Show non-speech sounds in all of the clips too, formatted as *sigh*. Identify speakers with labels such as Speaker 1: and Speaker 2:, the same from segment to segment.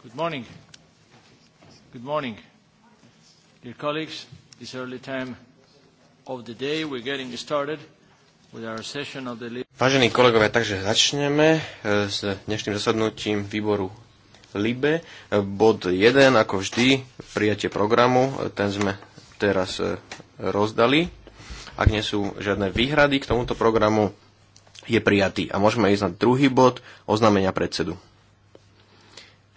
Speaker 1: Good morning. Good morning. Dear colleagues, this early time of the day we're getting started with our session of the
Speaker 2: Vážení kolegovia, takže začneme eh, s dnešným zasadnutím výboru LIBE. Eh, bod 1, ako vždy, prijatie programu, eh, ten sme teraz rozdali. Ak nie sú žiadne výhrady k tomuto programu, je prijatý. A môžeme ísť na druhý bod, oznámenia predsedu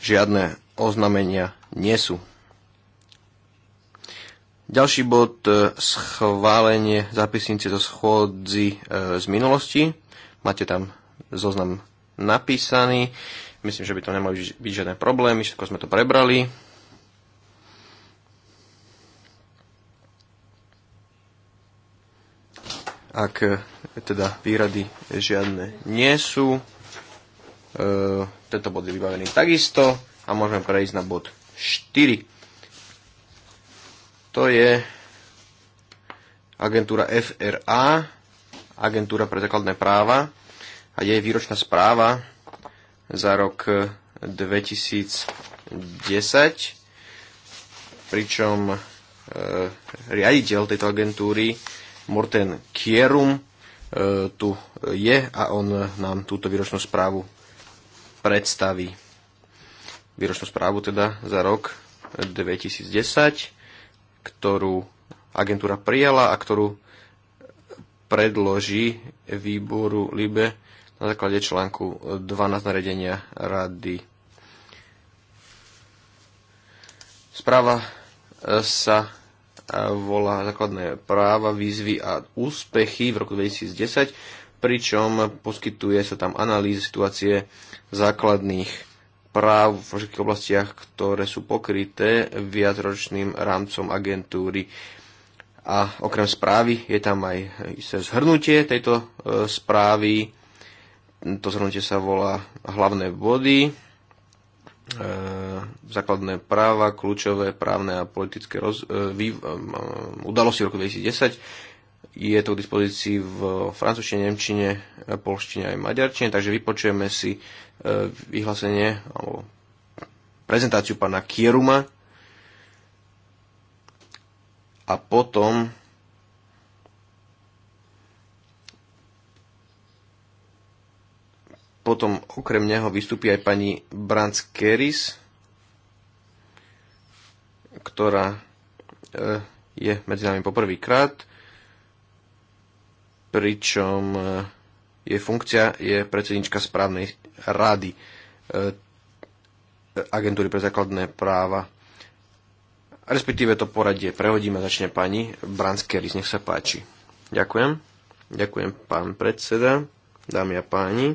Speaker 2: žiadne oznamenia nie sú. Ďalší bod e, schválenie zapisnice zo schôdzi e, z minulosti. Máte tam zoznam napísaný. Myslím, že by to nemali byť žiadne problémy, všetko sme to prebrali. Ak e, teda výrady žiadne nie sú, E, tento bod je vybavený takisto a môžeme prejsť na bod 4. To je agentúra FRA, agentúra pre základné práva a jej výročná správa za rok 2010, pričom e, riaditeľ tejto agentúry Morten Kierum e, tu je a on nám túto výročnú správu predstaví výročnú správu teda za rok 2010, ktorú agentúra prijala a ktorú predloží výboru LIBE na základe článku 12 naredenia rady. Správa e, sa e, volá základné práva, výzvy a úspechy v roku 2010 pričom poskytuje sa tam analýza situácie základných práv vo všetkých oblastiach, ktoré sú pokryté viacročným rámcom agentúry. A okrem správy je tam aj zhrnutie tejto e, správy. To zhrnutie sa volá hlavné body, e, základné práva, kľúčové právne a politické roz, e, vý, udalosti v roku 2010, je to k dispozícii v francúzštine, nemčine, polštine aj maďarčine, takže vypočujeme si e, vyhlásenie alebo prezentáciu pána Kieruma a potom potom okrem neho vystúpi aj pani Brands Keris, ktorá e, je medzi nami poprvýkrát pričom e, jej funkcia je predsednička správnej rady e, agentúry pre základné práva. Respektíve to poradie prehodíme, začne pani Branskeris, nech sa páči. Ďakujem. Ďakujem, pán predseda, dámy a páni.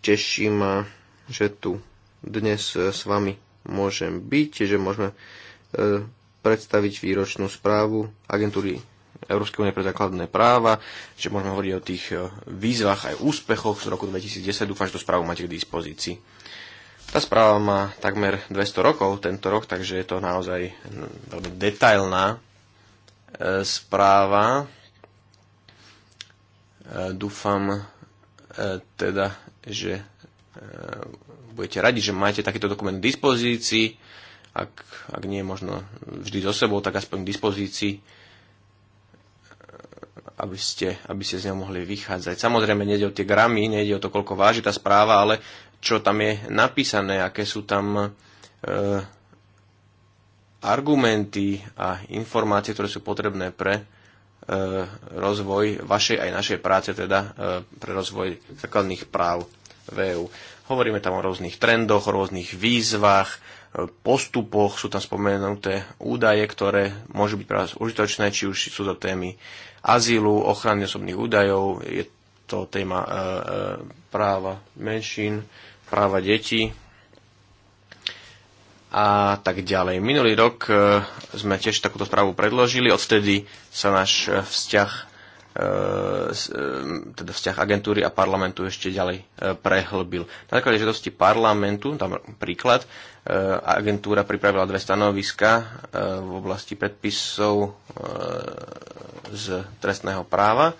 Speaker 2: Teší ma, že tu dnes e, s vami môžem byť, že môžeme predstaviť výročnú správu agentúry Európskej únie pre základné práva, že môžeme hovoriť o tých eh, výzvach aj úspechoch z roku 2010. Dúfam, že tú správu máte k dispozícii. Tá správa má takmer 200 rokov tento rok, takže je to naozaj hm, veľmi detailná eh, správa. Eh, dúfam teda, že budete radi, že máte takýto dokument k dispozícii. Ak, ak nie, možno vždy so sebou, tak aspoň k dispozícii aby ste, aby ste z ňou mohli vychádzať. Samozrejme, nejde o tie gramy, nejde o to, koľko váži tá správa, ale čo tam je napísané, aké sú tam e, argumenty a informácie, ktoré sú potrebné pre e, rozvoj vašej aj našej práce, teda e, pre rozvoj základných práv v EU. Hovoríme tam o rôznych trendoch, o rôznych výzvach, e, postupoch, sú tam spomenuté údaje, ktoré môžu byť pre vás užitočné, či už sú to témy azylu, ochrany osobných údajov, je to téma e, e, práva menšín, práva detí a tak ďalej. Minulý rok e, sme tiež takúto správu predložili, odvtedy sa náš vzťah E, e, teda vzťah agentúry a parlamentu ešte ďalej e, prehlbil. Na základe žiadosti parlamentu, tam príklad, agentúra pripravila dve stanoviska v oblasti predpisov z trestného práva.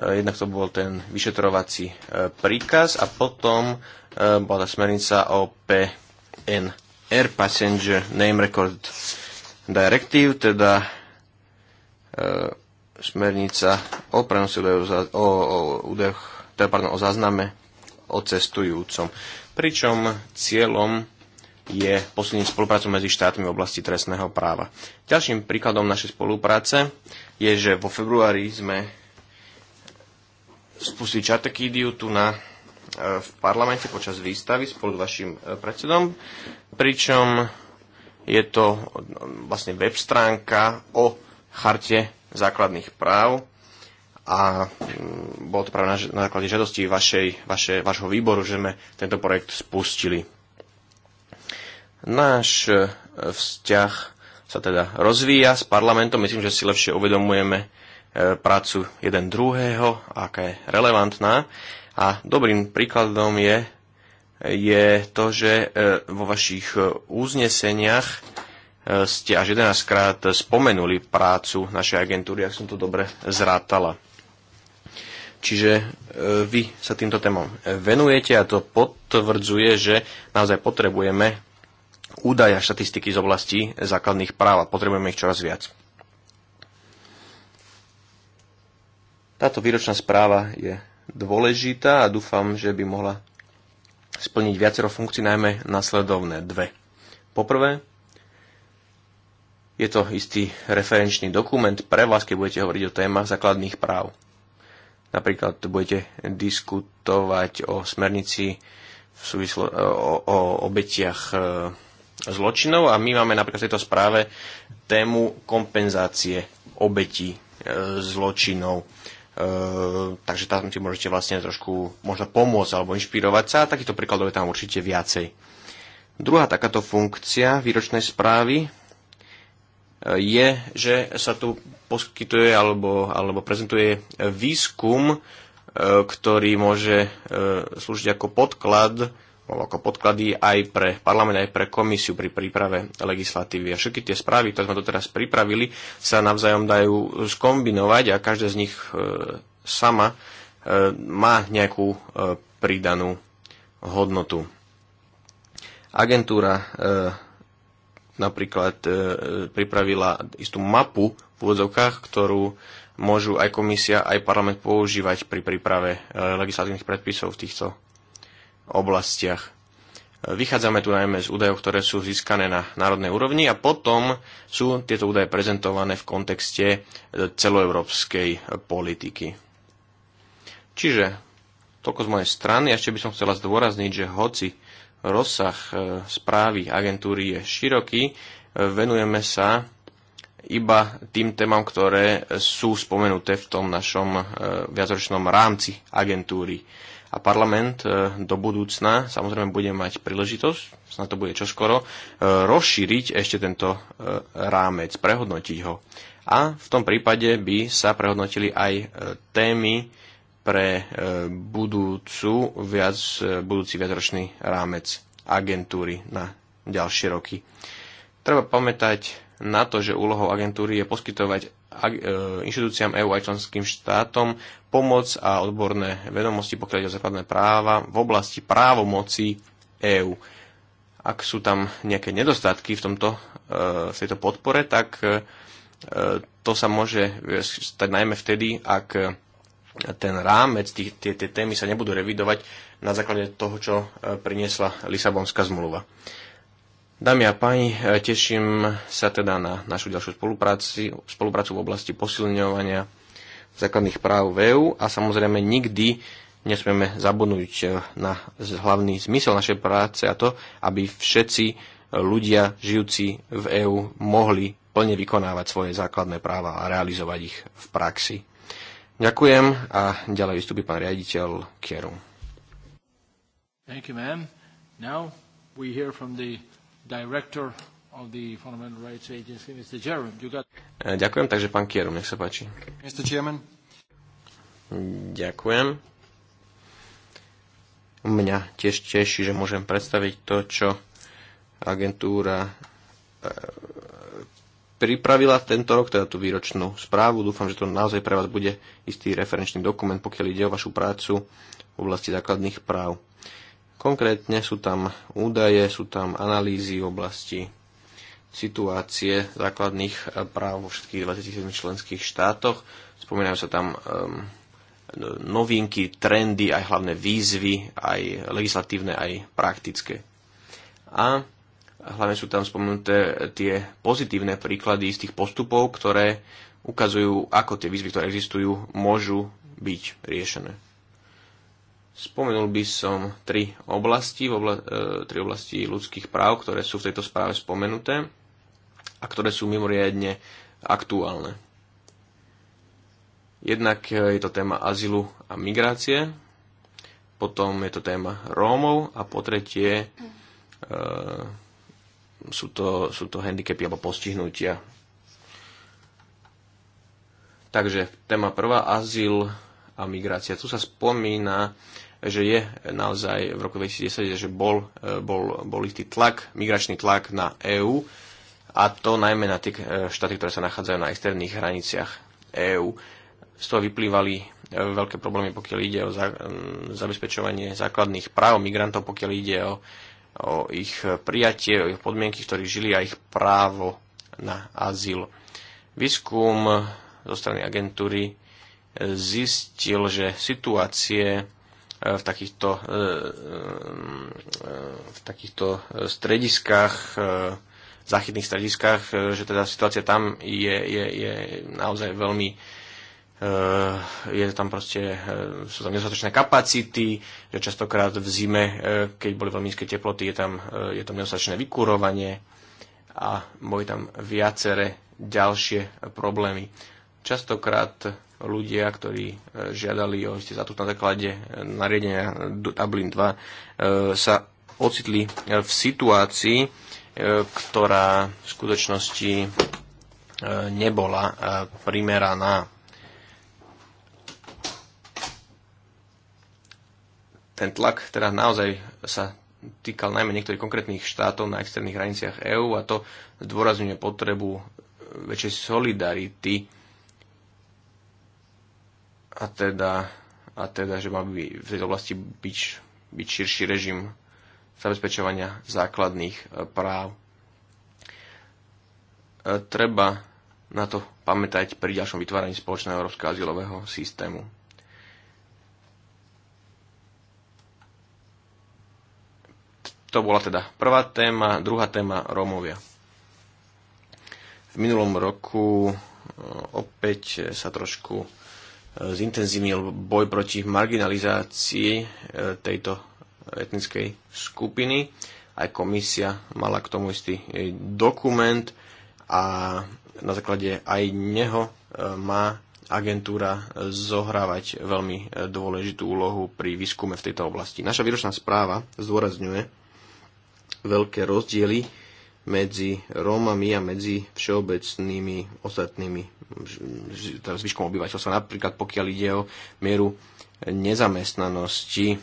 Speaker 2: Jednak to bol ten vyšetrovací príkaz a potom bola tá smernica o PNR, Passenger Name Record Directive, teda smernica o prenose údajov, o, o, údajoch, teda, pardon, o zázname o cestujúcom. Pričom cieľom je posilniť spoluprácu medzi štátmi v oblasti trestného práva. Ďalším príkladom našej spolupráce je, že vo februári sme spustili Čartekídiu tu na, e, v parlamente počas výstavy spolu s vašim e, predsedom, pričom je to e, vlastne web stránka o charte základných práv a mm, bolo to práve na, na základe žiadosti vašej, vaše, vašho výboru, že sme tento projekt spustili. Náš e, vzťah sa teda rozvíja s parlamentom, myslím, že si lepšie uvedomujeme e, prácu jeden druhého, aká je relevantná. A dobrým príkladom je, je to, že e, vo vašich uzneseniach E, ste až 11 krát spomenuli prácu našej agentúry, ak som to dobre zrátala. Čiže e, vy sa týmto témom venujete a to potvrdzuje, že naozaj potrebujeme údaje a štatistiky z oblasti základných práv a potrebujeme ich čoraz viac. Táto výročná správa je dôležitá a dúfam, že by mohla splniť viacero funkcií, najmä nasledovné dve. Poprvé, je to istý referenčný dokument pre vás, keď budete hovoriť o témach základných práv. Napríklad budete diskutovať o smernici v súvislo, o, o obetiach e, zločinov a my máme napríklad v tejto správe tému kompenzácie obetí e, zločinov. E, takže tam si môžete vlastne trošku možno pomôcť alebo inšpirovať sa a takýchto príkladov je tam určite viacej. Druhá takáto funkcia výročnej správy je, že sa tu poskytuje alebo, alebo prezentuje výskum, e, ktorý môže e, slúžiť ako podklad ako podklady aj pre parlament, aj pre komisiu pri príprave legislatívy. A všetky tie správy, ktoré sme doteraz pripravili, sa navzájom dajú skombinovať a každá z nich e, sama má nejakú pridanú hodnotu. Agentúra napríklad e, pripravila istú mapu v úvodzovkách, ktorú môžu aj komisia, aj parlament používať pri príprave e, legislatívnych predpisov v týchto oblastiach. E, vychádzame tu najmä z údajov, ktoré sú získané na národnej úrovni a potom sú tieto údaje prezentované v kontexte e, celoeurópskej e, politiky. Čiže toľko z mojej strany. Ešte by som chcela zdôrazniť, že hoci rozsah e, správy agentúry je široký. E, venujeme sa iba tým témam, ktoré sú spomenuté v tom našom e, viacročnom rámci agentúry. A parlament do budúcna samozrejme bude mať príležitosť, na to bude čoskoro, rozšíriť ešte tento rámec, prehodnotiť ho. A v tom prípade by sa prehodnotili aj témy, pre e, budúcu viac, e, budúci viacročný rámec agentúry na ďalšie roky. Treba pamätať na to, že úlohou agentúry je poskytovať e, inštitúciám EÚ aj členským štátom pomoc a odborné vedomosti, pokiaľ ide o základné práva v oblasti právomoci EÚ. Ak sú tam nejaké nedostatky v, tomto, v tejto podpore, tak to sa môže stať najmä vtedy, ak ten rámec, tie, tie, tie témy sa nebudú revidovať na základe toho, čo e, priniesla Lisabonská zmluva. Dámy a páni, e, teším sa teda na našu ďalšiu spoluprácu, spoluprácu v oblasti posilňovania základných práv v EÚ a samozrejme nikdy nesmieme zabudnúť e, na hlavný zmysel našej práce a to, aby všetci ľudia žijúci v EÚ mohli plne vykonávať svoje základné práva a realizovať ich v praxi. Ďakujem a ďalej vystúpi pán riaditeľ Kieru.
Speaker 1: E,
Speaker 2: ďakujem, takže pán Kierum, nech sa páči. Mr. Chairman. Ďakujem. Mňa tiež teší, že môžem predstaviť to, čo agentúra e, pripravila tento rok, teda tú výročnú správu. Dúfam, že to naozaj pre vás bude istý referenčný dokument, pokiaľ ide o vašu prácu v oblasti základných práv. Konkrétne sú tam údaje, sú tam analýzy v oblasti situácie základných eh, práv vo všetkých 27 členských štátoch. Spomínajú sa tam um, novinky, trendy, aj hlavné výzvy, aj legislatívne, aj praktické. A Hlavne sú tam spomenuté tie pozitívne príklady z tých postupov, ktoré ukazujú, ako tie výzvy, ktoré existujú, môžu byť riešené. Spomenul by som tri oblasti, obla, e, tri oblasti ľudských práv, ktoré sú v tejto správe spomenuté a ktoré sú mimoriadne aktuálne. Jednak e, je to téma azylu a migrácie, potom je to téma Rómov a po tretie e, sú to, sú to handicapy alebo postihnutia. Takže téma prvá, azyl a migrácia. Tu sa spomína, že je naozaj v roku 2010, že bol, e, bol, bol istý tlak, migračný tlak na EÚ a to najmä na tie e, štáty, ktoré sa nachádzajú na externých hraniciach EÚ. Z toho vyplývali e, veľké problémy, pokiaľ ide o za, zabezpečovanie základných práv migrantov, pokiaľ ide o o ich prijatie, o ich podmienky, v ktorých žili a ich právo na azyl. Výskum zo strany agentúry zistil, že situácie e, v takýchto, e, e, v takýchto strediskách, záchytných strediskách, že teda situácia tam je, je, je naozaj veľmi Eh, je tam proste, eh, sú tam nedostatočné kapacity, že častokrát v zime, eh, keď boli veľmi nízke teploty, je tam, je tam nedostatočné vykurovanie a boli tam viaceré ďalšie problémy. Častokrát ľudia, ktorí žiadali o isté statút na základe nariadenia Dublin 2, sa ocitli v situácii, ktorá v skutočnosti nebola primeraná ten tlak teda naozaj sa týkal najmä niektorých konkrétnych štátov na externých hraniciach EÚ a to zdôrazňuje potrebu väčšej solidarity a teda, a teda že má by v tej oblasti byť, byť širší režim zabezpečovania základných e, práv. E, treba na to pamätať pri ďalšom vytváraní spoločného európskeho azylového systému. To bola teda prvá téma, druhá téma Rómovia. V minulom roku eh, opäť sa trošku eh, zintenzívnil boj proti marginalizácii eh, tejto etnickej skupiny. Aj komisia mala k tomu istý dokument a na základe aj neho má agentúra zohrávať veľmi dôležitú úlohu pri výskume v tejto oblasti. Naša výročná správa zdôrazňuje, veľké rozdiely medzi Rómami a medzi všeobecnými ostatnými teda zvyškom obyvateľstva. Napríklad pokiaľ ide o mieru nezamestnanosti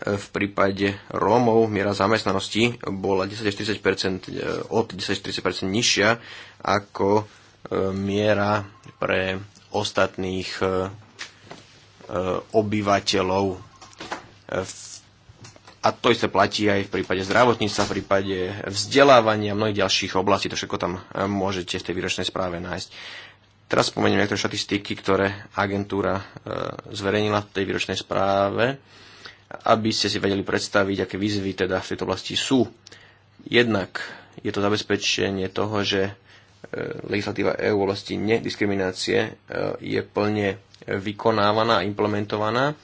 Speaker 2: v prípade Rómov miera zamestnanosti bola 10-40%, e, od 10-40% nižšia ako e, miera pre ostatných e, obyvateľov v a to isté platí aj v prípade zdravotníctva, v prípade vzdelávania, mnohých ďalších oblastí. To všetko tam e, môžete v tej výročnej správe nájsť. Teraz spomeniem niektoré štatistiky, ktoré agentúra e, zverejnila v tej výročnej správe, aby ste si vedeli predstaviť, aké výzvy teda v tejto oblasti sú. Jednak je to zabezpečenie toho, že e, legislatíva EU v oblasti nediskriminácie je plne vykonávaná a implementovaná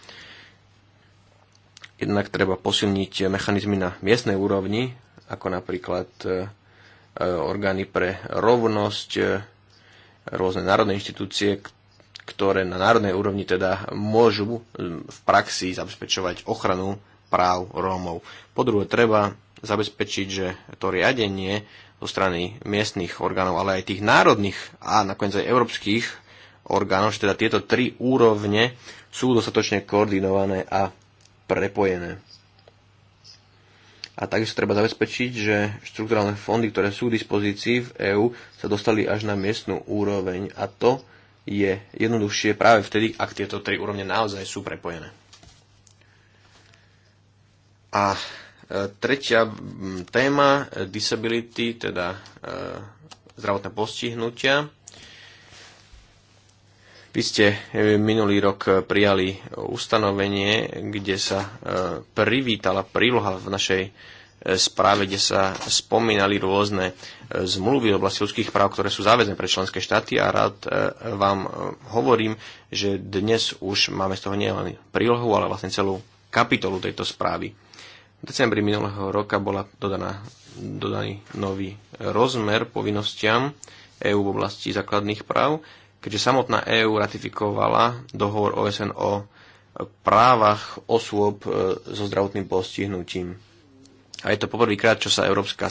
Speaker 2: Jednak treba posilniť mechanizmy na miestnej úrovni, ako napríklad e, orgány pre rovnosť, e, rôzne národné inštitúcie, ktoré na národnej úrovni teda môžu e, v praxi zabezpečovať ochranu práv Rómov. Po druhé, treba zabezpečiť, že to riadenie zo strany miestnych orgánov, ale aj tých národných a nakoniec aj európskych orgánov, že teda tieto tri úrovne sú dostatočne koordinované a prepojené. A takisto treba zabezpečiť, že štrukturálne fondy, ktoré sú v dispozícii v EÚ, sa dostali až na miestnú úroveň a to je jednoduchšie práve vtedy, ak tieto tri úrovne naozaj sú prepojené. A e, tretia téma, disability, teda e, zdravotné postihnutia. Vy ste eh, minulý rok eh, prijali ustanovenie, kde sa eh, privítala príloha v našej správe, kde sa spomínali rôzne zmluvy v oblasti ľudských práv, ktoré sú záväzne pre členské štáty a rád vám hovorím, že dnes už máme z toho nielen prílohu, ale vlastne celú kapitolu tejto správy. V decembri minulého roka bola dodaná, dodaný nový rozmer povinnostiam EÚ v oblasti základných práv keďže samotná EÚ ratifikovala dohovor OSN o právach osôb e, so zdravotným postihnutím. A je to poprvýkrát, čo sa Európska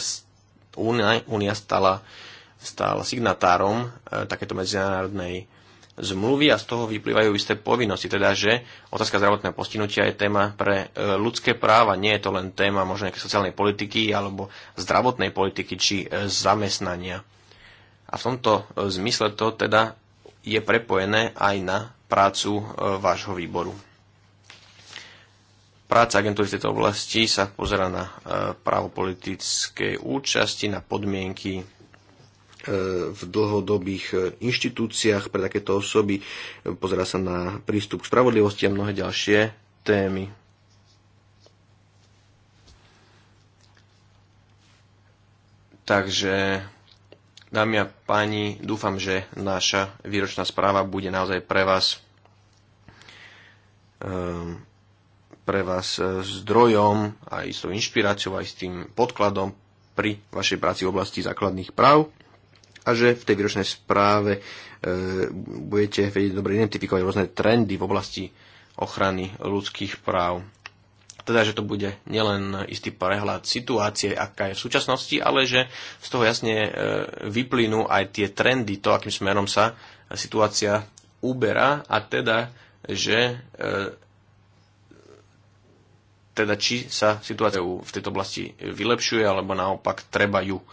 Speaker 2: únia stala, stala signatárom e, takéto medzinárodnej zmluvy a z toho vyplývajú isté povinnosti. Teda, že otázka zdravotného postihnutia je téma pre e, ľudské práva, nie je to len téma možno nejakej sociálnej politiky alebo zdravotnej politiky či zamestnania. A v tomto zmysle to teda je prepojené aj na prácu e, vášho výboru. Práca agentúry v tejto oblasti sa pozera na e, právo politickej účasti, na podmienky e, v dlhodobých inštitúciách pre takéto osoby, pozera sa na prístup k spravodlivosti a mnohé ďalšie témy. Takže Dámy a páni, dúfam, že naša výročná správa bude naozaj pre vás um, pre vás e, zdrojom a istou inšpiráciou, aj s tým podkladom pri vašej práci v oblasti základných práv a že v tej výročnej správe e, budete vedieť dobre identifikovať rôzne trendy v oblasti ochrany ľudských práv teda, že to bude nielen istý prehľad situácie, aká je v súčasnosti, ale že z toho jasne e, vyplynú aj tie trendy, to, akým smerom sa situácia uberá a teda, že e, teda či sa situácia v tejto oblasti vylepšuje, alebo naopak treba ju e,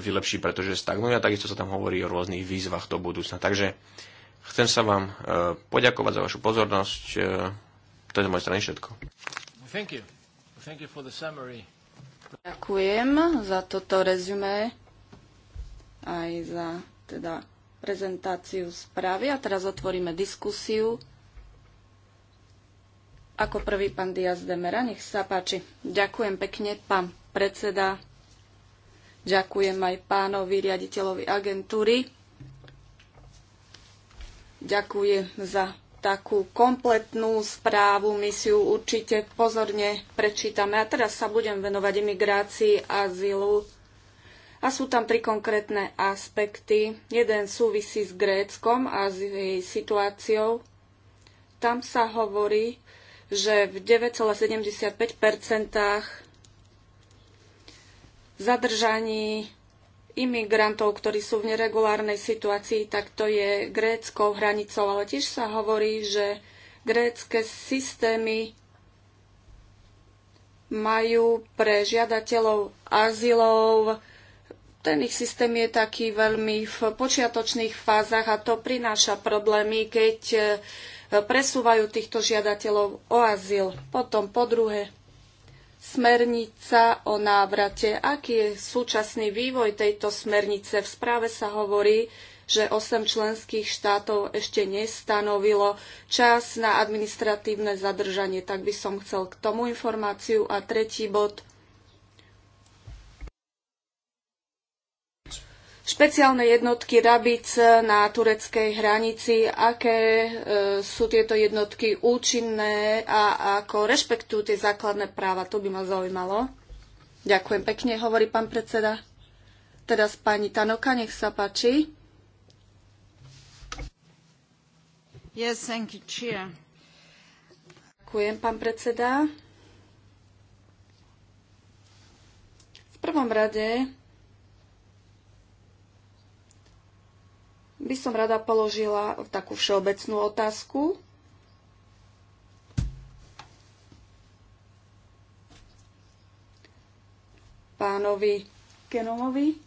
Speaker 2: vylepšiť, pretože stagnuje a takisto sa tam hovorí o rôznych výzvach do budúcna. Takže chcem sa vám poďakovať za vašu pozornosť to je z mojej strany všetko.
Speaker 1: Thank you. Thank you
Speaker 3: Ďakujem za toto rezumé aj za teda prezentáciu správy. A teraz otvoríme diskusiu. Ako prvý pán Diaz Demera, nech sa páči. Ďakujem pekne, pán predseda. Ďakujem aj pánovi riaditeľovi agentúry. Ďakujem za takú kompletnú správu, my si ju určite pozorne prečítame. A teraz sa budem venovať imigrácii a azylu. A sú tam tri konkrétne aspekty. Jeden súvisí s Gréckom a s jej situáciou. Tam sa hovorí, že v 9,75 zadržaní imigrantov, ktorí sú v neregulárnej situácii, tak to je gréckou hranicou. Ale tiež sa hovorí, že grécké systémy majú pre žiadateľov azylov. Ten ich systém je taký veľmi v počiatočných fázach a to prináša problémy, keď eh, presúvajú týchto žiadateľov o azyl. Potom po druhé, Smernica o návrate. Aký je súčasný vývoj tejto smernice? V správe sa hovorí, že 8 členských štátov ešte nestanovilo čas na administratívne zadržanie. Tak by som chcel k tomu informáciu. A tretí bod špeciálne jednotky Rabic na tureckej hranici, aké e, sú tieto jednotky účinné a ako rešpektujú tie základné práva. To by ma zaujímalo. Ďakujem pekne, hovorí pán predseda. Teraz pani Tanoka, nech sa páči. Yes, thank you, chair. Ďakujem, pán predseda. V prvom rade by som rada položila takú všeobecnú otázku. Pánovi Kenomovi.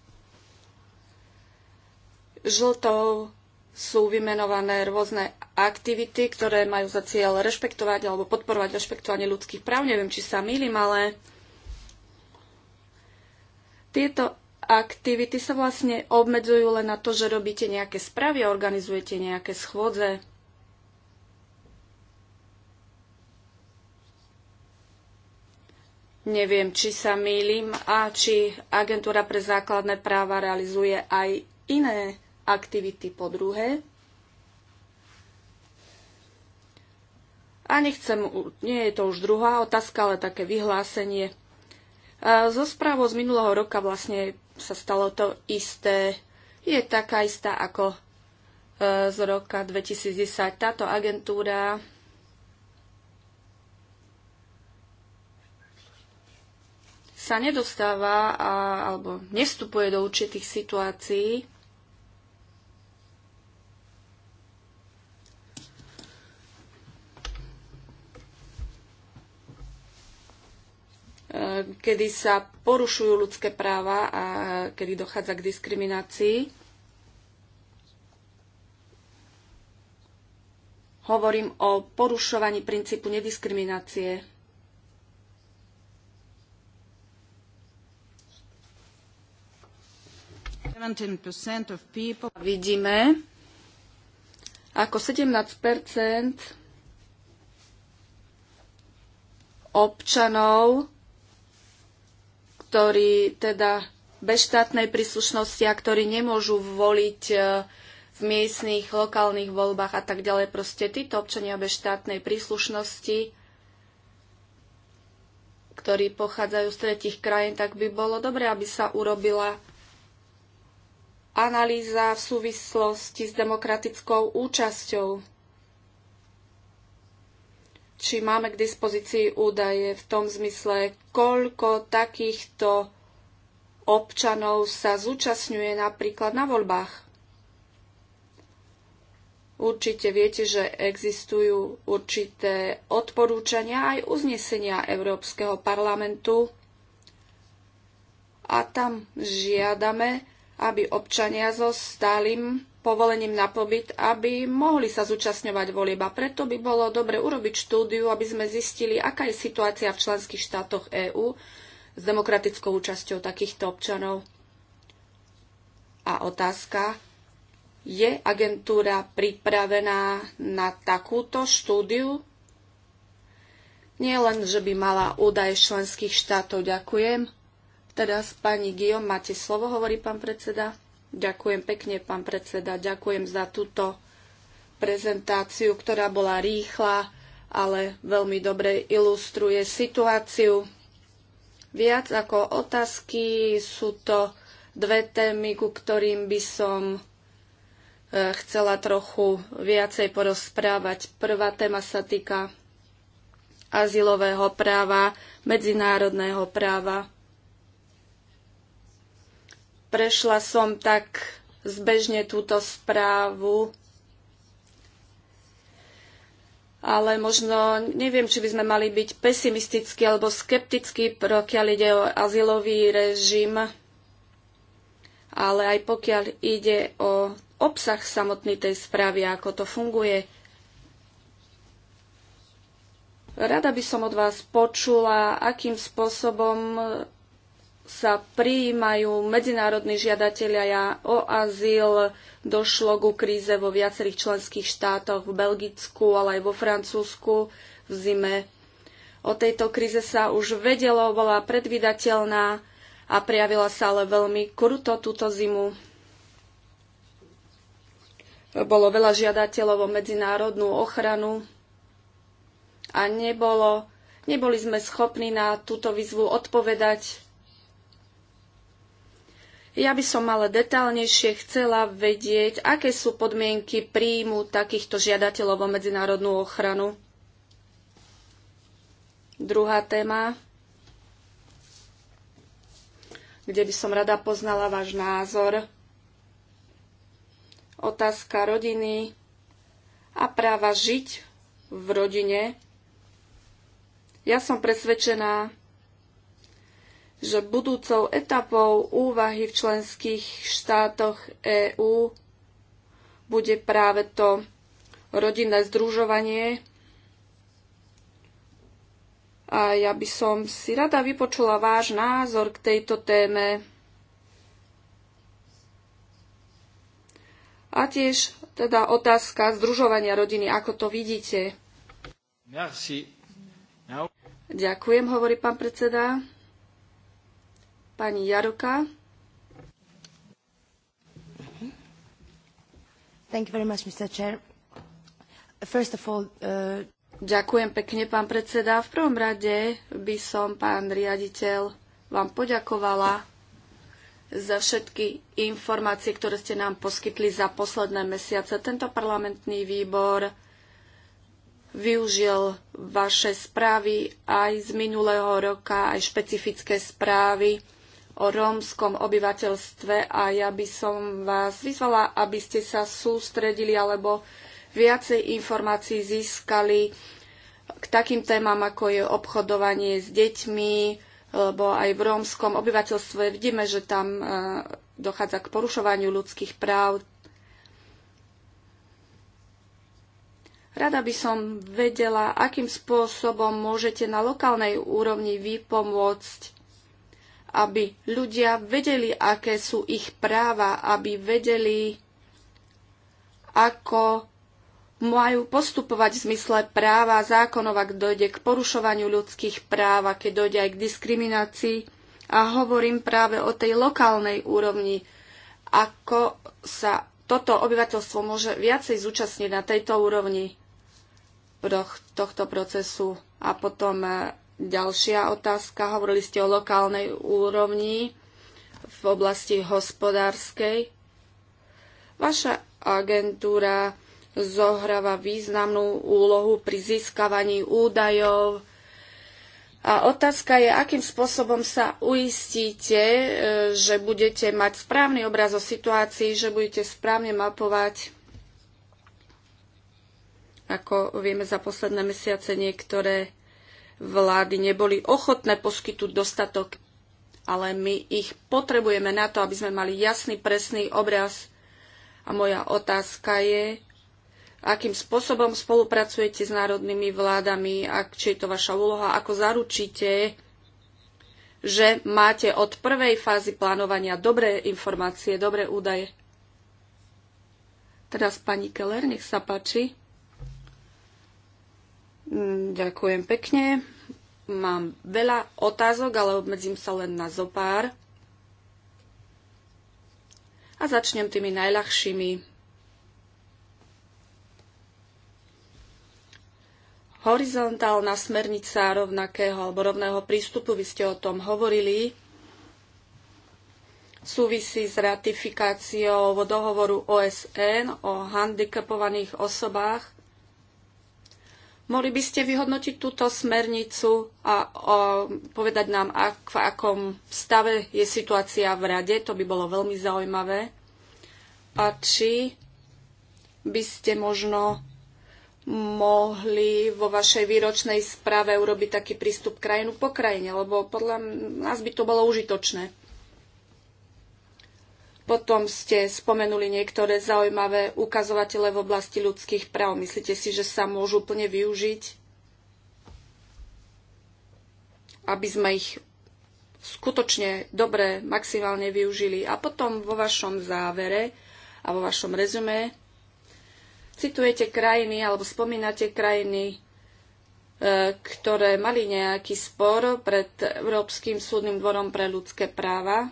Speaker 3: Žltou sú vymenované rôzne aktivity, ktoré majú za cieľ rešpektovať alebo podporovať rešpektovanie ľudských práv. Neviem, či sa mýlim, ale tieto aktivity sa vlastne obmedzujú len na to, že robíte nejaké správy a organizujete nejaké schôdze. Neviem, či sa mýlim a či agentúra pre základné práva realizuje aj iné aktivity po druhé. A nechcem, nie je to už druhá otázka, ale také vyhlásenie. Zo správou z minulého roka vlastne sa stalo to isté. Je taká istá ako e, z roka 2010. Táto agentúra sa nedostáva a, alebo nestupuje do určitých situácií, kedy sa porušujú ľudské práva a kedy dochádza k diskriminácii. Hovorím o porušovaní princípu nediskriminácie. Vidíme, ako 17 občanov ktorí teda bez štátnej príslušnosti a ktorí nemôžu voliť e, v miestnych, lokálnych voľbách a tak ďalej. Proste títo občania bez štátnej príslušnosti, ktorí pochádzajú z tretich krajín, tak by bolo dobré, aby sa urobila analýza v súvislosti s demokratickou účasťou či máme k dispozícii údaje v tom zmysle, koľko takýchto občanov sa zúčastňuje napríklad na voľbách. Určite viete, že existujú určité odporúčania aj uznesenia Európskeho parlamentu a tam žiadame, aby občania so stálym povolením na pobyt, aby mohli sa zúčastňovať volieb. preto by bolo dobre urobiť štúdiu, aby sme zistili, aká je situácia v členských štátoch EÚ s demokratickou účasťou takýchto občanov. A otázka, je agentúra pripravená na takúto štúdiu? Nie len, že by mala údaje členských štátov, ďakujem. Teraz pani Gio, máte slovo, hovorí pán predseda. Ďakujem pekne, pán predseda. Ďakujem za túto prezentáciu, ktorá bola rýchla, ale veľmi dobre ilustruje situáciu. Viac ako otázky sú to dve témy, ku ktorým by som e, chcela trochu viacej porozprávať. Prvá téma sa týka azylového práva, medzinárodného práva prešla som tak zbežne túto správu, ale možno neviem, či by sme mali byť pesimistickí alebo skeptickí, pokiaľ ide o azylový režim, ale aj pokiaľ ide o obsah samotný tej správy, ako to funguje. Rada by som od vás počula, akým spôsobom sa prijímajú medzinárodní žiadatelia o azyl. Došlo ku kríze vo viacerých členských štátoch, v Belgicku, ale aj vo Francúzsku v zime. O tejto kríze sa už vedelo, bola predvydateľná a prejavila sa ale veľmi kruto túto zimu. Bolo veľa žiadateľov o medzinárodnú ochranu a nebolo, neboli sme schopní na túto výzvu odpovedať ja by som ale detálnejšie chcela vedieť, aké sú podmienky príjmu takýchto žiadateľov o medzinárodnú ochranu. Druhá téma, kde by som rada poznala váš názor. Otázka rodiny a práva žiť v rodine. Ja som presvedčená, že budúcou etapou úvahy v členských štátoch EÚ bude práve to rodinné združovanie. A ja by som si rada vypočula váš názor k tejto téme. A tiež teda otázka združovania rodiny, ako to vidíte. Merci. Ďakujem, hovorí pán predseda. Pani Jaroka. Thank you very much, Mr. Chair. First of all, uh... Ďakujem pekne, pán predseda. V prvom rade by som, pán riaditeľ, vám poďakovala za všetky informácie, ktoré ste nám poskytli za posledné mesiace. Tento parlamentný výbor využil vaše správy aj z minulého roka, aj špecifické správy o rómskom obyvateľstve a ja by som vás vyzvala, aby ste sa sústredili alebo viacej informácií získali k takým témam, ako je obchodovanie s deťmi, lebo aj v rómskom obyvateľstve vidíme, že tam e, dochádza k porušovaniu ľudských práv. Rada by som vedela, akým spôsobom môžete na lokálnej úrovni vypomôcť aby ľudia vedeli, aké sú ich práva, aby vedeli, ako majú postupovať v zmysle práva zákonov, ak dojde k porušovaniu ľudských práv, a keď dojde aj k diskriminácii. A hovorím práve o tej lokálnej úrovni, ako sa toto obyvateľstvo môže viacej zúčastniť na tejto úrovni tohto procesu. A potom eh, Ďalšia otázka. Hovorili ste o lokálnej úrovni v oblasti hospodárskej. Vaša agentúra zohráva významnú úlohu pri získavaní údajov. A otázka je, akým spôsobom sa uistíte, e, že budete mať správny obraz o situácii, že budete správne mapovať. Ako vieme za posledné mesiace, niektoré vlády neboli ochotné poskytnúť dostatok, ale my ich potrebujeme na to, aby sme mali jasný, presný obraz. A moja otázka je, akým spôsobom spolupracujete s národnými vládami, ak, či je to vaša úloha, ako zaručíte, že máte od prvej fázy plánovania dobré informácie, dobré údaje. Teraz pani Keller, nech sa páči. Mm, ďakujem pekne. Mám veľa otázok, ale obmedzím sa len na zopár. A začnem tými najľahšími. horizontálna smernica rovnakého alebo rovného prístupu, vy ste o tom hovorili, súvisí s ratifikáciou dohovoru OSN o handikapovaných osobách. Mohli by ste vyhodnotiť túto smernicu a o, povedať nám, ak, v akom stave je situácia v rade, to by bolo veľmi zaujímavé. A či by ste možno mohli vo vašej výročnej správe urobiť taký prístup krajinu po krajine, lebo podľa nás by to bolo užitočné. Potom ste spomenuli niektoré zaujímavé ukazovatele v oblasti ľudských práv. Myslíte si, že sa môžu plne využiť, aby sme ich skutočne dobre, maximálne využili. A potom vo vašom závere a vo vašom rezume citujete krajiny alebo spomínate krajiny, e, ktoré mali nejaký spor pred Európskym súdnym dvorom pre ľudské práva.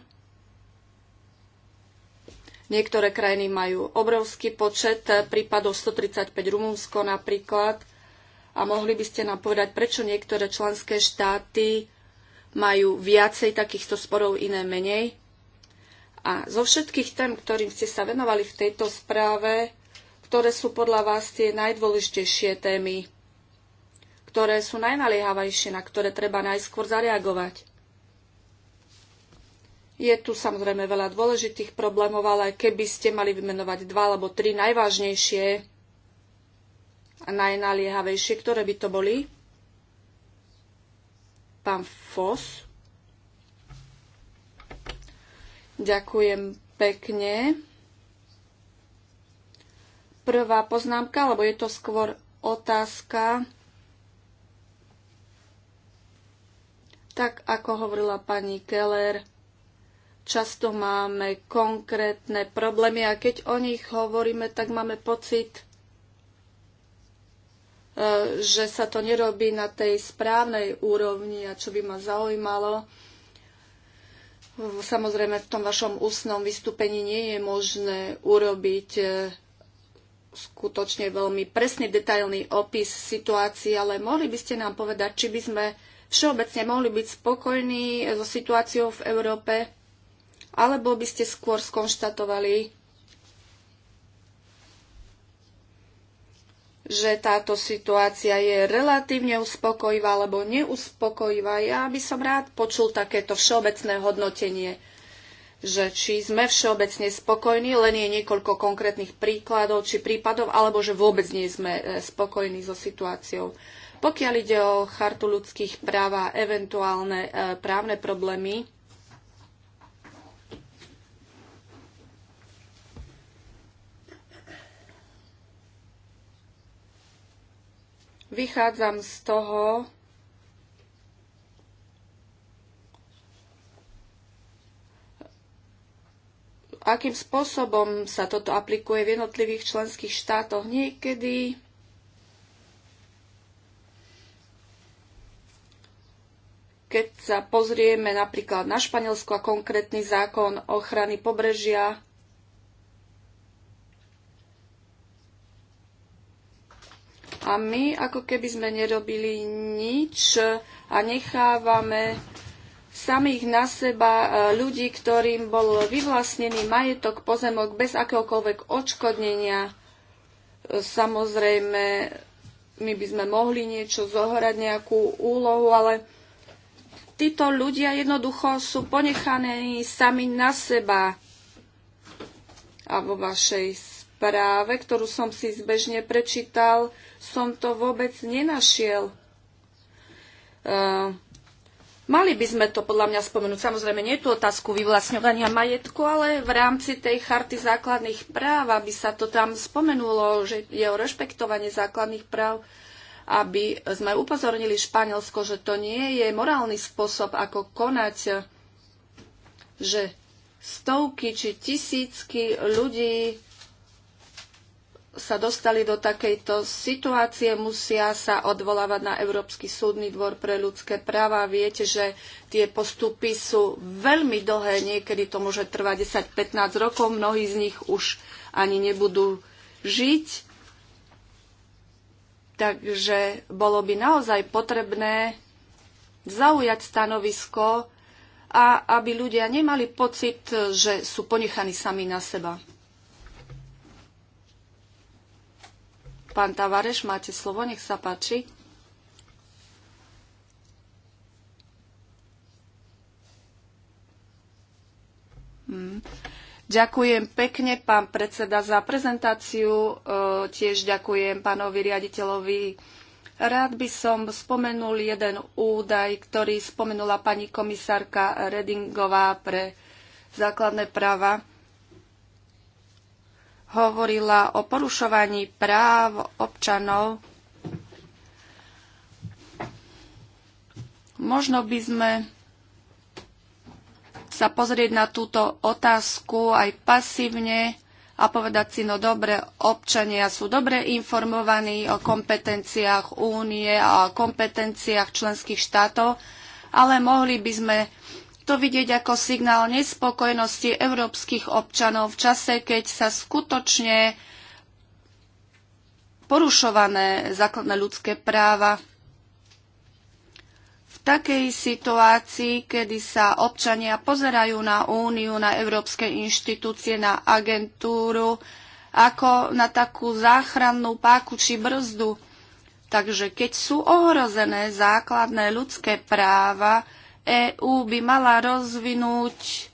Speaker 3: Niektoré krajiny majú obrovský počet prípadov, 135 Rumunsko napríklad. A mohli by ste nám povedať, prečo niektoré členské štáty majú viacej takýchto sporov, iné menej? A zo všetkých tém, ktorým ste sa venovali v tejto správe, ktoré sú podľa vás tie najdôležitejšie témy, ktoré sú najnaliehavejšie, na ktoré treba najskôr zareagovať? Je tu samozrejme veľa dôležitých problémov, ale keby ste mali vymenovať dva alebo tri najvážnejšie a najnaliehavejšie, ktoré by to boli? Pán Fos. Ďakujem pekne. Prvá poznámka, alebo je to skôr otázka. Tak ako hovorila pani Keller, Často máme konkrétne problémy a keď o nich hovoríme, tak máme pocit, e, že sa to nerobí na tej správnej úrovni a čo by ma zaujímalo, Samozrejme, v tom vašom ústnom vystúpení nie je možné urobiť e, skutočne veľmi presný, detailný opis situácií, ale mohli by ste nám povedať, či by sme všeobecne mohli byť spokojní so situáciou v Európe alebo by ste skôr skonštatovali, že táto situácia je relatívne uspokojivá alebo neuspokojivá. Ja by som rád počul takéto všeobecné hodnotenie, že či sme všeobecne spokojní, len je niekoľko konkrétnych príkladov či prípadov, alebo že vôbec nie sme e, spokojní so situáciou. Pokiaľ ide o chartu ľudských práv a eventuálne e, právne problémy, Vychádzam z toho, akým spôsobom sa toto aplikuje v jednotlivých členských štátoch. Niekedy keď sa pozrieme napríklad na Španielsko a konkrétny zákon ochrany pobrežia, A my ako keby sme nerobili nič a nechávame samých na seba e, ľudí, ktorým bol vyvlastnený majetok, pozemok bez akéhokoľvek odškodnenia. E, samozrejme, my by sme mohli niečo zohrať, nejakú úlohu, ale títo ľudia jednoducho sú ponechaní sami na seba. A vo vašej správe, ktorú som si zbežne prečítal, som to vôbec nenašiel. Uh, Mali by sme to podľa mňa spomenúť. Samozrejme, nie je tu otázku vyvlastňovania majetku, ale v rámci tej charty základných práv, aby sa to tam spomenulo, že je o rešpektovanie základných práv, aby sme upozornili Španielsko, že to nie je morálny spôsob, ako konať, že stovky či tisícky ľudí sa dostali do takejto situácie, musia sa odvolávať na Európsky súdny dvor pre ľudské práva. Viete, že tie postupy sú veľmi dlhé, niekedy to môže trvať 10-15 rokov, mnohí z nich už ani nebudú žiť. Takže bolo by naozaj potrebné zaujať stanovisko a aby ľudia nemali pocit, že sú ponechaní sami na seba. Pán Tavareš, máte slovo, nech sa páči. Hmm. Ďakujem pekne, pán predseda, za prezentáciu. E, tiež ďakujem pánovi riaditeľovi. Rád by som spomenul jeden údaj, ktorý spomenula pani komisárka Redingová pre základné práva hovorila o porušovaní práv občanov. Možno by sme sa pozrieť na túto otázku aj pasívne a povedať si, no dobre, občania sú dobre informovaní o kompetenciách únie a o kompetenciách členských štátov, ale mohli by sme to vidieť ako signál nespokojnosti európskych občanov v čase, keď sa skutočne porušované základné ľudské práva. V takej situácii, kedy sa občania pozerajú na Úniu, na európske inštitúcie, na agentúru, ako na takú záchrannú páku či brzdu. Takže keď sú ohrozené základné ľudské práva, EÚ by mala rozvinúť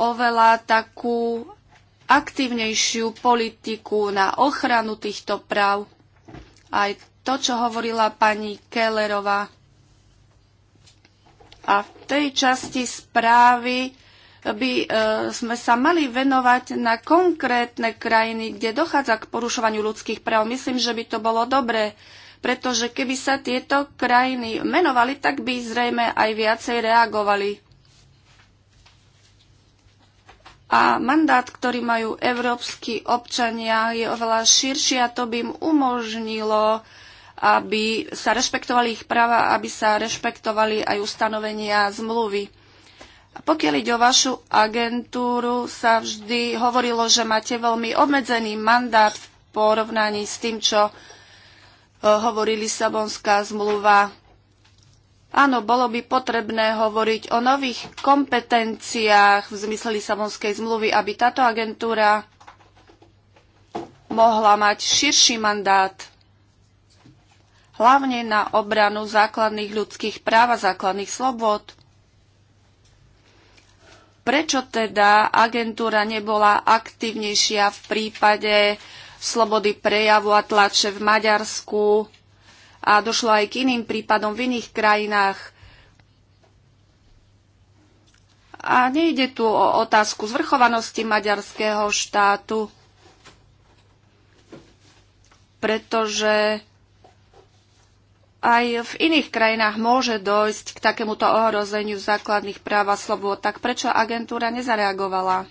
Speaker 3: oveľa takú aktívnejšiu politiku na ochranu týchto práv. Aj to, čo hovorila pani Kellerová. A v tej časti správy by e, sme sa mali venovať na konkrétne krajiny, kde dochádza k porušovaniu ľudských práv. Myslím, že by to bolo dobré pretože keby sa tieto krajiny menovali, tak by zrejme aj viacej reagovali. A mandát, ktorý majú európsky občania, je oveľa širší a to by im umožnilo aby sa rešpektovali ich práva, aby sa rešpektovali aj ustanovenia zmluvy. A pokiaľ ide o vašu agentúru, sa vždy hovorilo, že máte veľmi obmedzený mandát v porovnaní s tým, čo Eh, hovorí Lisabonská zmluva. Áno, bolo by potrebné hovoriť o nových kompetenciách v zmysle Lisabonskej zmluvy, aby táto agentúra mohla mať širší mandát, hlavne na obranu základných ľudských práv a základných slobod. Prečo teda agentúra nebola aktívnejšia v prípade slobody prejavu a tlače v Maďarsku a došlo aj k iným prípadom v iných krajinách. A nejde tu o otázku zvrchovanosti maďarského štátu, pretože aj v iných krajinách môže dojsť k takémuto ohrozeniu základných práv a slobôd. Tak prečo agentúra nezareagovala?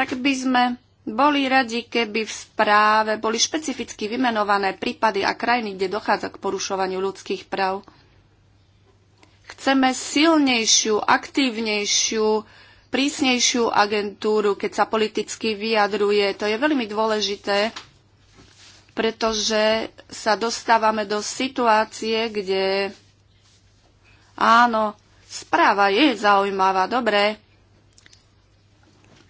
Speaker 3: tak by sme boli radi, keby v správe boli špecificky vymenované prípady a krajiny, kde dochádza k porušovaniu ľudských práv. Chceme silnejšiu, aktívnejšiu, prísnejšiu agentúru, keď sa politicky vyjadruje. To je veľmi dôležité, pretože sa dostávame do situácie, kde áno, správa je zaujímavá, dobre,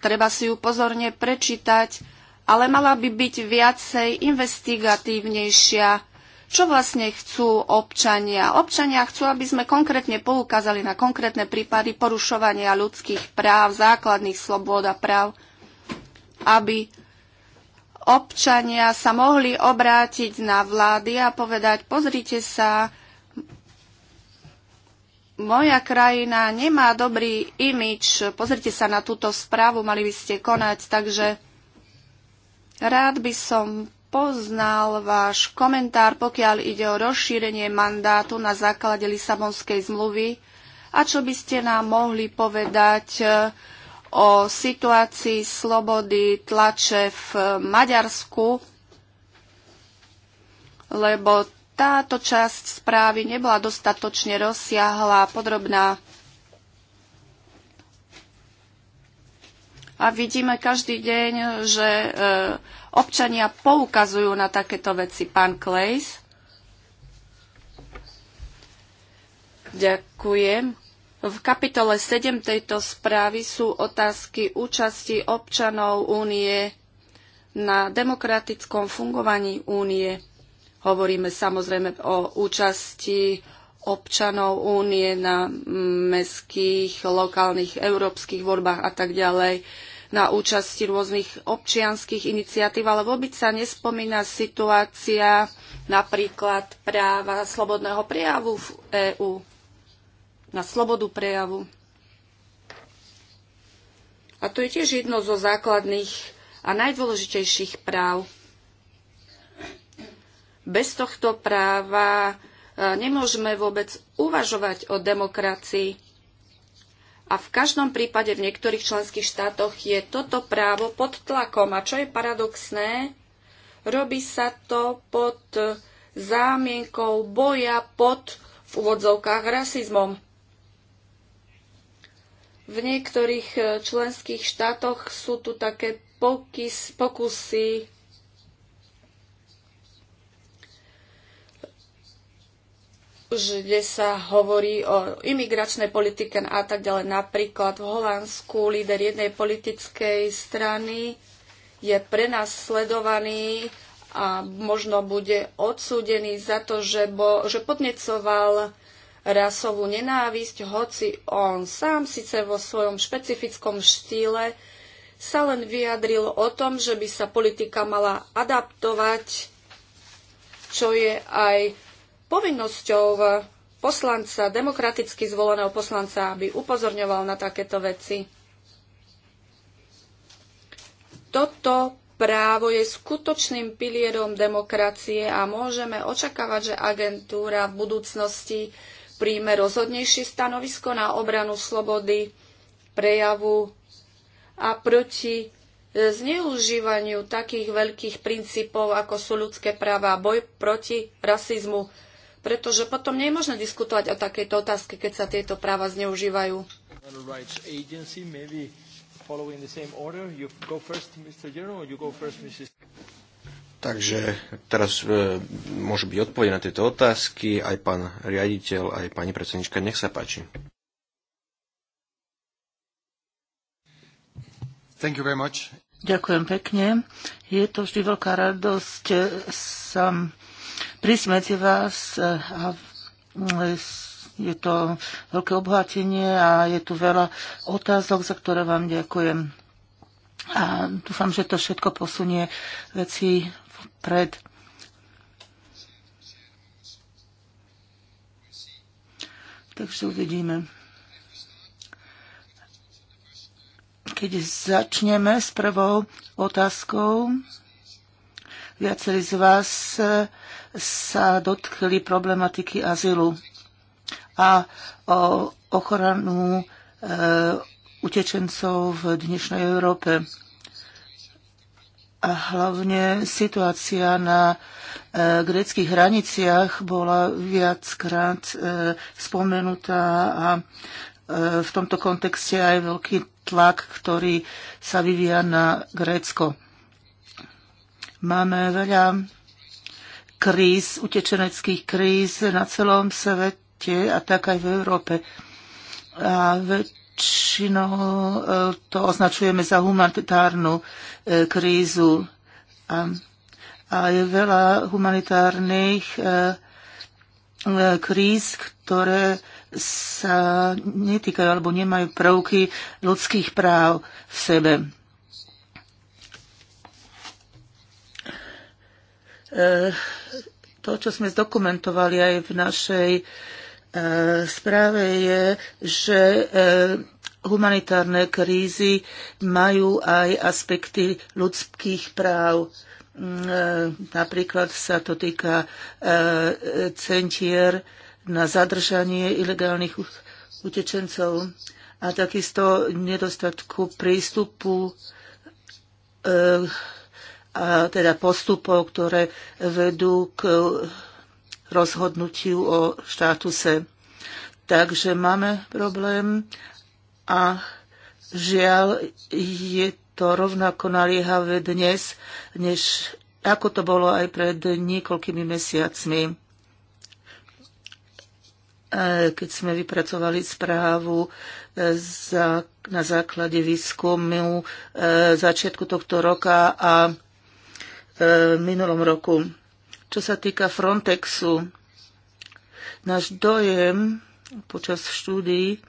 Speaker 3: treba si ju pozorne prečítať, ale mala by byť viacej investigatívnejšia. Čo vlastne chcú občania? Občania chcú, aby sme konkrétne poukázali na konkrétne prípady porušovania ľudských práv, základných slobôd a práv, aby občania sa mohli obrátiť na vlády a povedať, pozrite sa, moja krajina nemá dobrý imič. Pozrite sa na túto správu, mali by ste konať, takže rád by som poznal váš komentár, pokiaľ ide o rozšírenie mandátu na základe Lisabonskej zmluvy a čo by ste nám mohli povedať eh, o situácii slobody tlače v Maďarsku, lebo táto časť správy nebola dostatočne rozsiahla a podrobná. A vidíme každý deň, že e, občania poukazujú na takéto veci. Pán Klejs. Ďakujem. V kapitole 7 tejto správy sú otázky účasti občanov únie na demokratickom fungovaní únie. Hovoríme samozrejme o účasti občanov únie na mestských, lokálnych, európskych voľbách a tak ďalej, na účasti rôznych občianských iniciatív, ale vôbec sa nespomína situácia napríklad práva slobodného prejavu v EÚ, na slobodu prejavu. A to je tiež jedno zo základných a najdôležitejších práv bez tohto práva e, nemôžeme vôbec uvažovať o demokracii. A v každom prípade v niektorých členských štátoch je toto právo pod tlakom. A čo je paradoxné, robí sa to pod zámienkou boja pod v úvodzovkách rasizmom. V niektorých e, členských štátoch sú tu také pokusy kde sa hovorí o imigračnej politike a tak ďalej. Napríklad v Holandsku líder jednej politickej strany je prenasledovaný a možno bude odsúdený za to, že, bo, že podnecoval rasovú nenávisť, hoci on sám síce vo svojom špecifickom štýle sa len vyjadril o tom, že by sa politika mala adaptovať, čo je aj povinnosťou poslanca, demokraticky zvoleného poslanca, aby upozorňoval na takéto veci. Toto právo je skutočným pilierom demokracie a môžeme očakávať, že agentúra v budúcnosti príjme rozhodnejšie stanovisko na obranu slobody prejavu a proti e, zneužívaniu takých veľkých princípov, ako sú ľudské práva boj proti rasizmu pretože potom nie je možné diskutovať o takejto otázke, keď sa tieto práva zneužívajú.
Speaker 2: Takže teraz e, môžu byť odpovede na tieto otázky aj pán riaditeľ, aj pani predsednička. Nech sa páči.
Speaker 3: Thank you very much.
Speaker 4: Ďakujem pekne. Je to vždy veľká radosť e, sa Prismete vás e, a e, je to veľké obohatenie a je tu veľa otázok, za ktoré vám ďakujem. A dúfam, že to všetko posunie veci pred. Takže uvidíme. Keď začneme s prvou otázkou, Viacerí z vás e, sa dotkli problematiky azylu a o ochranu e, utečencov v dnešnej Európe a hlavne situácia na e, greckých hraniciach bola viackrát e, spomenutá a e, v tomto kontexte aj veľký tlak, ktorý sa vyvíja na Grécko. Máme veľa kríz, utečeneckých kríz na celom svete a tak aj v Európe. A väčšinou e, to označujeme za humanitárnu e, krízu. A, a je veľa humanitárnych e, kríz, ktoré sa netýkajú alebo nemajú prvky ľudských práv v sebe Eh, to, čo sme zdokumentovali aj v našej eh, správe, je, že eh, humanitárne krízy majú aj aspekty ľudských práv. Mm, napríklad sa to týka centier na zadržanie ilegálnych utečencov a takisto nedostatku prístupu a teda postupov, ktoré vedú k rozhodnutiu o štátuse. Takže máme problém a žiaľ je to rovnako naliehavé dnes, než ako to bolo aj pred niekoľkými mesiacmi, e, keď sme vypracovali správu e, za, na základe výskumu e, začiatku tohto roka a minulom roku. Čo sa týka Frontexu, náš dojem počas štúdií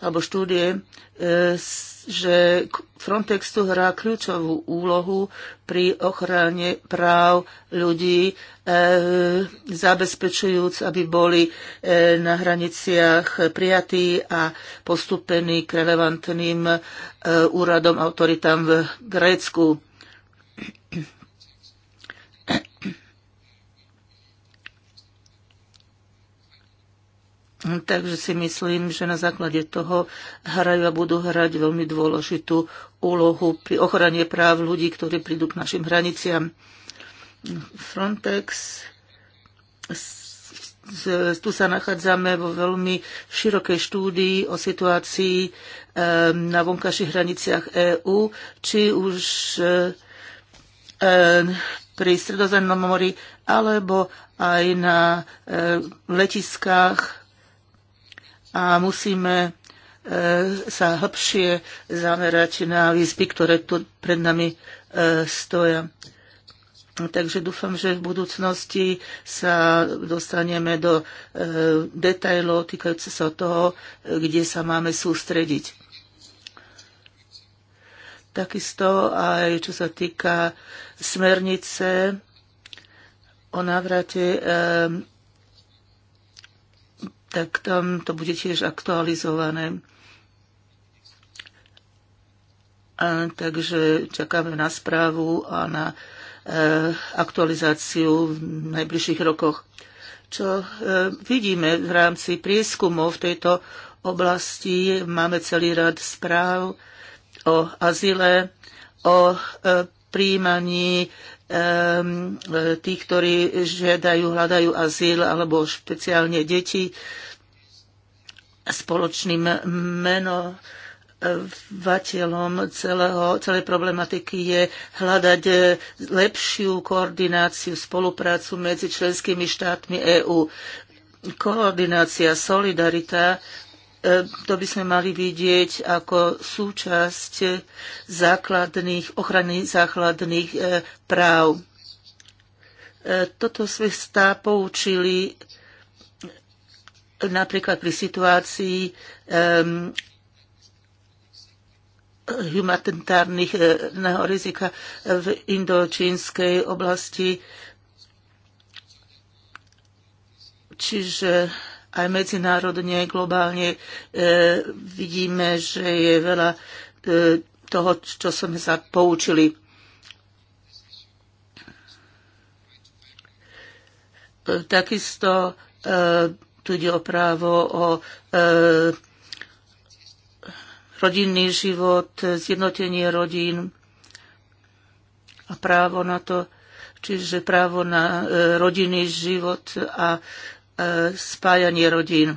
Speaker 4: alebo štúdie, e, že Frontex tu hrá kľúčovú úlohu pri ochrane práv ľudí, e, zabezpečujúc, aby boli e, na hraniciach prijatí a postupení k relevantným úradom autoritám v Grécku. Takže si myslím, že na základe toho hrajú a budú hrať veľmi dôležitú úlohu pri ochrane práv ľudí, ktorí prídu k našim hraniciam. Frontex, tu sa nachádzame vo veľmi širokej štúdii o situácii eh, na vonkajších hraniciach EÚ, či už eh, eh, pri Stredozemnom mori alebo aj na e, letiskách a musíme e, sa hlbšie zamerať na výzvy, ktoré tu pred nami e, stoja. Takže dúfam, že v budúcnosti sa dostaneme do detajlov týkajúce sa toho, kde sa máme sústrediť. Takisto aj čo sa týka smernice o návrate, ehm, tak tam to bude tiež aktualizované. A, takže čakáme na správu a na eh, aktualizáciu v najbližších rokoch. Čo eh, vidíme v rámci prieskumov v tejto oblasti, máme celý rad správ o azile, o eh, príjmaní ehm, tých, ktorí žiadajú, hľadajú azyl alebo špeciálne deti spoločným meno vateľom celého, celej problematiky je hľadať lepšiu koordináciu, spoluprácu medzi členskými štátmi EÚ. Koordinácia, solidarita E, to by sme mali vidieť ako súčasť základných, ochrany základných e, práv. E, toto sme stá poučili napríklad pri situácii um, humanitárneho rizika v indočínskej oblasti. Čiže aj medzinárodne, globálne e, vidíme, že je veľa e, toho, čo sme sa poučili. E, takisto e, tu ide o právo o e, rodinný život, zjednotenie rodín a právo na to, čiže právo na e, rodinný život a spájanie rodín. E,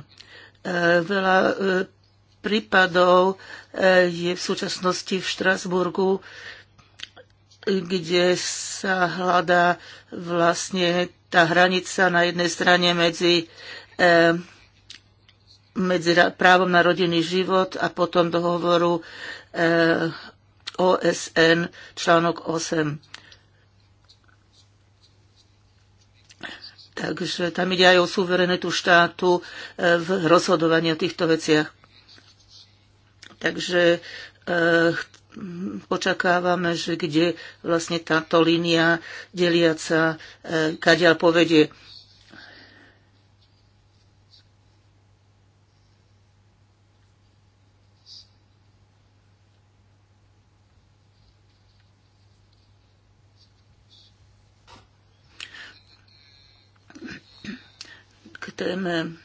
Speaker 4: veľa e, prípadov e, je v súčasnosti v Štrasburgu, kde sa hľadá vlastne tá hranica na jednej strane medzi, medzi právom na rodinný život a potom dohovoru OSN článok 8. Takže tam ide aj o suverenitu štátu e, v rozhodovaní o týchto veciach. Takže počakávame, e, že kde vlastne táto línia deliaca e, kadiaľ povedie. téme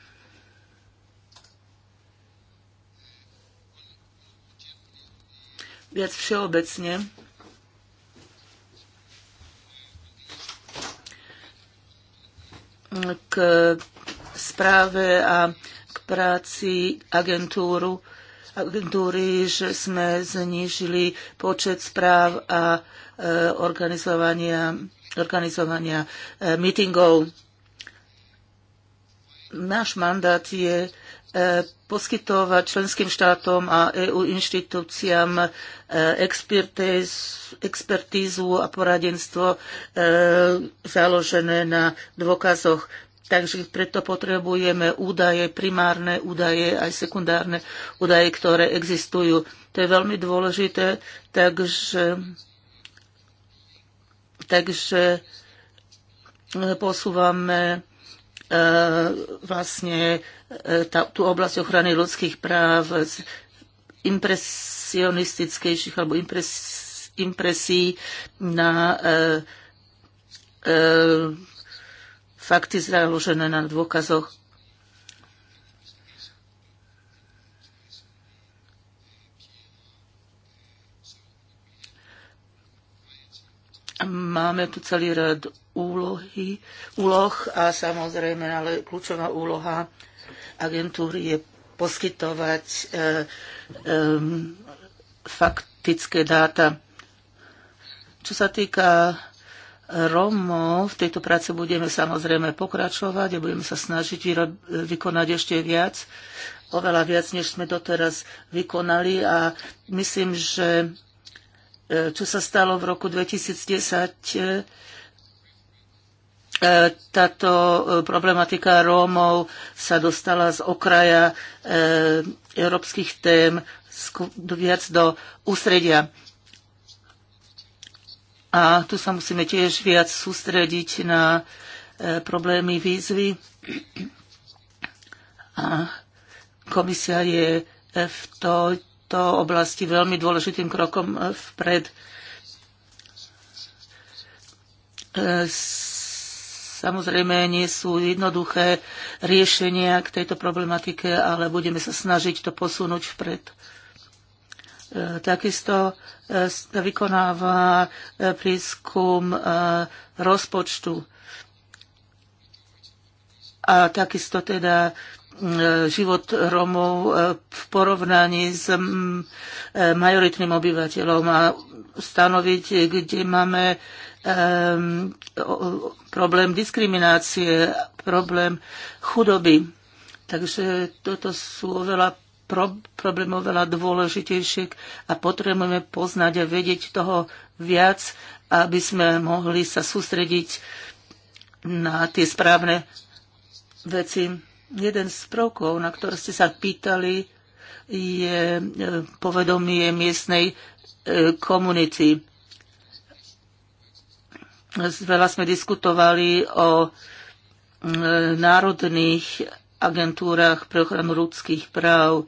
Speaker 4: viac všeobecne. k správe a k práci agentúru, agentúry, že sme znižili počet správ a e, organizovania, organizovania e, mítingov Náš mandát je e, poskytovať členským štátom a EU inštitúciám e, expertízu a poradenstvo e, založené na dôkazoch. Takže preto potrebujeme údaje, primárne údaje, aj sekundárne údaje, ktoré existujú. To je veľmi dôležité, takže, takže posúvame E, vlastne e, tá, tú oblasť ochrany ľudských práv z impresionistickejších alebo impres, impresí na e, e, fakty založené na dôkazoch Máme tu celý rad úlohy, úloh a samozrejme, ale kľúčová úloha agentúry je poskytovať e, e, faktické dáta. Čo sa týka Romov, v tejto práce budeme samozrejme pokračovať a budeme sa snažiť vykonať ešte viac, oveľa viac, než sme doteraz vykonali a myslím, že E, čo sa stalo v roku 2010, e, e, táto problematika Rómov sa dostala z okraja európskych tém viac do ústredia. A tu sa musíme tiež viac sústrediť na problémy výzvy. A komisia je v, to, tejto oblasti veľmi dôležitým krokom e, vpred. E, samozrejme, nie sú jednoduché riešenia k tejto problematike, ale budeme sa snažiť to posunúť vpred. E, takisto sa vykonáva prískum rozpočtu. A takisto teda E, život Romov e, v porovnaní s e, majoritným obyvateľom a stanoviť, kde máme problém diskriminácie, problém chudoby. Takže toto sú oveľa pro, problém oveľa dôležitejšie a potrebujeme poznať a vedieť toho viac, aby sme mohli sa sústrediť na tie správne veci. Jeden z prvkov, na ktoré ste sa pýtali, je e, povedomie miestnej e, komunity. Veľa sme diskutovali o e, národných agentúrach pre ochranu ľudských práv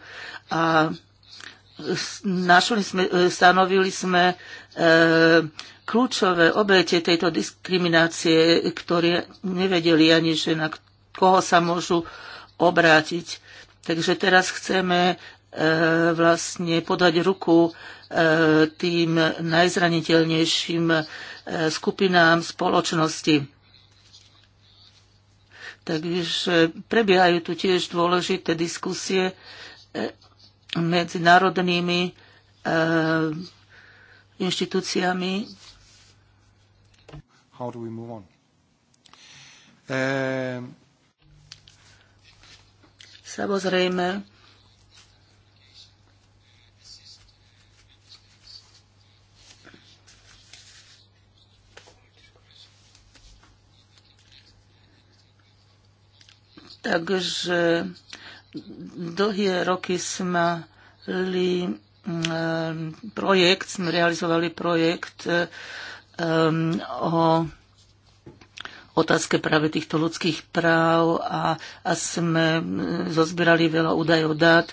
Speaker 4: a našli sme, stanovili sme kľúčové obete tejto diskriminácie, ktoré nevedeli ani, že na koho sa môžu obrátiť. Takže teraz chceme e, vlastne podať ruku e, tým najzraniteľnejším e, skupinám spoločnosti. Takže prebiehajú tu tiež dôležité diskusie medzi národnými inštitúciami.
Speaker 1: How do we move on? Um...
Speaker 4: Samozrejme, Takže dlhé roky sme mali mm, eh, projekt, sme realizovali projekt um, o otázke práve týchto ľudských práv a, a sme mm, zozbierali veľa údajov dát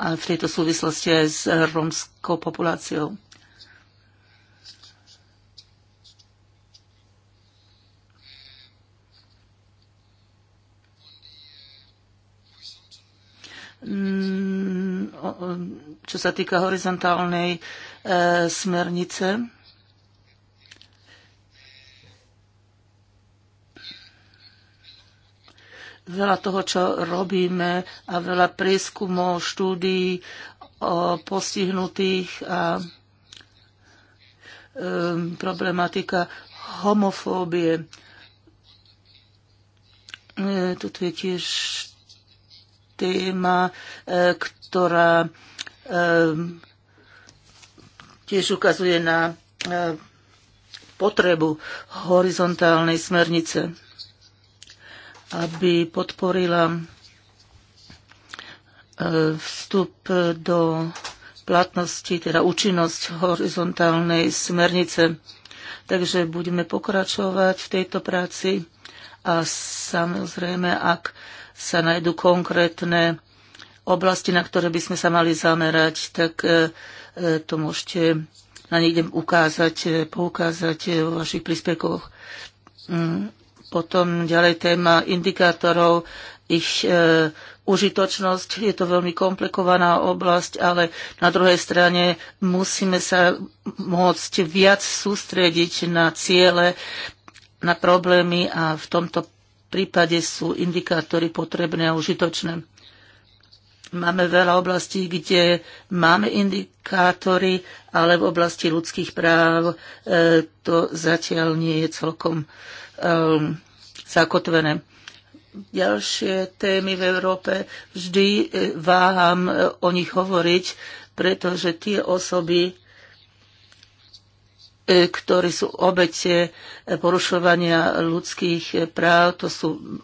Speaker 4: a v tejto súvislosti aj s romskou populáciou. Mm, čo sa týka horizontálnej e, smernice, Veľa toho, čo robíme a veľa prieskumov, štúdií o postihnutých a um, problematika homofóbie. E, toto je tiež téma, e, ktorá e, tiež ukazuje na e, potrebu horizontálnej smernice aby podporila e, vstup do platnosti, teda účinnosť horizontálnej smernice. Takže budeme pokračovať v tejto práci a samozrejme, ak sa nájdu konkrétne oblasti, na ktoré by sme sa mali zamerať, tak e, e, to môžete na niekde ukázať, poukázať vo vašich príspevkoch. Mm. Potom ďalej téma indikátorov, ich e, užitočnosť. Je to veľmi komplikovaná oblasť, ale na druhej strane musíme sa môcť viac sústrediť na ciele, na problémy a v tomto prípade sú indikátory potrebné a užitočné. Máme veľa oblastí, kde máme indikátory, ale v oblasti ľudských práv e, to zatiaľ nie je celkom um, zakotvené. Ďalšie témy v Európe vždy e, váham e, o nich hovoriť, pretože tie osoby, e, ktorí sú obete porušovania ľudských práv, to sú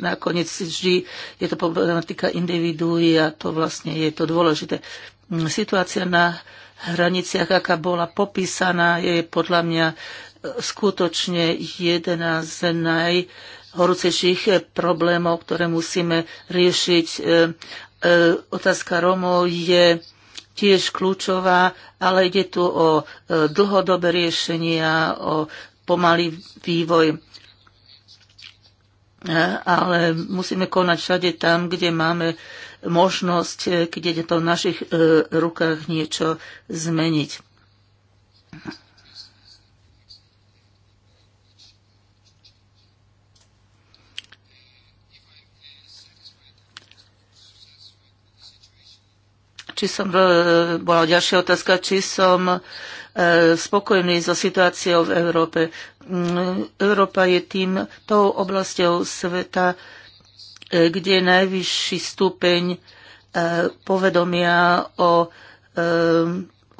Speaker 4: nakoniec vždy je to problematika individuí a to vlastne je to dôležité. Situácia na hraniciach, aká bola popísaná, je podľa mňa skutočne jeden z najhorúcejších problémov, ktoré musíme riešiť. E, e, otázka Romov je tiež kľúčová, ale ide tu o e, dlhodobé riešenia, o pomalý vývoj. Ale musíme konať všade tam, kde máme možnosť, keď je to v našich rukách niečo zmeniť. Či som, e, bola ďalšia otázka, či som e, spokojný so situáciou v Európe. Mm, Európa je tým, tou oblasťou sveta, e, kde je najvyšší stupeň povedomia o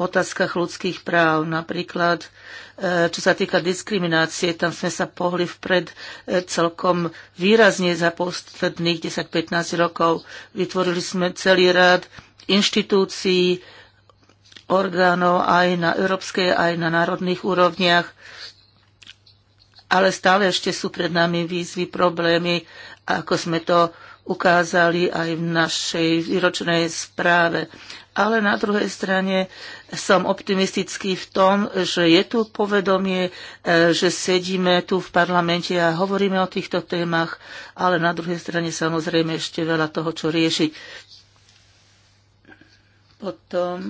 Speaker 4: otázkach ľudských práv. Napríklad, čo sa týka diskriminácie, tam sme sa pohli vpred celkom výrazne za posledných 10-15 rokov. Vytvorili sme celý rád inštitúcií, orgánov aj na európskej, aj na národných úrovniach. Ale stále ešte sú pred nami výzvy, problémy, ako sme to ukázali aj v našej výročnej správe. Ale na druhej strane som optimistický v tom, že je tu povedomie, e, že sedíme tu v parlamente a hovoríme o týchto témach, ale na druhej strane samozrejme ešte veľa toho, čo riešiť o tom,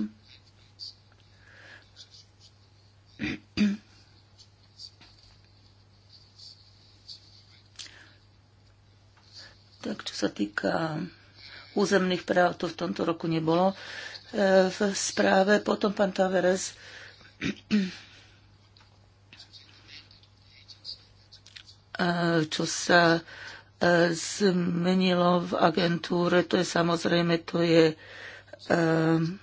Speaker 4: tak čo sa týka územných práv, to v tomto roku nebolo e, v správe. Potom pán Taveres *clears throat* čo sa e, zmenilo v agentúre, to je samozrejme, to je Ehm,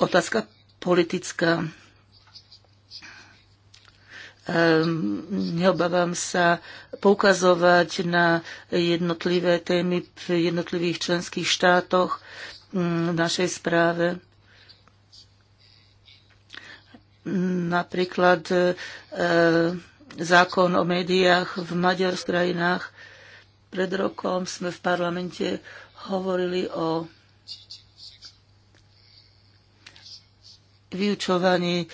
Speaker 4: otázka politická. Ehm, neobávam sa poukazovať na jednotlivé témy v jednotlivých členských štátoch mm, v našej správe. Napríklad e, zákon o médiách v maďarských krajinách. Pred rokom sme v parlamente hovorili o vyučovaní e,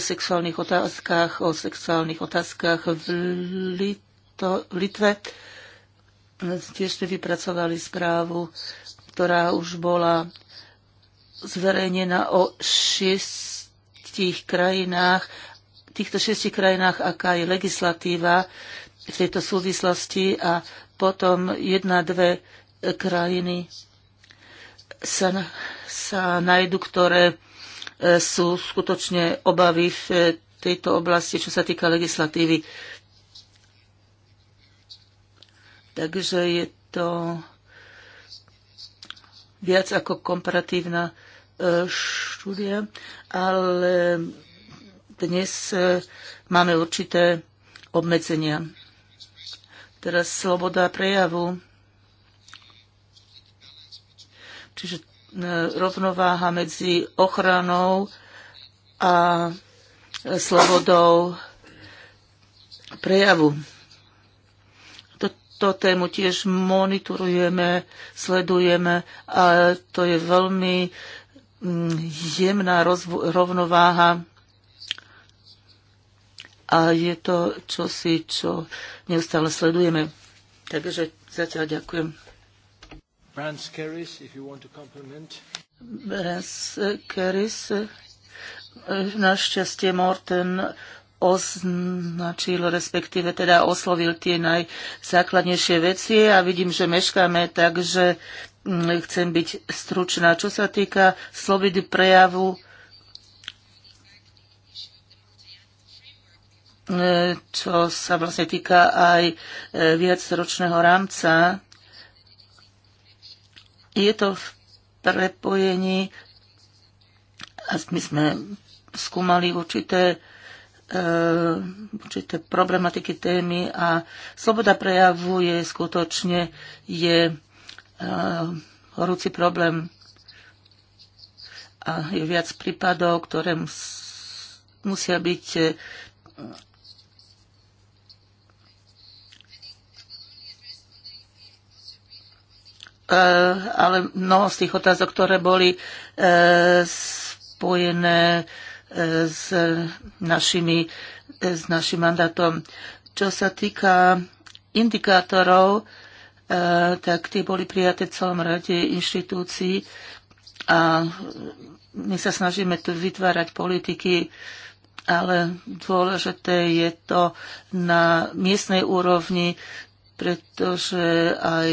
Speaker 4: sexuálnych otázkach, o sexuálnych otázkach v, Lito, Litve. Tiež sme vypracovali správu, ktorá už bola zverejnená o šiestich krajinách, v týchto šiestich krajinách, aká je legislatíva v tejto súvislosti a potom jedna, dve krajiny sa, sa najdu, ktoré e, sú skutočne obavy v e, tejto oblasti, čo sa týka legislatívy. Takže je to viac ako komparatívna e, štúdia, ale dnes máme určité obmedzenia. Teraz sloboda prejavu Čiže e, rovnováha medzi ochranou a slobodou prejavu. Toto tému tiež monitorujeme, sledujeme a to je veľmi mm, jemná rovnováha a je to čosi, čo neustále sledujeme. Takže
Speaker 1: zatiaľ ďakujem. Brans Keris, if you want to compliment.
Speaker 4: Keris, našťastie Morten označil, respektíve teda oslovil tie najzákladnejšie veci a vidím, že meškáme, takže mm, chcem byť stručná. Čo sa týka slobody prejavu, e, čo sa vlastne týka aj e, viacročného rámca, je to v prepojení a my sme skúmali určité, e, určité problematiky témy a sloboda prejavu je skutočne je e, horúci problém a je viac prípadov, ktoré mus, musia byť E, ale mnoho z tých otázok, ktoré boli e, spojené e, s, našimi, s našim mandátom. Čo sa týka indikátorov, tak tie boli prijaté v celom rade inštitúcií a my sa snažíme tu vytvárať politiky, ale dôležité je to na miestnej úrovni, pretože aj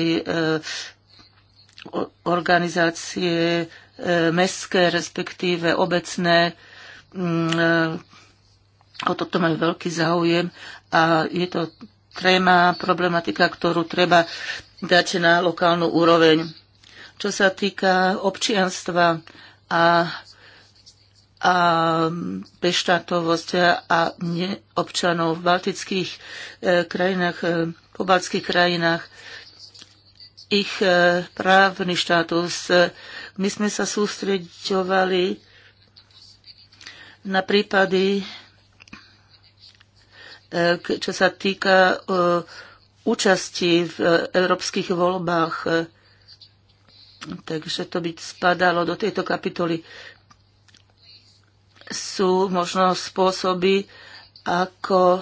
Speaker 4: organizácie e, mestské, respektíve obecné, mm, e, o toto majú veľký záujem a je to tréma problematika, ktorú treba dať na lokálnu úroveň. Čo sa týka občianstva a a beštátovosť a občanov v baltických e, krajinách, baltských krajinách ich e, právny štátus. My sme sa sústreďovali na prípady, e, čo sa týka e, účasti v európskych voľbách. Takže to by spadalo do tejto kapitoly. Sú možno spôsoby, ako,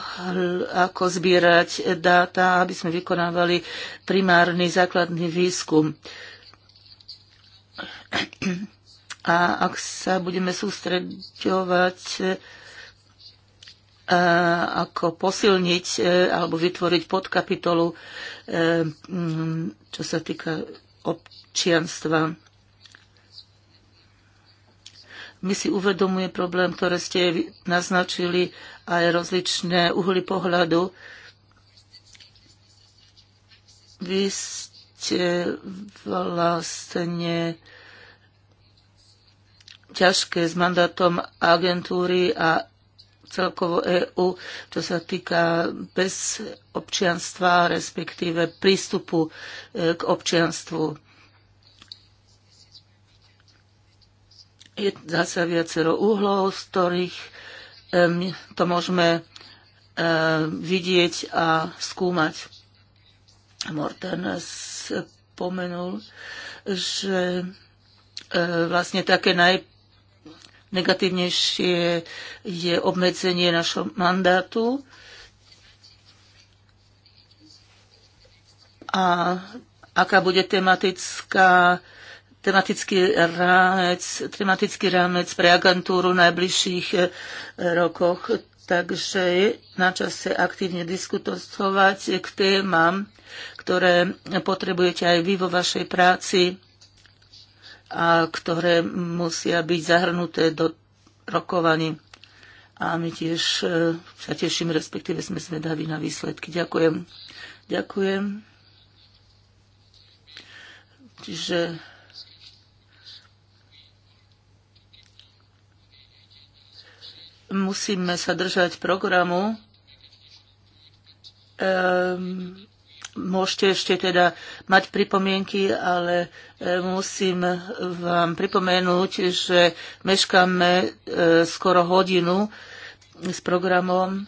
Speaker 4: ako zbierať dáta, aby sme vykonávali primárny základný výskum. A ak sa budeme sústreďovať e, ako posilniť e, alebo vytvoriť podkapitolu, e, čo sa týka občianstva my si uvedomuje problém, ktoré ste naznačili, aj rozličné uhly pohľadu. Vy ste vlastne ťažké s mandátom agentúry a celkovo EÚ, čo sa týka bez občianstva, respektíve prístupu e, k občianstvu. Je zase viacero uhlov, z ktorých to môžeme vidieť a skúmať. Morten spomenul, že e, vlastne také najnegatívnejšie je obmedzenie našho mandátu a aká bude tematická tematický rámec, tematický rámec pre agentúru v najbližších e, rokoch. Takže je na čase aktívne diskutovať k témam, ktoré potrebujete aj vy vo vašej práci a ktoré musia byť zahrnuté do rokovaní. A my tiež e, sa teším, respektíve sme zvedaví na výsledky. Ďakujem. Ďakujem. Čiže musíme sa držať programu. Um, môžete ešte teda mať pripomienky, ale e, musím vám pripomenúť, že meškáme e, skoro hodinu s programom,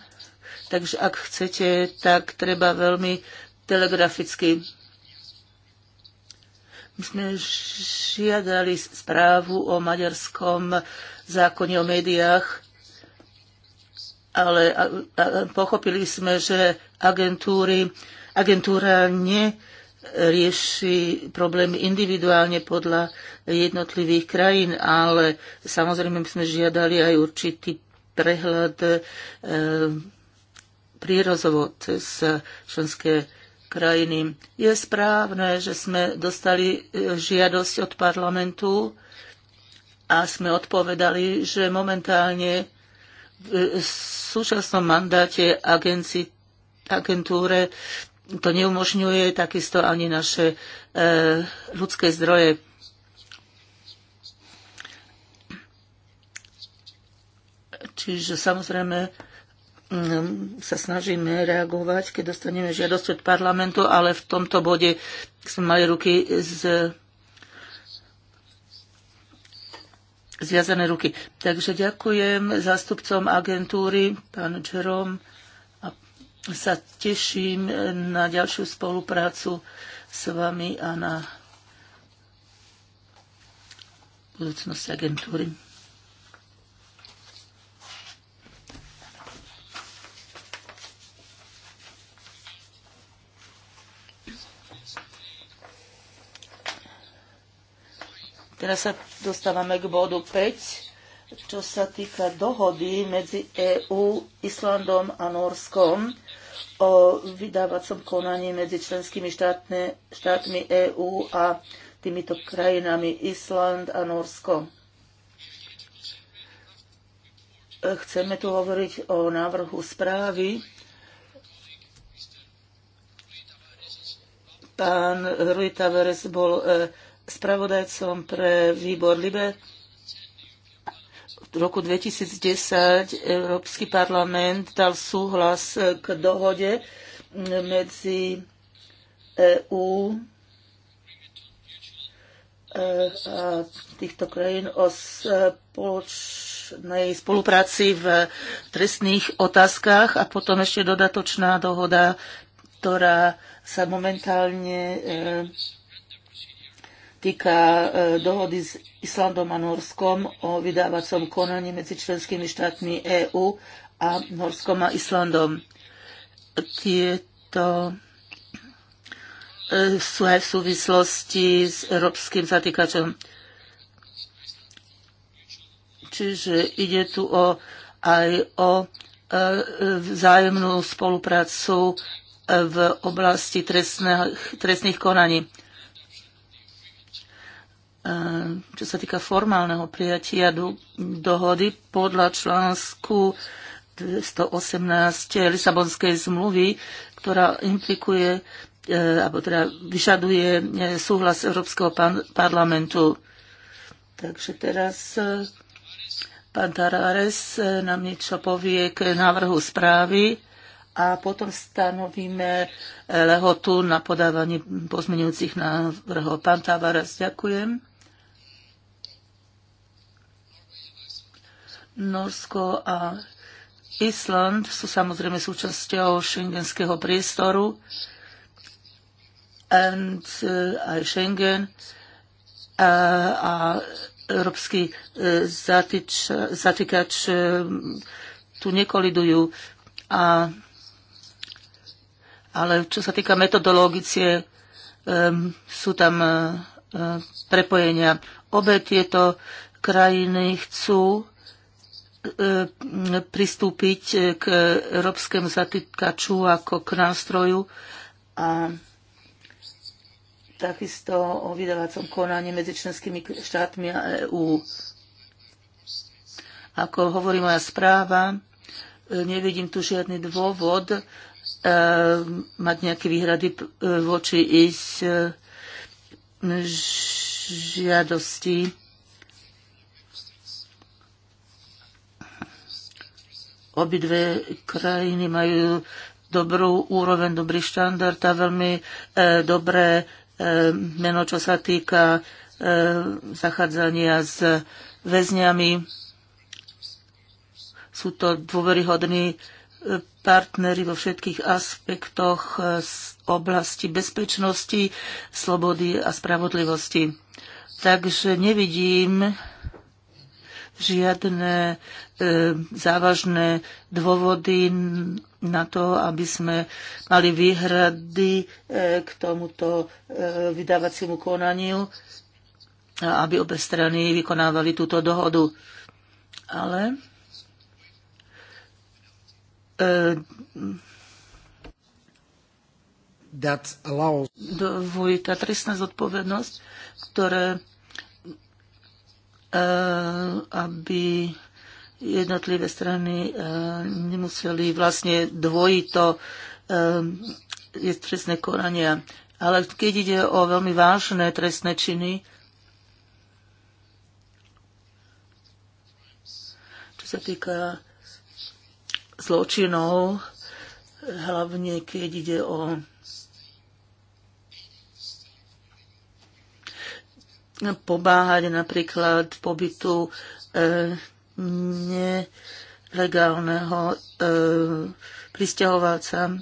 Speaker 4: takže ak chcete, tak treba veľmi telegraficky. My sme žiadali správu o maďarskom zákone o médiách ale pochopili sme, že agentúry, agentúra nerieši problémy individuálne podľa jednotlivých krajín, ale samozrejme sme žiadali aj určitý prehľad e, prírozovo cez členské krajiny. Je správne, že sme dostali e, žiadosť od parlamentu a sme odpovedali, že momentálne v súčasnom mandáte agenci, agentúre to neumožňuje takisto ani naše e, ľudské zdroje. Čiže samozrejme mm, sa snažíme reagovať, keď dostaneme žiadosť od parlamentu, ale v tomto bode sme mali ruky z zviazané ruky. Takže ďakujem zástupcom agentúry, pán Jerome, a sa teším na ďalšiu spoluprácu s vami a na budúcnosť agentúry. Teraz sa dostávame k bodu 5, čo sa týka dohody medzi EÚ, Islandom a Norskom o vydávacom konaní medzi členskými štátne, štátmi EÚ a týmito krajinami Island a Norsko. Chceme tu hovoriť o návrhu správy. Pán Rui Tavares bol e, spravodajcom pre výbor LIBE. V roku 2010 Európsky parlament dal súhlas k dohode medzi EÚ e, a týchto krajín o spoločnej spolupráci v trestných otázkach a potom ešte dodatočná dohoda, ktorá sa momentálne e, týka e, dohody s Islandom a Norskom o vydávacom konaní medzi členskými štátmi EÚ a Norskom a Islandom. Tieto e, sú aj v súvislosti s európskym zatýkačom. Čiže ide tu o, aj o e, vzájomnú spoluprácu v oblasti trestných, trestných konaní. Eh, čo sa týka formálneho prijatia do, dohody podľa článsku 218 Lisabonskej zmluvy, ktorá implikuje, eh, alebo teda vyžaduje eh, súhlas Európskeho parlamentu. Takže teraz pán Tarares nám niečo povie k návrhu správy a potom stanovíme lehotu na podávanie pozmeňujúcich návrhov. Pán Tavares, ďakujem. Norsko a Island sú samozrejme súčasťou šengenského priestoru and, eh, aj Schengen a, eh, a európsky eh, zatyč, zatýkač tu nekolidujú. A, ale čo sa týka metodológie, um, sú tam uh, prepojenia. Obe tieto krajiny chcú E, pristúpiť k európskemu zatýkaču ako k nástroju a takisto o vydávacom konaní medzi členskými štátmi a EÚ. Ako hovorí moja správa, e, nevidím tu žiadny dôvod e, mať nejaké výhrady voči ich žiadosti Obidve krajiny majú dobrú úroveň, dobrý štandard a veľmi e, dobré e, meno, čo sa týka e, zachádzania s väzňami. Sú to dôveryhodní e, partnery vo všetkých aspektoch e, z oblasti bezpečnosti, slobody a spravodlivosti. Takže nevidím žiadne e, závažné dôvody na to, aby sme mali výhrady e, k tomuto e, vydávaciemu konaniu, a aby obe strany vykonávali túto dohodu. Ale e, that allows... trestná zodpovednosť, ktoré E, aby jednotlivé strany e, nemuseli vlastne dvojito e, je trestné konania. Ale keď ide o veľmi vážne trestné činy, čo sa týka zločinov, hlavne keď ide o pomáhať napríklad pobytu e, nelegálneho e, pristahovalca.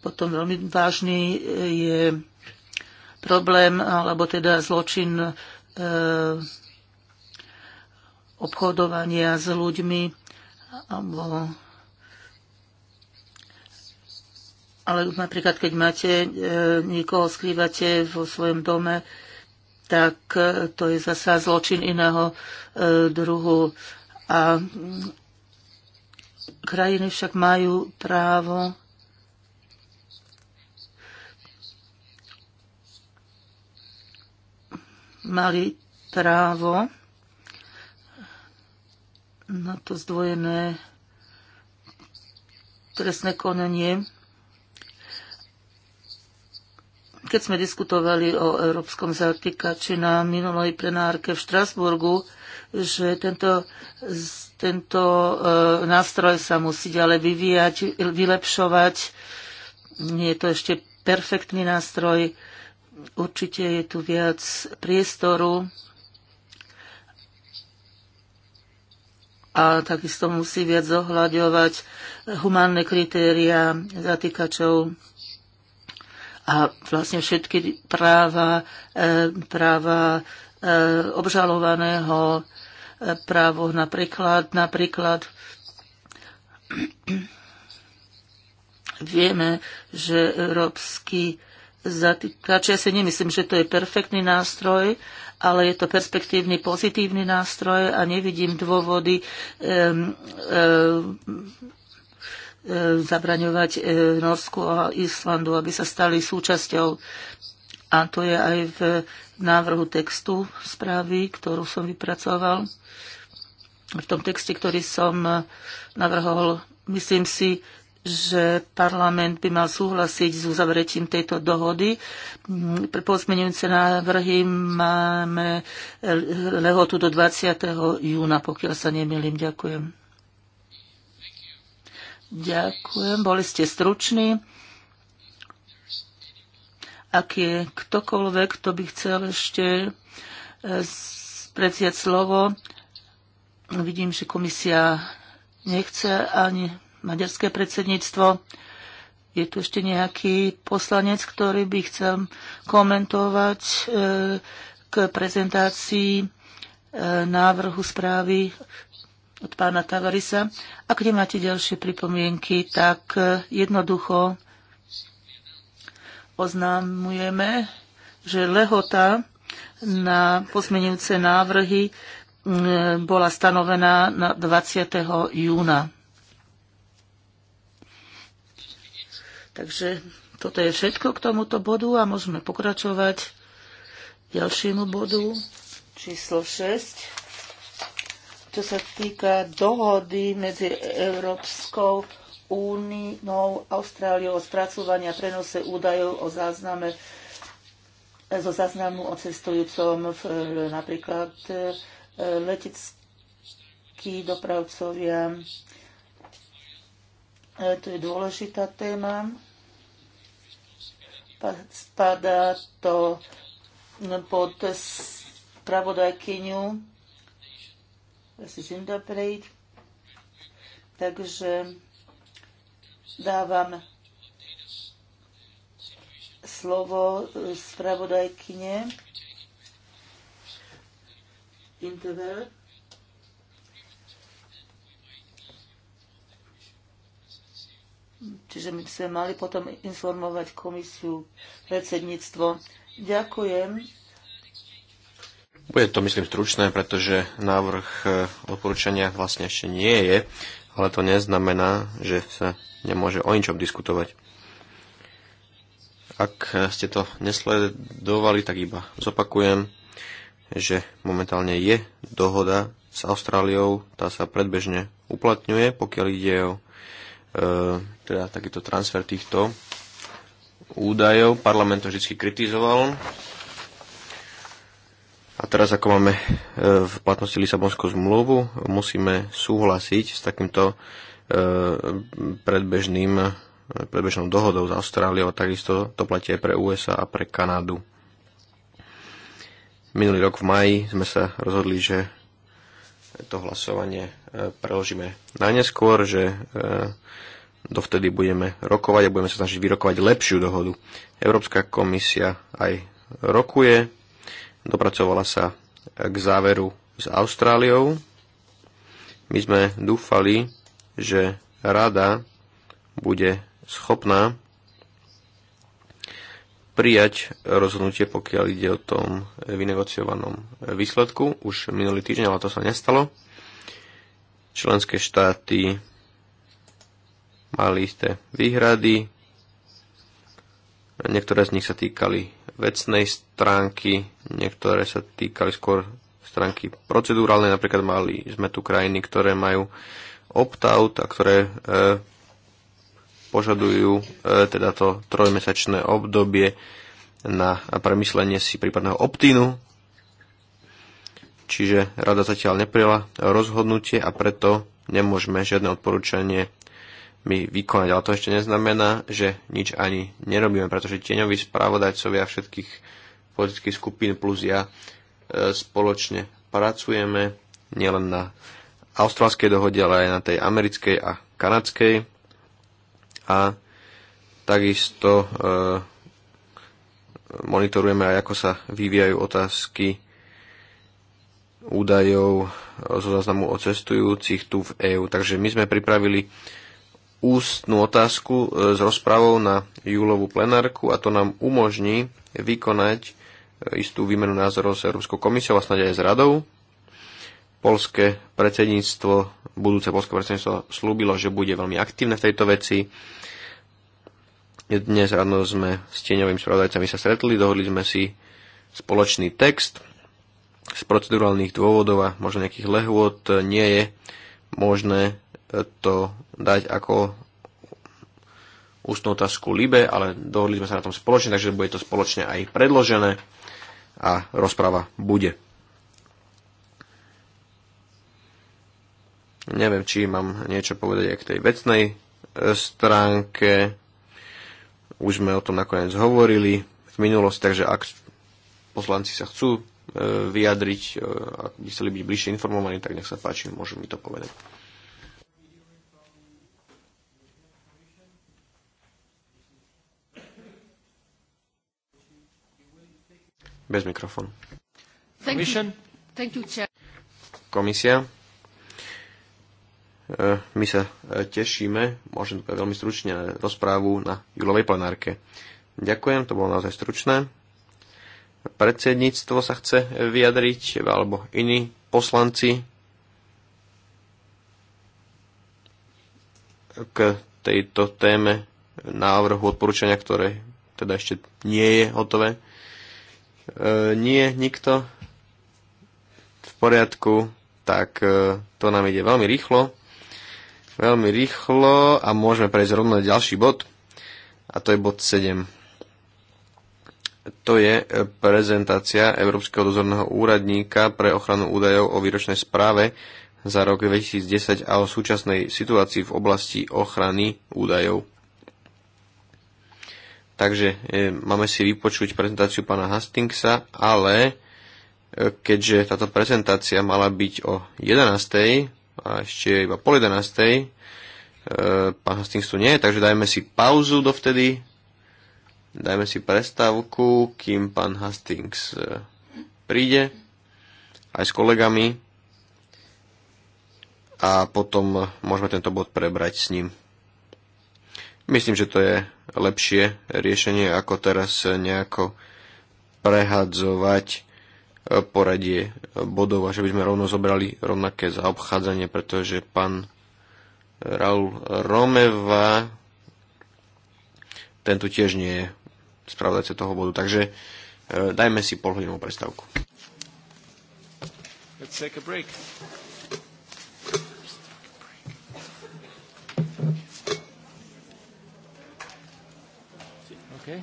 Speaker 4: Potom veľmi vážny e, je problém, alebo teda zločin e, obchodovania s ľuďmi, alebo ale napríklad, keď máte e, niekoho skrývate vo svojom dome, e, tak e, to je zasa zločin iného e, druhu. A krajiny však majú právo mali právo na to zdvojené trestné konanie Keď sme diskutovali o európskom zatýkači na minulej plenárke v Štrasburgu, že tento, tento e, nástroj sa musí ďalej vyvíjať, vylepšovať. Nie je to ešte perfektný nástroj. Určite je tu viac priestoru a takisto musí viac zohľadovať humánne kritéria zatýkačov a vlastne všetky práva, e, práva e, obžalovaného, e, právo napríklad, napríklad *clears throat* vieme, že európsky zatýkač, ja si nemyslím, že to je perfektný nástroj, ale je to perspektívny, pozitívny nástroj a nevidím dôvody um, um, E, zabraňovať e, Norsku a Islandu, aby sa stali súčasťou. A to je aj v návrhu textu správy, ktorú som vypracoval. V tom texte, ktorý som navrhol, myslím si, že parlament by mal súhlasiť s uzavretím tejto dohody. Pre pozmenujúce návrhy máme lehotu do 20. júna, pokiaľ sa nemýlim. Ďakujem. Ďakujem, boli ste struční. Ak je ktokoľvek, kto by chcel ešte e, predsiať slovo, vidím, že komisia nechce ani maďarské predsedníctvo. Je tu ešte nejaký poslanec, ktorý by chcel komentovať e, k prezentácii e, návrhu správy od pána Tavarisa. Ak nemáte ďalšie pripomienky, tak e, jednoducho oznámujeme, že lehota na pozmenujúce návrhy e, bola stanovená na 20. júna. Takže toto je všetko k tomuto bodu a môžeme pokračovať ďalšiemu bodu číslo 6 čo sa týka dohody medzi Európskou úniou Austráliou o spracovaní a prenose údajov o zázname zo záznamu o cestujúcom v, napríklad eh, letickí dopravcovia. Eh, to je dôležitá téma. Spadá to pod spravodajkyňu sečím prejít. Takže dávam slovo spravodajkyne Interval. Čiže my sme mali potom informovať komisiu, predsedníctvo. Ďakujem.
Speaker 2: Bude to, myslím, stručné, pretože návrh e, odporúčania vlastne ešte nie je, ale to neznamená, že sa nemôže o ničom diskutovať. Ak ste to nesledovali, tak iba zopakujem, že momentálne je dohoda s Austráliou, tá sa predbežne uplatňuje, pokiaľ ide o e, teda takýto transfer týchto údajov. Parlament to vždy kritizoval a teraz, ako máme e, v platnosti Lisabonskú zmluvu, musíme súhlasiť s takýmto e, predbežným, predbežnou dohodou s Austráliou a takisto to platí aj pre USA a pre Kanádu. Minulý rok v maji sme sa rozhodli, že to hlasovanie e, preložíme najneskôr, že dovtedy budeme rokovať a budeme sa snažiť vyrokovať lepšiu dohodu. Európska komisia aj rokuje, dopracovala sa k záveru s Austráliou. My sme dúfali, že rada bude schopná prijať rozhodnutie, pokiaľ ide o tom vynegociovanom výsledku už minulý týždeň, ale to sa nestalo. Členské štáty mali isté výhrady, Niektoré z nich sa týkali vecnej stránky, niektoré sa týkali skôr stránky procedurálnej. Napríklad mali sme tu krajiny, ktoré majú opt-out a ktoré e, požadujú e, teda to trojmesačné obdobie na premyslenie si prípadného optínu. Čiže rada zatiaľ neprijela rozhodnutie a preto nemôžeme žiadne odporúčanie my vykonať. Ale to ešte neznamená, že nič ani nerobíme, pretože tieňoví správodajcovia všetkých politických skupín plus ja e, spoločne pracujeme nielen na australskej dohode, ale aj na tej americkej a kanadskej. A takisto e, monitorujeme aj, ako sa vyvíjajú otázky údajov zo záznamu o cestujúcich tu v EÚ. Takže my sme pripravili ústnú otázku e, s rozpravou na júlovú plenárku a to nám umožní vykonať e, istú výmenu názorov s Európskou komisiou a snáď aj s radou. Polské predsedníctvo, budúce polské predsedníctvo slúbilo, že bude veľmi aktívne v tejto veci. Dnes ráno sme s tieňovými spravodajcami sa stretli, dohodli sme si spoločný text. Z procedurálnych dôvodov a možno nejakých lehôd nie je možné to dať ako ústnú otázku Libe, ale dohodli sme sa na tom spoločne, takže bude to spoločne aj predložené a rozpráva bude. Neviem, či mám niečo povedať aj k tej vecnej e, stránke. Už sme o tom nakoniec hovorili v minulosti, takže ak poslanci sa chcú e, vyjadriť, e, ak by chceli byť bližšie informovaní, tak nech sa páči, môžu mi to povedať. Bez mikrofónu. Komisia. E, my sa e, tešíme, môžem to veľmi stručne, na rozprávu na júlovej plenárke. Ďakujem, to bolo naozaj stručné. Predsedníctvo sa chce vyjadriť, alebo iní poslanci k tejto téme návrhu odporúčania, ktoré teda ešte nie je hotové. E, nie, nikto. V poriadku, tak e, to nám ide veľmi rýchlo. Veľmi rýchlo a môžeme prejsť rovno na ďalší bod. A to je bod 7 to je e, prezentácia Európskeho dozorného úradníka pre ochranu údajov o výročnej správe za rok 2010 a o súčasnej situácii v oblasti ochrany údajov. Takže e, máme si vypočuť prezentáciu pána Hastingsa, ale e, keďže táto prezentácia mala byť o 11. a ešte iba pol 11. E, pán Hastings tu nie takže dajme si pauzu dovtedy, dajme si prestávku, kým pán Hastings e, príde aj s kolegami a potom môžeme tento bod prebrať s ním. Myslím, že to je lepšie riešenie, ako teraz nejako prehadzovať e, poradie bodov a že by sme rovno zobrali rovnaké zaobchádzanie, pretože pán Raul Romeva ten tu tiež nie je spravodajce toho bodu. Takže e, dajme si polhodinovú prestávku.
Speaker 1: Let's take a break. Okay.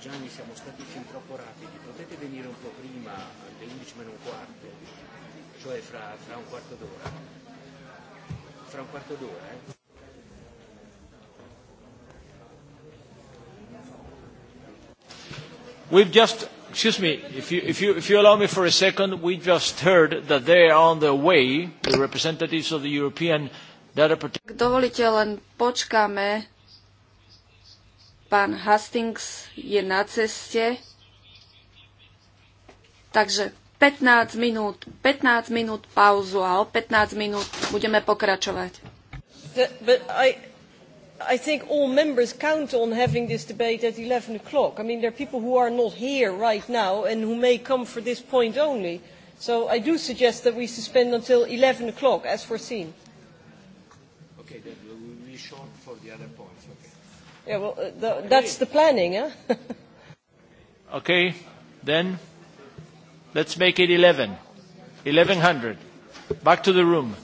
Speaker 1: Gianni siamo stati fin troppo rapidi, potete venire un po' prima alle 11 meno un quarto, cioè fra, fra un quarto d'ora. Fra un quarto d'ora, eh? We've just Excuse me, if you, if, you, if you allow me for a second, we just heard that they are on their way, the representatives of the European Data Protection... Ak
Speaker 3: Dovolite, len počkáme. Pán Hastings je na ceste. Takže 15 minút, 15 minút pauzu a o 15 minút budeme pokračovať. The, i think all members count on having this debate at
Speaker 4: eleven o'clock. I mean, there are people who are not here right now and who may come for this point only.
Speaker 3: So I do suggest that we suspend until eleven o'clock, as foreseen.
Speaker 1: Okay, then we will be short for the other points. Okay. Yeah, well, uh, the, okay. that's the planning, huh? *laughs* okay, then let's make it eleven. Eleven hundred. Back to the room.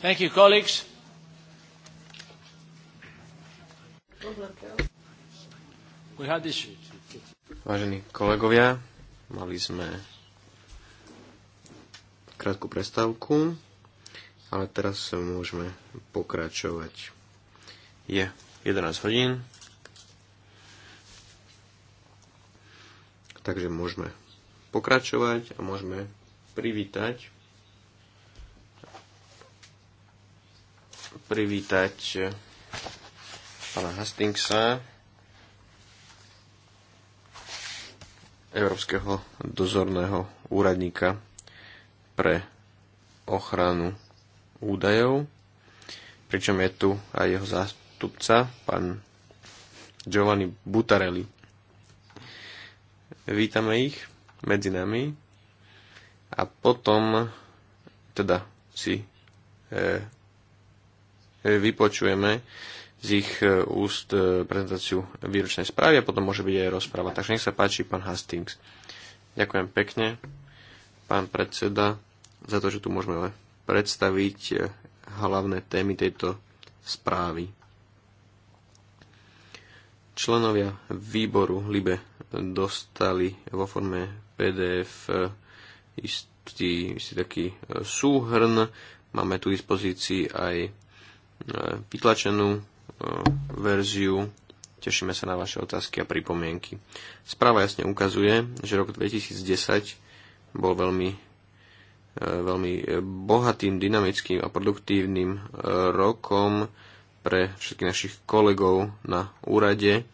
Speaker 1: Thank you, colleagues.
Speaker 2: Vážení kolegovia, mali sme krátku prestávku, ale teraz sa môžeme pokračovať. Je 11 hodín, takže môžeme pokračovať a môžeme privítať privítať pána Hastingsa, Európskeho dozorného úradníka pre ochranu údajov, pričom je tu aj jeho zástupca, pán Giovanni Butarelli. Vítame ich medzi nami a potom teda si eh, E, vypočujeme z ich e, úst e, prezentáciu výročnej správy a potom môže byť aj rozpráva. Takže nech sa páči, pán Hastings. Ďakujem pekne, pán predseda, za to, že tu môžeme predstaviť hlavné témy tejto správy. Členovia výboru LIBE dostali vo forme PDF istý, istý taký súhrn. Máme tu dispozícii aj E, vytlačenú e, verziu. Tešíme sa na vaše otázky a pripomienky. Správa jasne ukazuje, že rok 2010 bol veľmi, e, veľmi bohatým, dynamickým a produktívnym rokom pre všetkých našich kolegov na úrade,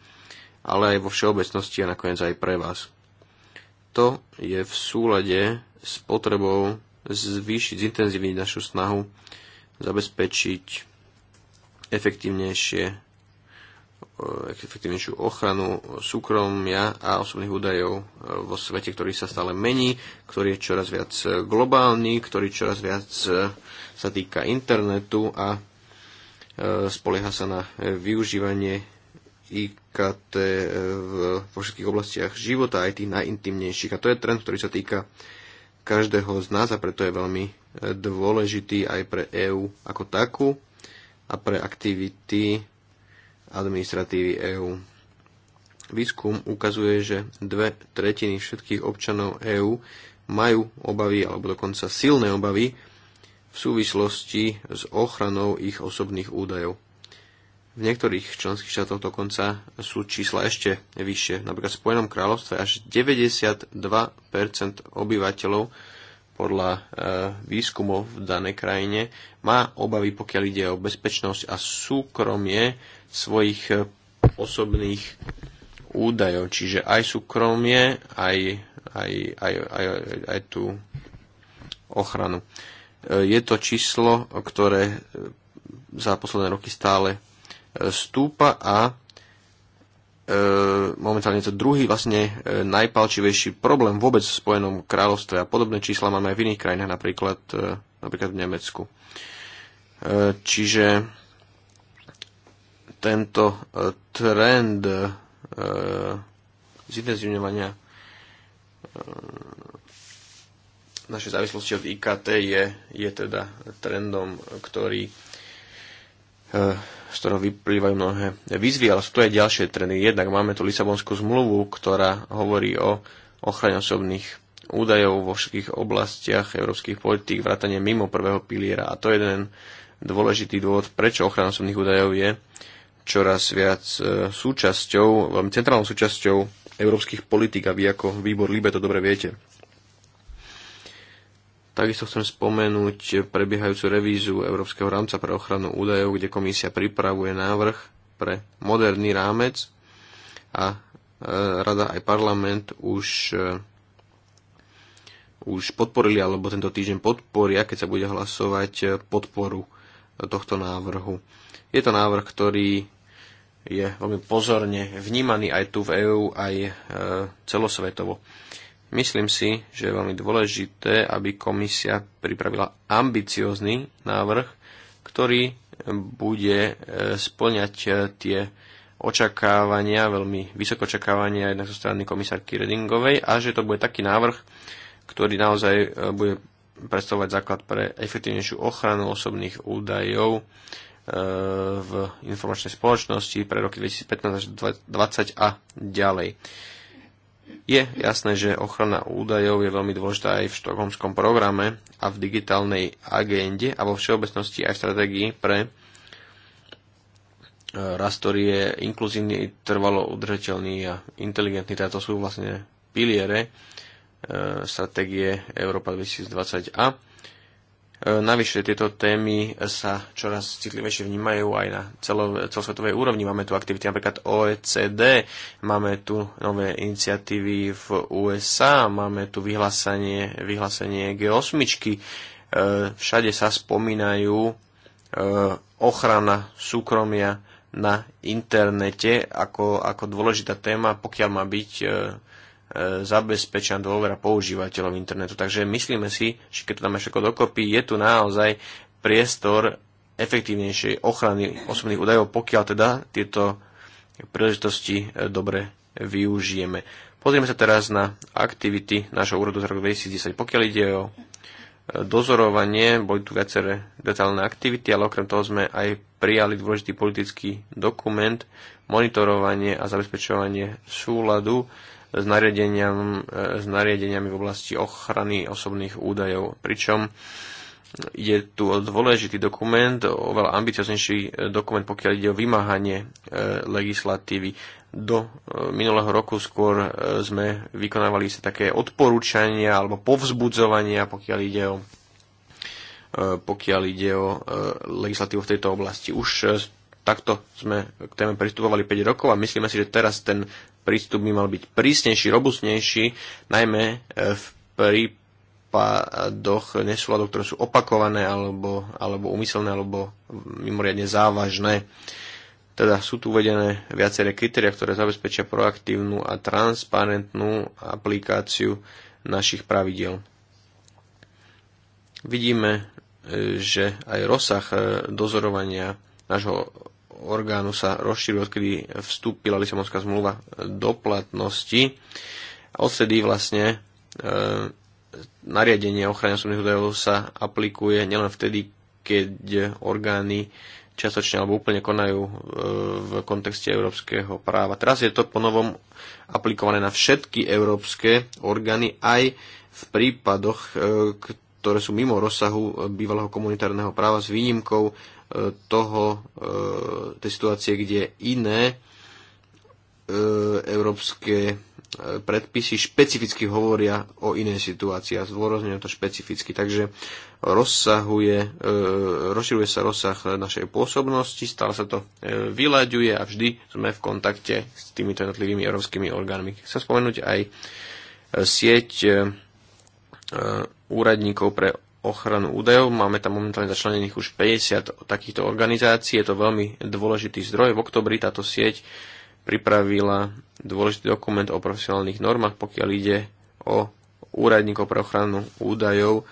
Speaker 2: ale aj vo všeobecnosti a nakoniec aj pre vás. To je v súlade s potrebou zvýšiť, zintenzívniť našu snahu, zabezpečiť efektívnejšie e, efektívnejšiu ochranu súkromia a osobných údajov e, vo svete, ktorý sa stále mení, ktorý je čoraz viac e, globálny, ktorý čoraz viac sa týka internetu a spolieha sa na využívanie IKT vo všetkých oblastiach života, aj tých najintimnejších. A to je trend, ktorý sa týka každého z nás a preto je veľmi dôležitý aj pre EÚ ako takú a pre aktivity administratívy EÚ. Výskum ukazuje, že dve tretiny všetkých občanov EÚ majú obavy alebo dokonca silné obavy v súvislosti s ochranou ich osobných údajov. V niektorých členských štátoch dokonca sú čísla ešte vyššie. Napríklad v Spojenom kráľovstve až 92% obyvateľov podľa e, výskumov v danej krajine má obavy, pokiaľ ide o bezpečnosť a súkromie svojich e, osobných údajov. Čiže aj súkromie, aj, aj, aj, aj, aj tú ochranu. E, je to číslo, ktoré za posledné roky stále stúpa a E, momentálne je to druhý vlastne e, najpalčivejší problém vôbec v Spojenom kráľovstve a podobné čísla máme aj v iných krajinách, napríklad, e, napríklad v Nemecku. Čiže tento trend zintenzívňovania našej závislosti od IKT je, je teda trendom, ktorý z ktorého vyplývajú mnohé výzvy, ale sú tu aj ďalšie trendy. Jednak máme tu Lisabonskú zmluvu, ktorá hovorí o ochrane osobných údajov vo všetkých oblastiach európskych politík, vrátane mimo prvého piliera. A to je jeden dôležitý dôvod, prečo ochrana osobných údajov je čoraz viac e, súčasťou, veľmi centrálnou súčasťou európskych politik a vy ako výbor Libe to dobre viete. Takisto chcem spomenúť prebiehajúcu revízu Európskeho rámca pre ochranu údajov, kde komisia pripravuje návrh pre moderný rámec a e, rada aj parlament už, e, už podporili, alebo tento týždeň podporia, keď sa bude hlasovať e, podporu tohto návrhu. Je to návrh, ktorý je veľmi pozorne vnímaný aj tu v EÚ, aj celosvetovo. Myslím si, že je veľmi dôležité, aby komisia pripravila ambiciózny návrh, ktorý bude e, splňať e, tie očakávania, veľmi vysoké očakávania jednak zo strany komisárky Redingovej a že to bude taký návrh, ktorý naozaj e, bude predstavovať základ pre efektívnejšiu ochranu osobných údajov v informačnej spoločnosti pre roky 2015 až 2020 a ďalej. Je jasné, že ochrana údajov je veľmi dôležitá aj v štokholmskom programe a v digitálnej agende a vo všeobecnosti aj v stratégii pre e, rast, ktorý je inkluzívny, trvalo udržateľný a inteligentný. Táto teda sú vlastne piliere e, stratégie Európa 2020 a E, navyše tieto témy sa čoraz citlivejšie vnímajú aj na celo, celosvetovej úrovni. Máme tu aktivity napríklad OECD, máme tu nové iniciatívy v USA, máme tu vyhlásenie, vyhlásenie G8. E, všade sa spomínajú e, ochrana súkromia na internete ako, ako dôležitá téma, pokiaľ má byť E, zabezpečená dôvera používateľov internetu. Takže myslíme si, že keď to dáme všetko dokopy, je tu naozaj priestor efektívnejšej ochrany osobných údajov, pokiaľ teda tieto príležitosti e, dobre využijeme. Pozrieme sa teraz na aktivity nášho úradu z roku 2010. Pokiaľ ide o e, dozorovanie, boli tu viaceré detálne aktivity, ale okrem toho sme aj prijali dôležitý politický dokument, monitorovanie a zabezpečovanie súladu s, nariadeniam, e, s nariadeniami v oblasti ochrany osobných údajov. Pričom je tu o dôležitý dokument, oveľa ambicioznejší e, dokument, pokiaľ ide o vymáhanie e, legislatívy. Do minulého roku skôr sme vykonávali sa také odporúčania alebo povzbudzovania, pokiaľ ide o pokiaľ ide o legislatívu v tejto oblasti. Už takto sme k téme pristupovali 5 rokov a myslíme si, že teraz ten prístup by mal byť prísnejší, robustnejší, najmä e, v prípadoch nesúladov, ktoré sú opakované alebo, alebo umyselné alebo mimoriadne závažné. Teda sú tu uvedené viaceré kritéria, ktoré zabezpečia proaktívnu a transparentnú aplikáciu našich pravidel. Vidíme, e, že aj rozsah e, dozorovania nášho orgánu sa rozšíril, odkedy vstúpila Lisabonská zmluva do platnosti. Odsedy vlastne e, nariadenie o ochrane osobných údajov sa aplikuje nielen vtedy, keď orgány častočne alebo úplne konajú e, v kontexte európskeho práva. Teraz je to ponovom aplikované na všetky európske orgány aj v prípadoch, e, ktoré sú mimo rozsahu e, bývalého komunitárneho práva s výnimkou toho, e, tej situácie, kde iné e, európske e, predpisy špecificky hovoria o inej situácii a zdôrazňujem to špecificky. Takže rozsahuje, rozširuje sa rozsah našej pôsobnosti, stále sa to vyľaďuje a vždy sme v kontakte s týmito jednotlivými európskymi orgánmi. Chcem spomenúť aj sieť úradníkov pre ochranu údajov. Máme tam momentálne začlenených už 50 takýchto organizácií. Je to veľmi dôležitý zdroj. V oktobri táto sieť pripravila dôležitý dokument o profesionálnych normách, pokiaľ ide o úradníkov pre ochranu údajov e,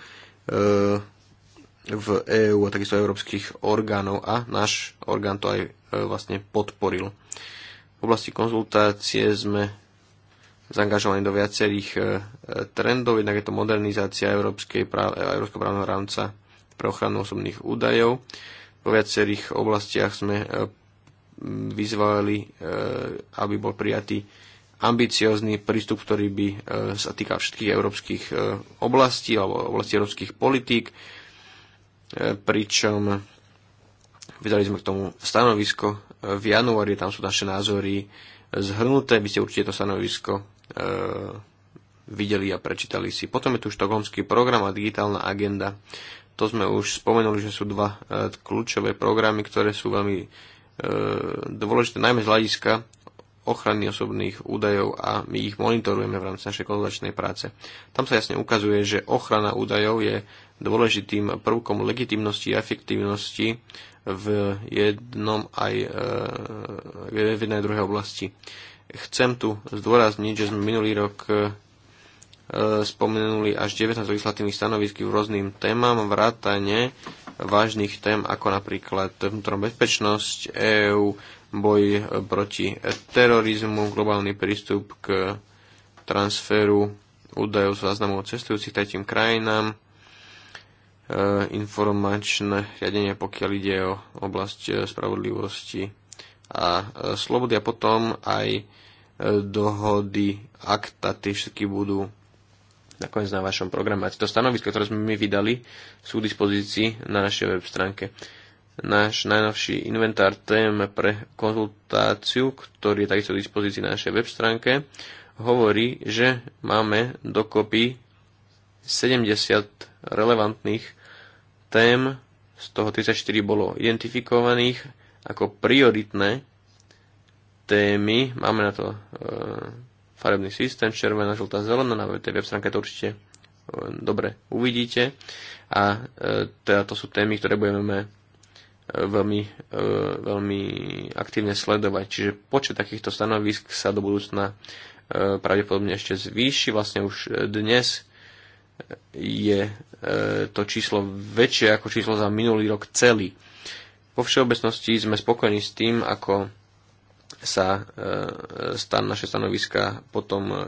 Speaker 2: v EÚ a takisto európskych orgánov a náš orgán to aj e, vlastne podporil. V oblasti konzultácie sme zaangažovaní do viacerých e, e, trendov. Jednak je to modernizácia Európskej práv, e, Európskeho právneho rámca pre ochranu osobných údajov. Po viacerých oblastiach sme vyzvali, aby bol prijatý ambiciózny prístup, ktorý by sa týkal všetkých európskych oblastí alebo oblastí európskych politík, pričom vydali sme k tomu stanovisko v januári, tam sú naše názory zhrnuté, vy ste určite to stanovisko E, videli a prečítali si. Potom je tu štokholmský program a digitálna agenda. To sme už spomenuli, že sú dva e, kľúčové programy, ktoré sú veľmi e, dôležité, najmä z hľadiska ochrany osobných údajov a my ich monitorujeme v rámci našej konzulačnej práce. Tam sa jasne ukazuje, že ochrana údajov je dôležitým prvkom legitimnosti a efektívnosti v jednom aj v jednej druhej oblasti. Chcem tu zdôrazniť, že sme minulý rok e, spomenuli až 19 legislatívnych stanovisk v rôznym témam, vrátane vážnych tém ako napríklad vnútorná bezpečnosť EÚ, boj e, proti terorizmu, globálny prístup k transferu údajov z záznamov cestujúcich tretím krajinám, e, informačné riadenie, pokiaľ ide o oblasť spravodlivosti a e, slobody a potom aj e, dohody, akta, tie všetky budú nakoniec na vašom programe. A to stanovisko, ktoré sme my vydali, sú k dispozícii na našej web stránke. Náš najnovší inventár tém pre konzultáciu, ktorý je takisto k dispozícii na našej web stránke, hovorí, že máme dokopy 70 relevantných tém, z toho 34 bolo identifikovaných ako prioritné témy. Máme na to e, farebný systém, červená, žltá, zelená, na tej web stránke to určite e, dobre uvidíte. A e, teda to sú témy, ktoré budeme e, veľmi, e, veľmi aktívne sledovať. Čiže počet takýchto stanovisk sa do budúcna e, pravdepodobne ešte zvýši. Vlastne už dnes e, je e, to číslo väčšie ako číslo za minulý rok celý. Vo všeobecnosti sme spokojní s tým, ako sa e, stan, naše stanoviska potom e,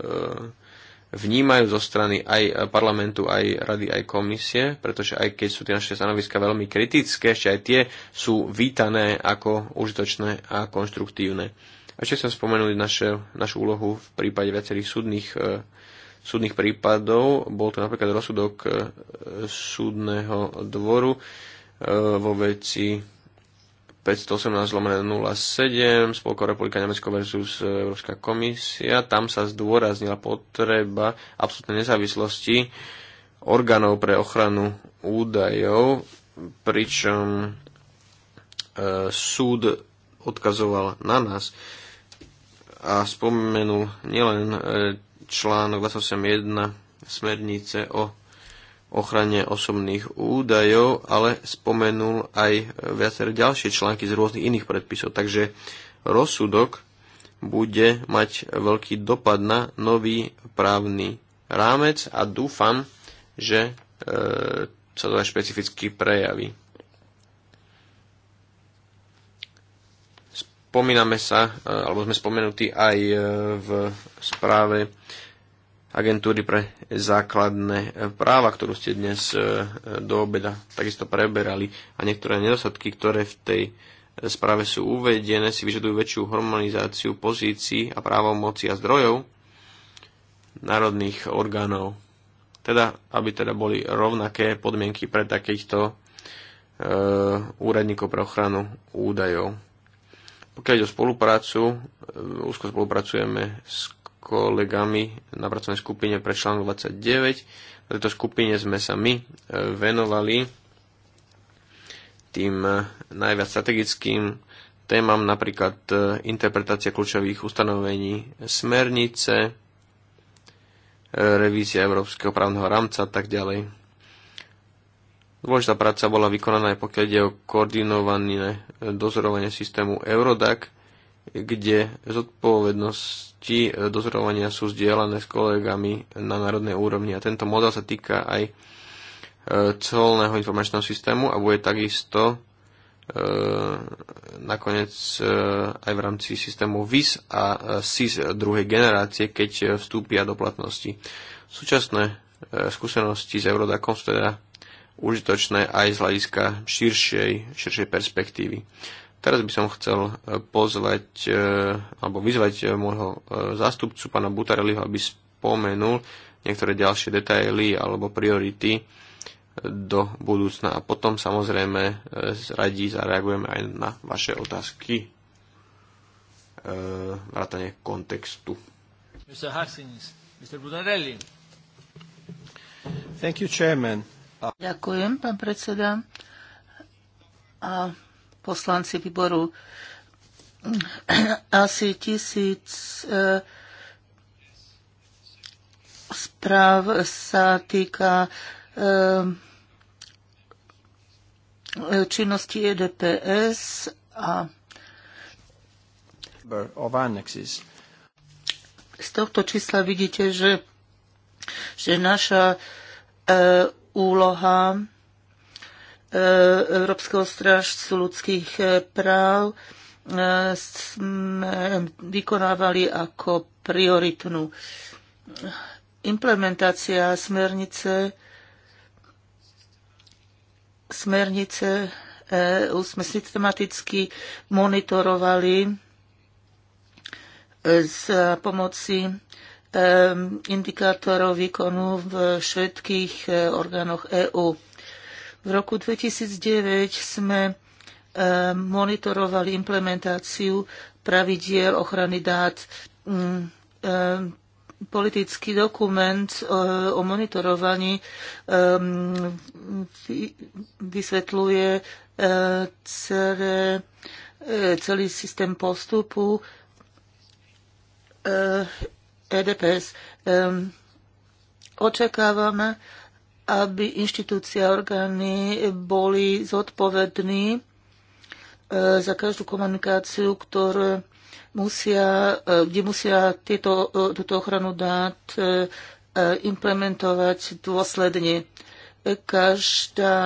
Speaker 2: vnímajú zo strany aj parlamentu, aj rady, aj komisie, pretože aj keď sú tie naše stanoviska veľmi kritické, ešte aj tie sú vítané ako užitočné a konštruktívne. Ešte som spomenul naše, našu úlohu v prípade viacerých súdnych, e, súdnych prípadov. Bol to napríklad rozsudok e, súdneho dvoru e, vo veci 518 07 Spolková republika Nemecko versus e, Európska komisia. Tam sa zdôraznila potreba absolútnej nezávislosti orgánov pre ochranu údajov, pričom e, súd odkazoval na nás a spomenul nielen e, článok 28.1 smernice o ochrane osobných údajov, ale spomenul aj viaceré ďalšie články z rôznych iných predpisov. Takže rozsudok bude mať veľký dopad na nový právny rámec a dúfam, že e, sa to aj špecificky prejaví. Spomíname sa, e, alebo sme spomenutí aj e, v správe agentúry pre základné eh, práva, ktorú ste dnes eh, do obeda takisto preberali a niektoré nedostatky, ktoré v tej eh, správe sú uvedené, si vyžadujú väčšiu harmonizáciu pozícií a právomoci a zdrojov národných orgánov. Teda, aby teda boli rovnaké podmienky pre takýchto e, úradníkov pre ochranu údajov. Pokiaľ ide o spoluprácu, úzko spolupracujeme s kolegami na pracovnej skupine pre článok 29. V tejto skupine sme sa my e, venovali tým e, najviac strategickým témam, napríklad e, interpretácia kľúčových ustanovení smernice, revízia Európskeho právneho rámca a tak ďalej. Dôležitá práca bola vykonaná aj pokiaľ ide o koordinované dozorovanie systému Eurodac kde zodpovednosti e, dozorovania sú zdieľané s kolegami na národnej úrovni. A tento model sa týka aj e, celného informačného systému a bude takisto e, nakoniec aj v rámci systému VIS a SIS druhej generácie, keď vstúpia do platnosti. Súčasné skúsenosti s Eurodacom sú teda užitočné aj z hľadiska širšej, širšej perspektívy. Teraz by som chcel e, pozvať e, alebo vyzvať e, môjho zástupcu, pána Butareliho, aby spomenul niektoré ďalšie detaily alebo priority do budúcna a potom samozrejme radí zareagujeme aj na vaše otázky vrátane kontextu.
Speaker 1: Mr. Harsinis, Mr. Butarelli.
Speaker 2: Thank you, Chairman.
Speaker 4: Ďakujem, pán predseda. A poslanci výboru *clears throat* asi tisíc e, správ sa týka e, činnosti EDPS a z tohto čísla vidíte, že, že naša e, úloha Európskeho strážcu ľudských eh, práv eh, sme vykonávali ako prioritnú. Implementácia smernice smernice EU eh, sme systematicky monitorovali s pomoci indikátorov výkonu v všetkých orgánoch EÚ v roku 2009 sme e, monitorovali implementáciu pravidiel ochrany dát. Mm, e, politický dokument e, o monitorovaní vysvetľuje celý systém postupu EDPS. Očakávame, aby inštitúcie a orgány boli zodpovední e, za každú komunikáciu, ktoré musia, e, kde musia tieto, e, túto ochranu dát implementovať dôsledne. Každá,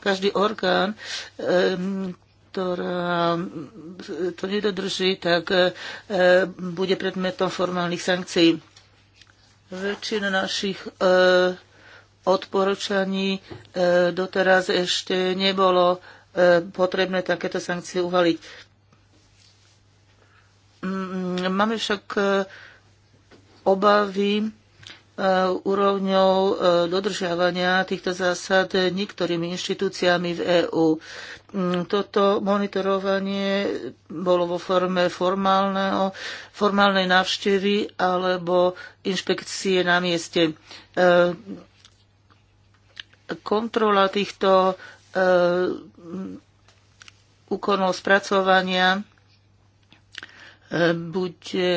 Speaker 4: každý orgán, ktorá to nedodrží, tak bude predmetom formálnych sankcií. Väčšina našich odporúčaní e, doteraz ešte nebolo e, potrebné takéto sankcie uvaliť. Mm, mm, máme však e, obavy úrovňou dodržiavania týchto zásad niektorými inštitúciami v EÚ. Mm, toto monitorovanie bolo vo forme formálnej návštevy alebo inšpekcie na mieste kontrola týchto e, úkonov spracovania e, bude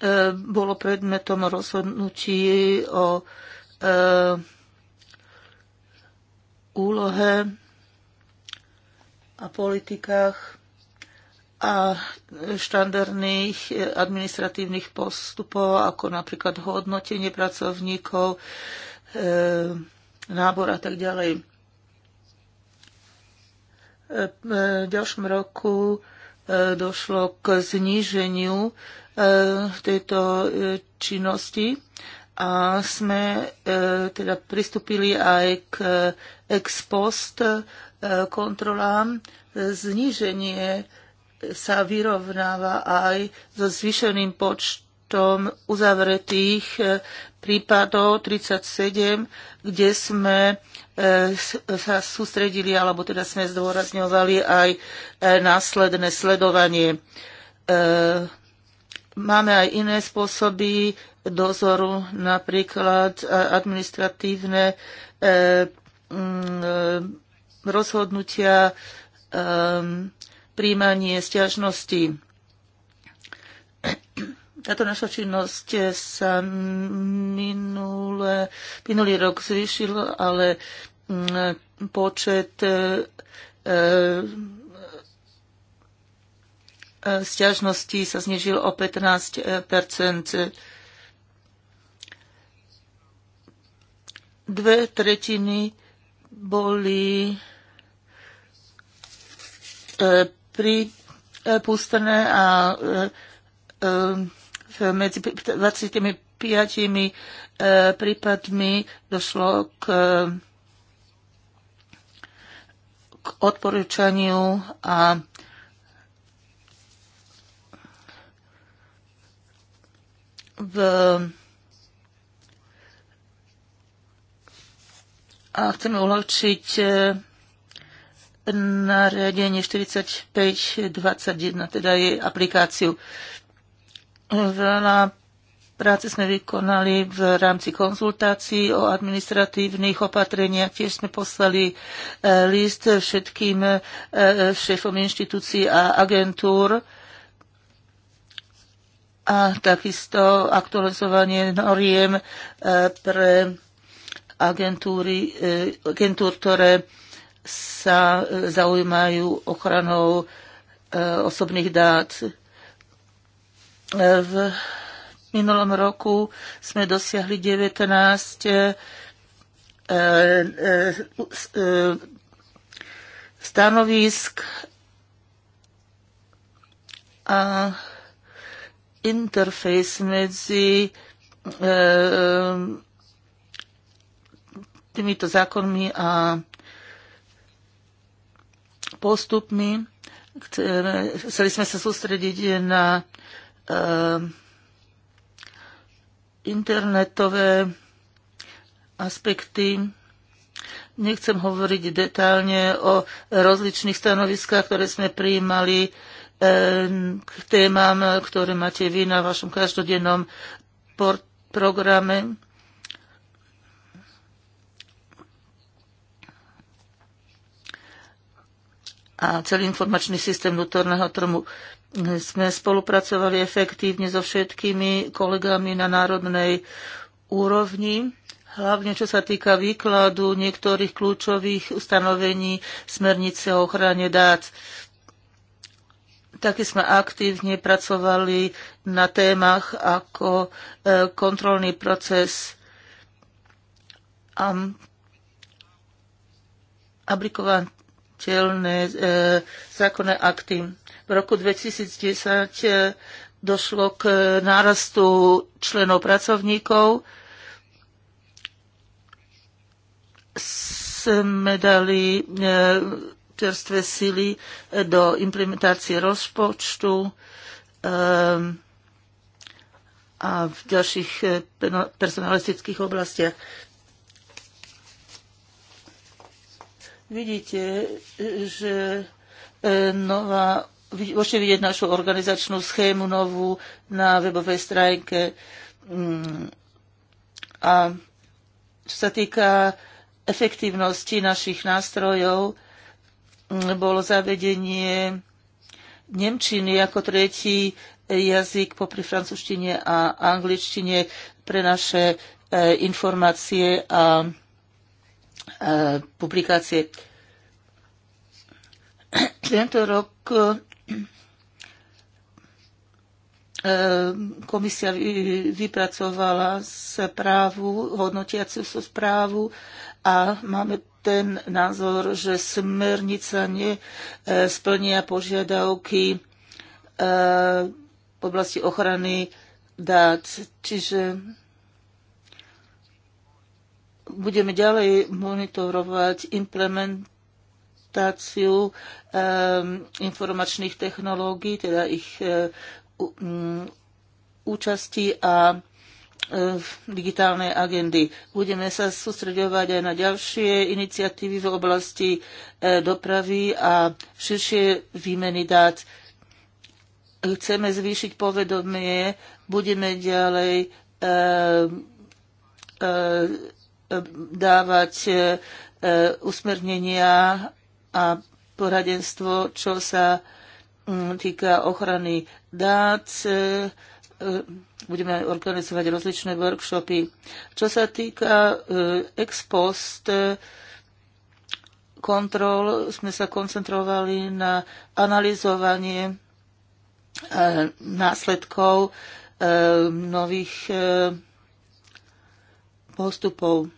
Speaker 4: e, bolo predmetom rozhodnutí o úlohe a politikách a štandardných administratívnych postupov, ako napríklad hodnotenie pracovníkov, e, nábor a tak ďalej. E, e, v ďalšom roku došlo k zníženiu tejto činnosti a sme teda pristúpili aj k ex post kontrolám. Zníženie sa vyrovnáva aj so zvyšeným počtom uzavretých e, prípadov 37, kde sme e, sa sústredili, alebo teda sme zdôrazňovali aj e, následné sledovanie. Máme aj iné spôsoby dozoru, napríklad administratívne rozhodnutia príjmanie stiažností. Táto naša činnosť sa minule, minulý rok zvýšil, ale mm, počet e, e, stiažností sa znižil o 15 Dve tretiny boli e, pripustené e, a e, e, medzi 25 prípadmi došlo k k odporúčaniu a v a chceme uľahčiť e, nariadenie 4521, teda jej aplikáciu. Veľa práce sme vykonali v rámci konzultácií o administratívnych opatreniach. Tiež sme poslali e, list všetkým e, šéfom inštitúcií a agentúr a takisto aktualizovanie noriem e, pre agentúry, agentúr, ktoré sa e, zaujímajú ochranou e, osobných dát. E, v minulom roku sme dosiahli 19 stanovisk a interfejs medzi týmito zákonmi a postupmi. Chceli sme sa sústrediť na eh, internetové aspekty. Nechcem hovoriť detálne o rozličných stanoviskách, ktoré sme prijímali eh, k témam, ktoré máte vy na vašom každodennom programe. a celý informačný systém vnútorného trhu. Sme spolupracovali efektívne so všetkými kolegami na národnej úrovni, hlavne čo sa týka výkladu niektorých kľúčových ustanovení smernice o ochrane dát. Taky sme aktívne pracovali na témach ako e, kontrolný proces a aplikovaný e, zákonné akty. V roku 2010 e, došlo k nárastu členov pracovníkov. Sme dali e, čerstvé sily do implementácie rozpočtu e, a v ďalších personalistických oblastiach. Vidíte, že e, nová, môžete vidieť našu organizačnú schému novú na webovej stránke. Mm. A čo sa týka efektívnosti našich nástrojov, mm, bolo zavedenie Nemčiny ako tretí jazyk popri francúzštine a angličtine pre naše e, informácie a Eh, publikácie. *clears throat* Tento rok eh, komisia vypracovala správu, hodnotiacu so správu a máme ten názor, že smernica nesplnia eh, požiadavky v oblasti ochrany dát. Čiže budeme ďalej monitorovať implementáciu um, informačných technológií, teda ich um, účasti a e, digitálnej agendy. Budeme sa sústredovať aj na ďalšie iniciatívy v oblasti e, dopravy a širšie výmeny dát. Chceme zvýšiť povedomie, budeme ďalej ehm, dávať e, e, usmernenia a poradenstvo, čo sa mm, týka ochrany dát. E, budeme organizovať rozličné workshopy. Čo sa týka ex post kontrol, sme sa koncentrovali na analyzovanie následkov nových postupov.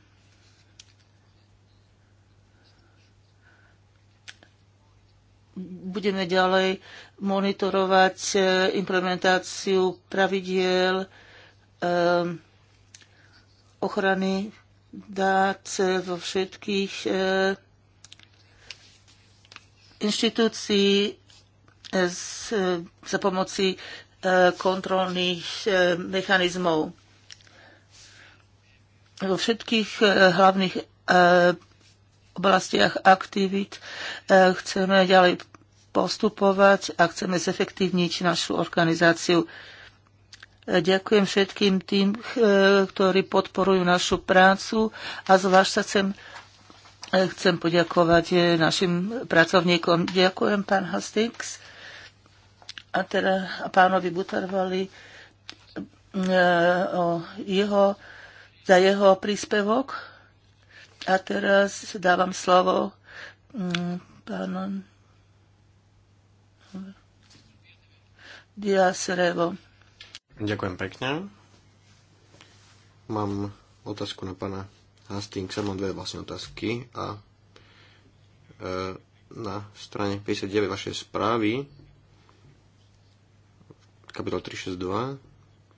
Speaker 4: Budeme ďalej monitorovať e, implementáciu pravidiel e, ochrany dát vo všetkých e, inštitúcií za pomoci kontrolných mechanizmov vo všetkých eh, hlavných eh, oblastiach aktivít eh, chceme ďalej postupovať a chceme zefektívniť našu organizáciu. Ďakujem všetkým tým, ktorí podporujú našu prácu a zvlášť sa chcem, chcem poďakovať našim pracovníkom. Ďakujem, pán Hastings a teda a pánovi Butarvali o jeho za jeho príspevok. A teraz dávam slovo mm, pánu. Dias Revo.
Speaker 2: Ďakujem pekne. Mám otázku na pána Hastingsa, mám dve vlastne otázky a e, na strane 59 vašej správy kapitol 362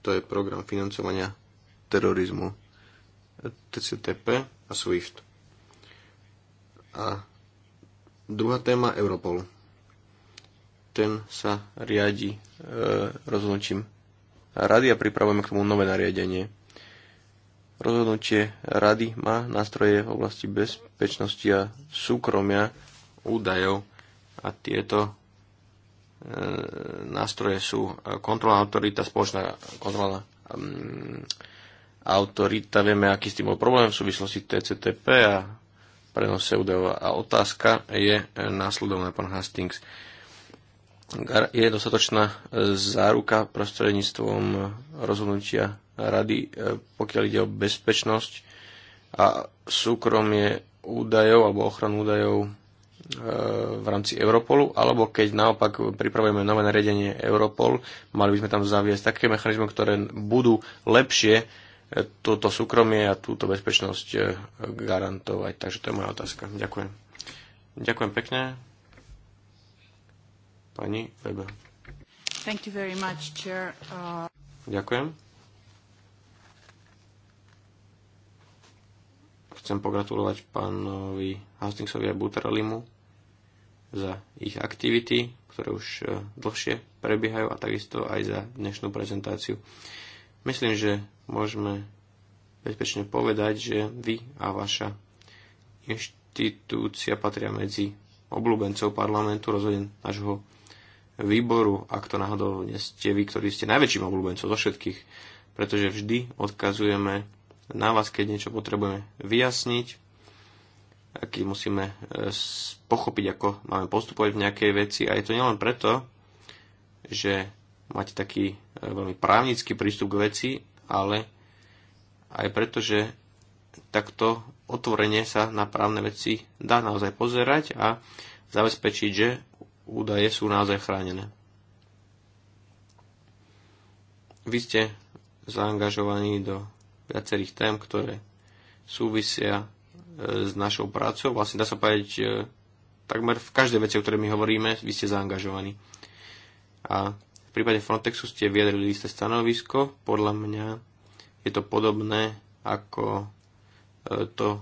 Speaker 2: to je program financovania terorizmu. TCTP a SWIFT. A druhá téma Europol. Ten sa riadi e, rozhodnutím rady a pripravujeme k tomu nové nariadenie. Rozhodnutie rady má nástroje v oblasti bezpečnosti a súkromia údajov a tieto e, nástroje sú kontrolná autorita, spoločná kontrolná mm, autorita. Vieme, aký s tým bol problém v súvislosti TCTP a prenose údajov. A otázka je následovná, pán Hastings. Je dostatočná záruka prostredníctvom rozhodnutia rady, e, pokiaľ ide o bezpečnosť a súkromie údajov alebo ochranu údajov e, v rámci Europolu, alebo keď naopak pripravujeme nové nariadenie Europol, mali by sme tam zaviesť také mechanizmy, ktoré budú lepšie toto súkromie a túto bezpečnosť eh, garantovať. Takže to je moja otázka. Ďakujem. Ďakujem pekne. Pani Weber.
Speaker 4: Thank you very much, chair. Uh...
Speaker 2: Ďakujem. Chcem pogratulovať pánovi Hastingsovi a Buterlimu za ich aktivity, ktoré už eh, dlhšie prebiehajú a takisto aj za dnešnú prezentáciu. Myslím, že môžeme bezpečne povedať, že vy a vaša inštitúcia patria medzi obľúbencov parlamentu, rozhodne nášho výboru, ak to náhodou nie ste vy, ktorí ste najväčším obľúbencom zo všetkých, pretože vždy odkazujeme na vás, keď niečo potrebujeme vyjasniť, aký musíme e, pochopiť, ako máme postupovať v nejakej veci. A je to nielen preto, že máte taký e, veľmi právnický prístup k veci, ale aj preto, že takto otvorene sa na právne veci dá naozaj pozerať a zabezpečiť, že údaje sú naozaj chránené. Vy ste zaangažovaní do viacerých tém, ktoré súvisia e, s našou prácou. Vlastne dá sa povedať, e, takmer v každej veci, o ktorej my hovoríme, vy ste zaangažovaní. A v prípade Frontexu ste vyjadrili isté stanovisko. Podľa mňa je to podobné ako e, to, e,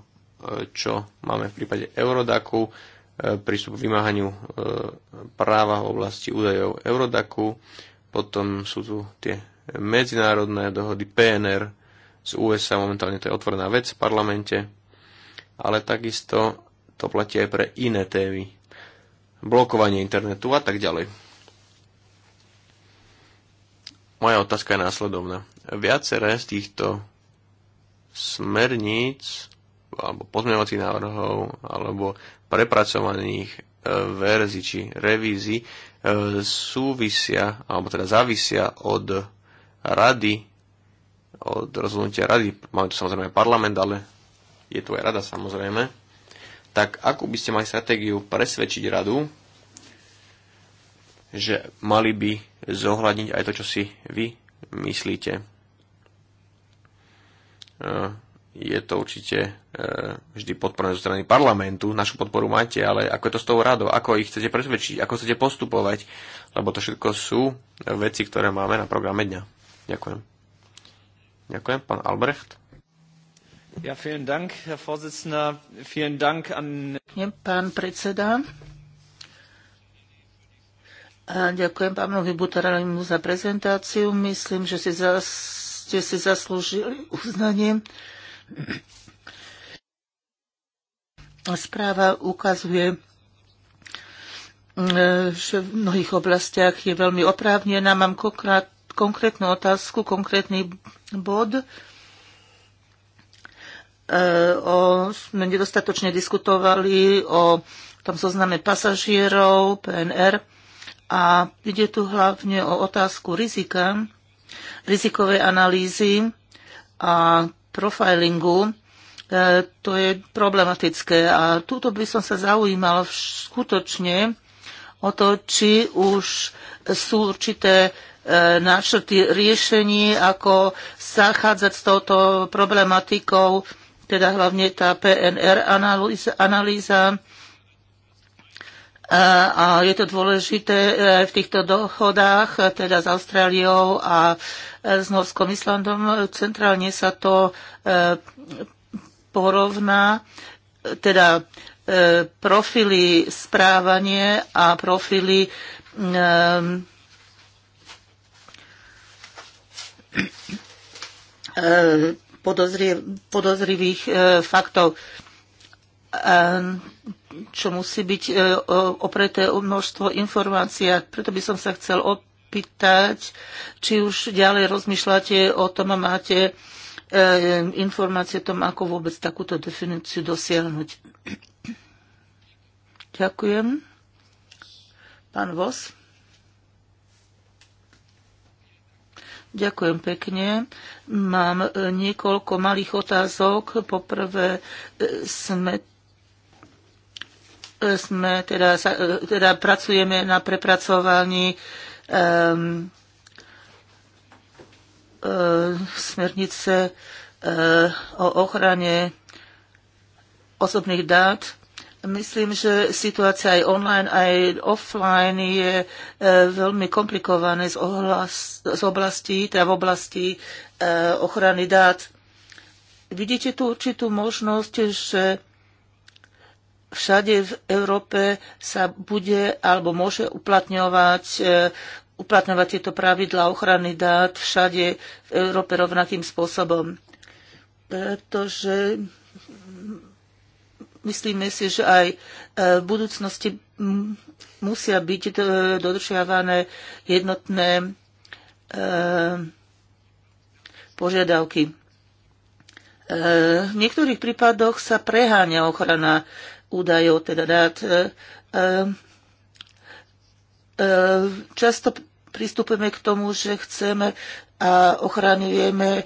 Speaker 2: čo máme v prípade Eurodaku, e, prístup k vymáhaniu práva v oblasti údajov Eurodaku, potom sú tu tie medzinárodné dohody PNR z USA, momentálne to je otvorená vec v parlamente, ale takisto to platí aj pre iné témy, blokovanie internetu a tak ďalej. Moja otázka je následovná. Viaceré z týchto smerníc alebo pozmeňovacích návrhov alebo prepracovaných e, verzií či revízií e, súvisia alebo teda závisia od rady od rozhodnutia rady, máme tu samozrejme parlament, ale je tu aj rada samozrejme, tak akú by ste mali stratégiu presvedčiť radu, že mali by zohľadniť aj to, čo si vy myslíte. E, je to určite e, vždy podporné zo strany parlamentu, našu podporu máte, ale ako je to s tou radou, ako ich chcete presvedčiť, ako chcete postupovať, lebo to všetko sú veci, ktoré máme na programe dňa. Ďakujem. Ďakujem, pán Albrecht.
Speaker 1: Ja, vielen Dank, Herr Vorsitzender. Vielen Dank an...
Speaker 4: Pán predseda, ďakujem pánovi Butaralimu za prezentáciu. Myslím, že si zas, ste si zaslúžili uznanie. Správa ukazuje, e, že v mnohých oblastiach je veľmi oprávnená. Mám konkrétnu otázku, konkrétny bod e, o, sme nedostatočne diskutovali o tom zozname pasažierov PNR. A ide tu hlavne o otázku rizika, rizikovej analýzy a profilingu e, to je problematické. A túto by som sa zaujímal skutočne o to, či už sú určité e, náčrty riešení, ako zachádzať s touto problematikou, teda hlavne tá PNR analýza, analýza E, a je to dôležité e, v týchto dohodách, e, teda s Austráliou a s Norskom Islandom. Centrálne sa to porovná, teda profily správanie a profily podozrivých faktov čo musí byť e, opreté o množstvo informácií. preto by som sa chcel opýtať, či už ďalej rozmýšľate o tom a máte e, informácie o tom, ako vôbec takúto definíciu dosiahnuť. Ďakujem. Pán Vos. Ďakujem pekne. Mám e, niekoľko malých otázok. Poprvé sme sme, teda, sa, e, teda pracujeme na prepracovaní um, uh, smernice uh, o ochrane osobných dát. Myslím, že situácia aj online, aj offline je e, veľmi komplikovaná z, z oblasti, teda v oblasti e, ochrany dát. Vidíte tu určitú možnosť, že všade v Európe sa bude alebo môže uplatňovať e, uplatňovať tieto pravidlá ochrany dát všade v Európe rovnakým spôsobom. Pretože myslíme si, že aj e, v budúcnosti musia byť e, dodržiavané jednotné požiadavky. V niektorých prípadoch sa preháňa ochrana údajov, teda dát. E, e, e, často pristupujeme k tomu, že chceme a ochraňujeme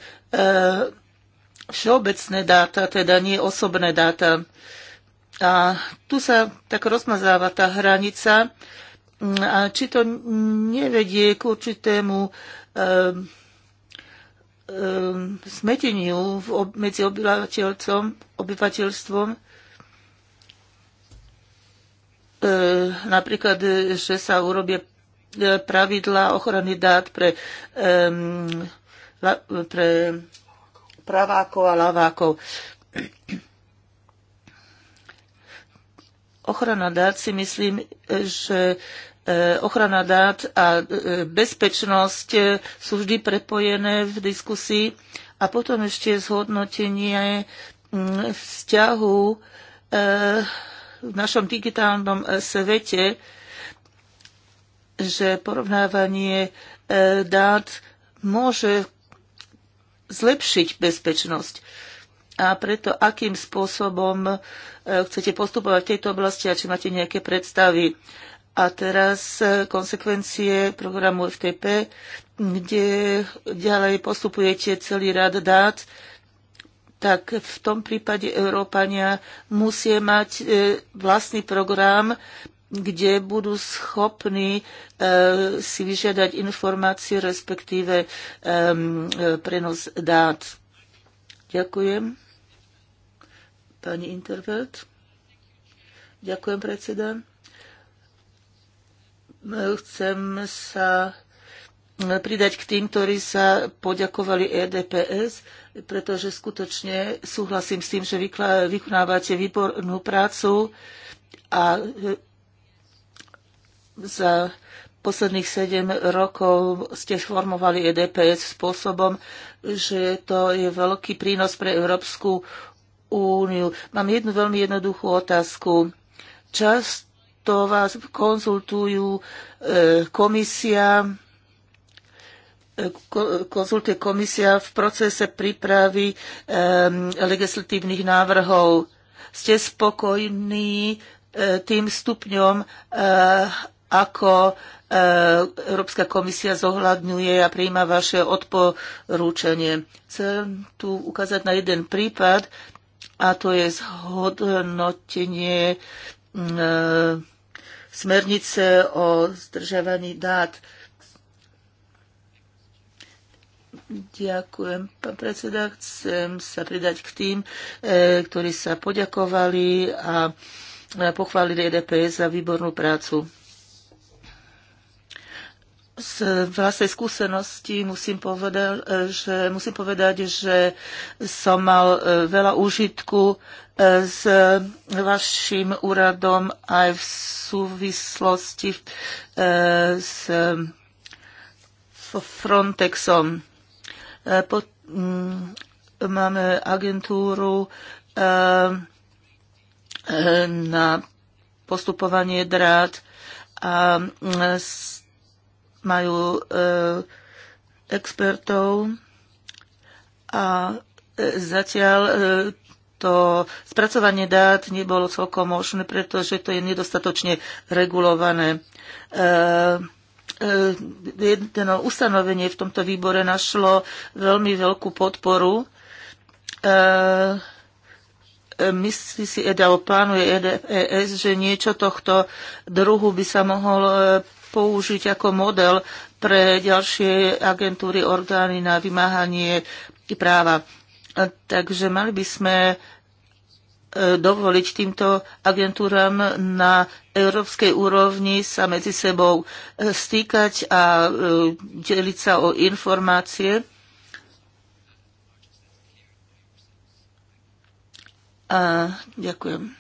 Speaker 4: všeobecné dáta, teda nie osobné dáta. A tu sa tak rozmazáva tá hranica, a či to nevedie k určitému smeteniu medzi obyvateľcom, obyvateľstvom, E, napríklad, že sa urobie pravidla ochrany dát pre, pre pravákov a lavákov. Ochrana dát si myslím, že e, ochrana dát a e, bezpečnosť sú vždy prepojené v diskusii a potom ešte zhodnotenie vzťahu v našom digitálnom e, svete, že porovnávanie e, dát môže zlepšiť bezpečnosť. A preto, akým spôsobom e, chcete postupovať v tejto oblasti a či máte nejaké predstavy. A teraz konsekvencie programu FTP, kde ďalej postupujete celý rad dát, tak v tom prípade Európania musie mať e, vlastný program, kde budú schopní e, si vyžiadať informácie, respektíve e, prenos dát. Ďakujem. Pani Intervelt. Ďakujem, predseda. Chcem sa pridať k tým, ktorí sa poďakovali EDPS, pretože skutočne súhlasím s tým, že vykonávate výbornú prácu a e, za posledných 7 rokov ste formovali EDPS spôsobom, že to je veľký prínos pre Európsku úniu. Mám jednu veľmi jednoduchú otázku. Často vás konzultujú e, komisia, konzultuje komisia v procese prípravy legislatívnych návrhov. Ste spokojní e, tým stupňom, e, ako e, Európska komisia zohľadňuje a prijíma vaše odporúčanie. Chcem tu ukázať na jeden prípad, a to je zhodnotenie smernice o zdržavaní dát. Ďakujem, pán predseda. Chcem sa pridať k tým, e, ktorí sa poďakovali a pochválili EDPS za výbornú prácu. Z vlastnej skúsenosti musím povedať, e, že, musím povedať, že som mal e, veľa úžitku s vašim úradom aj v súvislosti s Frontexom Eh, po, mm, máme agentúru eh, eh, na postupovanie drát a mm, majú expertov a zatiaľ to spracovanie dát nebolo celkom možné, pretože to je nedostatočne regulované. E, E, jedno ustanovenie v tomto výbore našlo veľmi veľkú podporu. E, e, myslí si EDAO, plánuje EDFES, že niečo tohto druhu by sa mohol použiť ako model pre ďalšie agentúry, orgány na vymáhanie práva. Takže mali by sme E, dovoliť týmto agentúram na európskej úrovni sa medzi sebou e, stýkať a e, deliť sa o informácie. A ďakujem.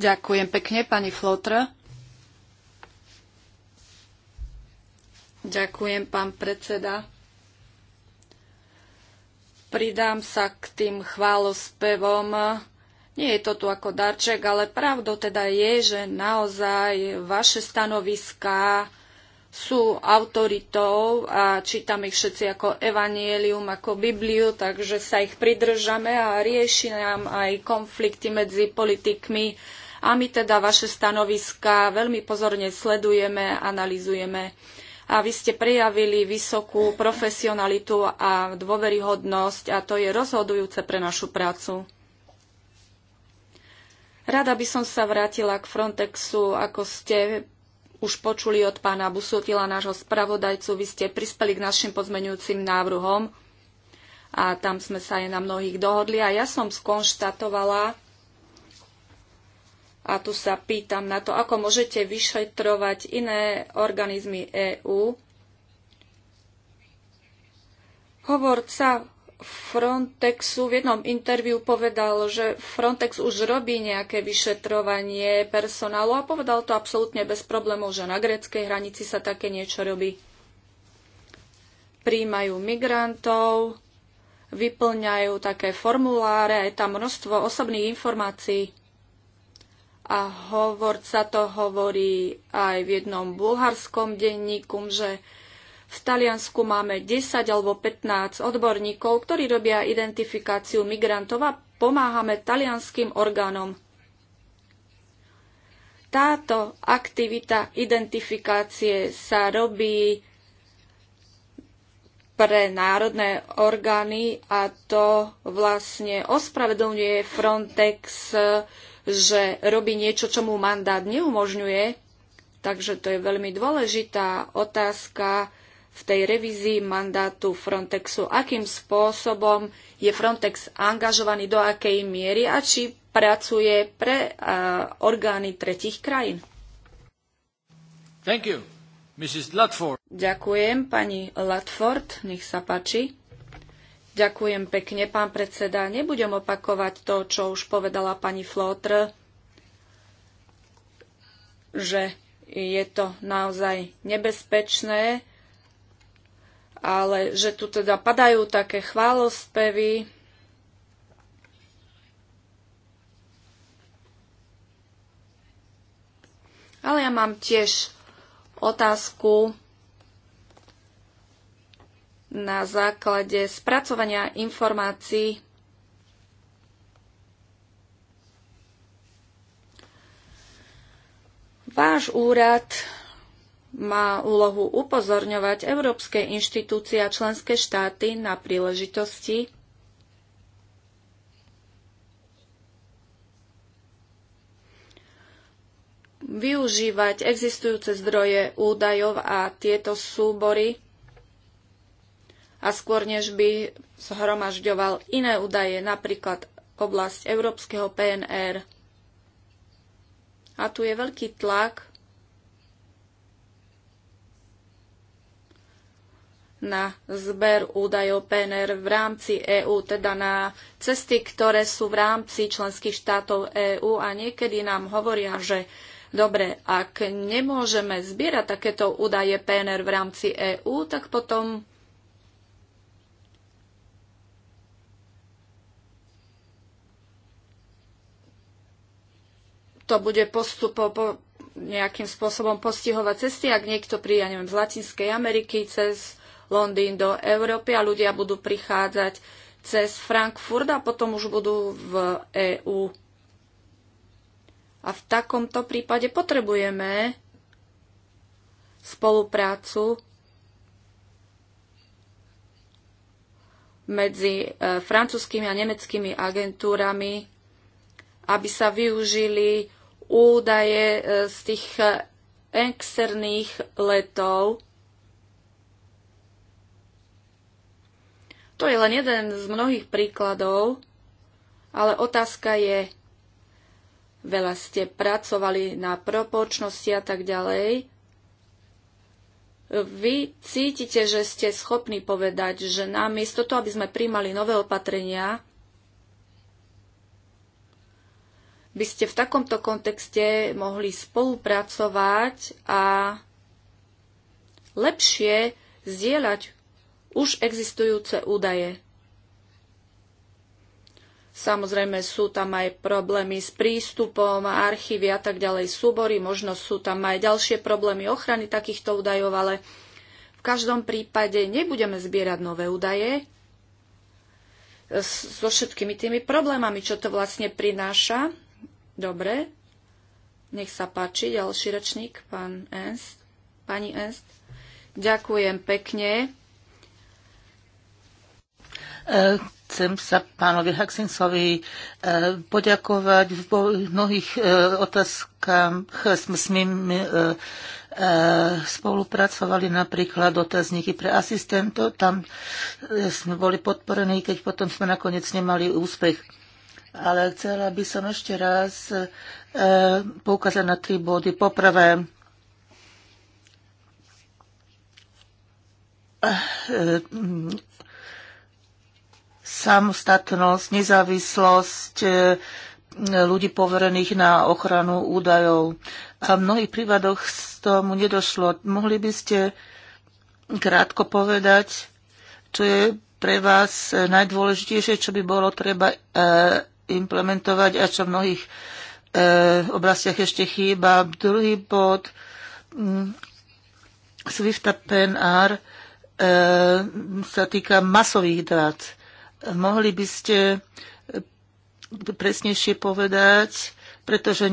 Speaker 3: Ďakujem pekne, pani Flotra. Ďakujem, pán predseda. Pridám sa k tým chválospevom. Nie je to tu ako darček, ale pravdou teda je, že naozaj vaše stanoviská sú autoritou a čítame ich všetci ako evanielium, ako Bibliu, takže sa ich pridržame a rieši nám aj konflikty medzi politikmi. A my teda vaše stanoviská veľmi pozorne sledujeme, analizujeme a vy ste prejavili vysokú profesionalitu a dôveryhodnosť a to je rozhodujúce pre našu prácu. Rada by som sa vrátila k Frontexu, ako ste už počuli od pána Busutila, nášho spravodajcu. Vy ste prispeli k našim pozmenujúcim návrhom a tam sme sa aj na mnohých dohodli. A ja som skonštatovala, a tu sa pýtam na to, ako môžete vyšetrovať iné organizmy EÚ. Hovorca Frontexu v jednom interviu povedal, že Frontex už robí nejaké vyšetrovanie personálu a povedal to absolútne bez problémov, že na gréckej hranici sa také niečo robí. Príjmajú migrantov, vyplňajú také formuláre, je tam množstvo osobných informácií a hovorca to hovorí aj v jednom bulharskom denníku, že v Taliansku máme 10 alebo 15 odborníkov, ktorí robia identifikáciu migrantov a pomáhame talianským orgánom. Táto aktivita identifikácie sa robí pre národné orgány a to vlastne ospravedlňuje Frontex že robí niečo, čo mu mandát neumožňuje. Takže to je veľmi dôležitá otázka v tej revízii mandátu Frontexu, akým spôsobom je Frontex angažovaný, do akej miery a či pracuje pre uh, orgány tretich krajín.
Speaker 1: Thank you. Mrs.
Speaker 3: Ďakujem, pani Latford, nech sa páči. Ďakujem pekne, pán predseda. Nebudem opakovať to, čo už povedala pani Flotr, že je to naozaj nebezpečné, ale že tu teda padajú také chválospevy. Ale ja mám tiež otázku na základe spracovania informácií Váš úrad má úlohu upozorňovať európske inštitúcie a členské štáty na príležitosti, využívať existujúce zdroje údajov a tieto súbory a skôr než by zhromažďoval iné údaje, napríklad oblasť európskeho PNR. A tu je veľký tlak na zber údajov PNR v rámci EÚ, teda na cesty, ktoré sú v rámci členských štátov EÚ a niekedy nám hovoria, že dobre, ak nemôžeme zbierať takéto údaje PNR v rámci EÚ, tak potom to bude postupo, po, nejakým spôsobom postihovať cesty, ak niekto príde, ja neviem, z Latinskej Ameriky cez Londýn do Európy a ľudia budú prichádzať cez Frankfurt a potom už budú v EÚ. A v takomto prípade potrebujeme spoluprácu medzi e, francúzskými a nemeckými agentúrami, aby sa využili údaje e, z tých e, externých letov. To je len jeden z mnohých príkladov, ale otázka je, veľa ste pracovali na proporčnosti a tak ďalej. Vy cítite, že ste schopní povedať, že namiesto toho, aby sme príjmali nové opatrenia, by ste v takomto kontexte mohli spolupracovať a lepšie zdieľať už existujúce údaje. Samozrejme sú tam aj problémy s prístupom, archívy a tak ďalej, súbory, možno sú tam aj ďalšie problémy ochrany takýchto údajov, ale v každom prípade nebudeme zbierať nové údaje so všetkými tými problémami, čo to vlastne prináša. Dobre. Nech sa páči, ďalší rečník, pán Enst. Pani Enst. Ďakujem pekne.
Speaker 4: E, chcem sa pánovi Haxinsovi e, poďakovať. V mnohých e, otázkach sme s ním spolupracovali napríklad otázniky pre asistentov. Tam sme boli podporení, keď potom sme nakoniec nemali úspech ale chcela by som ešte raz e, poukázať na tri body. Poprvé, e, samostatnosť, nezávislosť e, ľudí poverených na ochranu údajov. A v mnohých prípadoch z tomu nedošlo. Mohli by ste krátko povedať, čo je pre vás najdôležitejšie, čo by bolo treba e, implementovať a čo v mnohých e, oblastiach ešte chýba. Druhý bod mm, Swifta PNR e, sa týka masových dát. Mohli by ste presnejšie povedať, pretože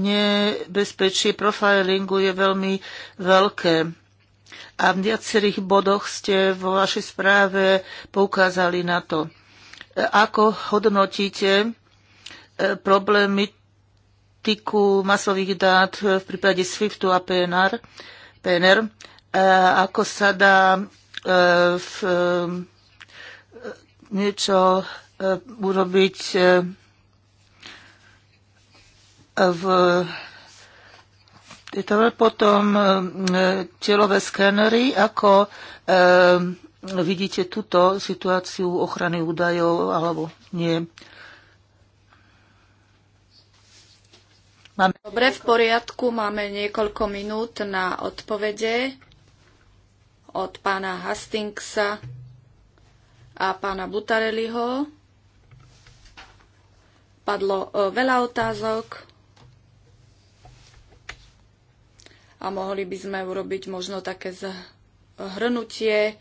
Speaker 4: nebezpečie profilingu je veľmi veľké. A v viacerých bodoch ste vo vašej správe poukázali na to. E, ako hodnotíte problematiku masových dát v prípade SWIFTu a PNR, PNR e, ako sa dá e, v e, niečo urobiť v potom telové skenery, ako vidíte túto situáciu ochrany údajov alebo nie. Máme...
Speaker 3: Dobre, v poriadku, máme niekoľko minút na odpovede od pána Hastingsa a pána Butareliho. Padlo e, veľa otázok a mohli by sme urobiť možno také zhrnutie,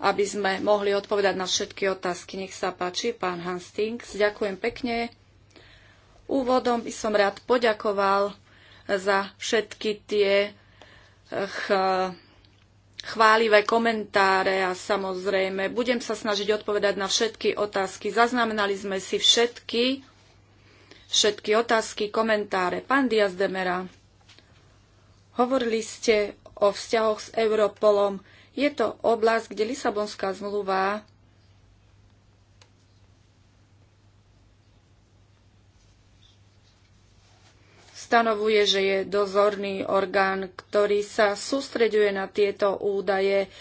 Speaker 3: aby sme mohli odpovedať na všetky otázky. Nech sa páči, pán Hastings. Ďakujem pekne. Úvodom by som rád poďakoval za všetky tie ch eh, chválivé komentáre a samozrejme budem sa snažiť odpovedať na všetky otázky. Zaznamenali sme si všetky, všetky otázky, komentáre. Pán Diaz Demera, hovorili ste o vzťahoch s Europolom. Je to oblasť, kde Lisabonská zmluva stanovuje, že je dozorný orgán, ktorý sa sústreďuje na tieto údaje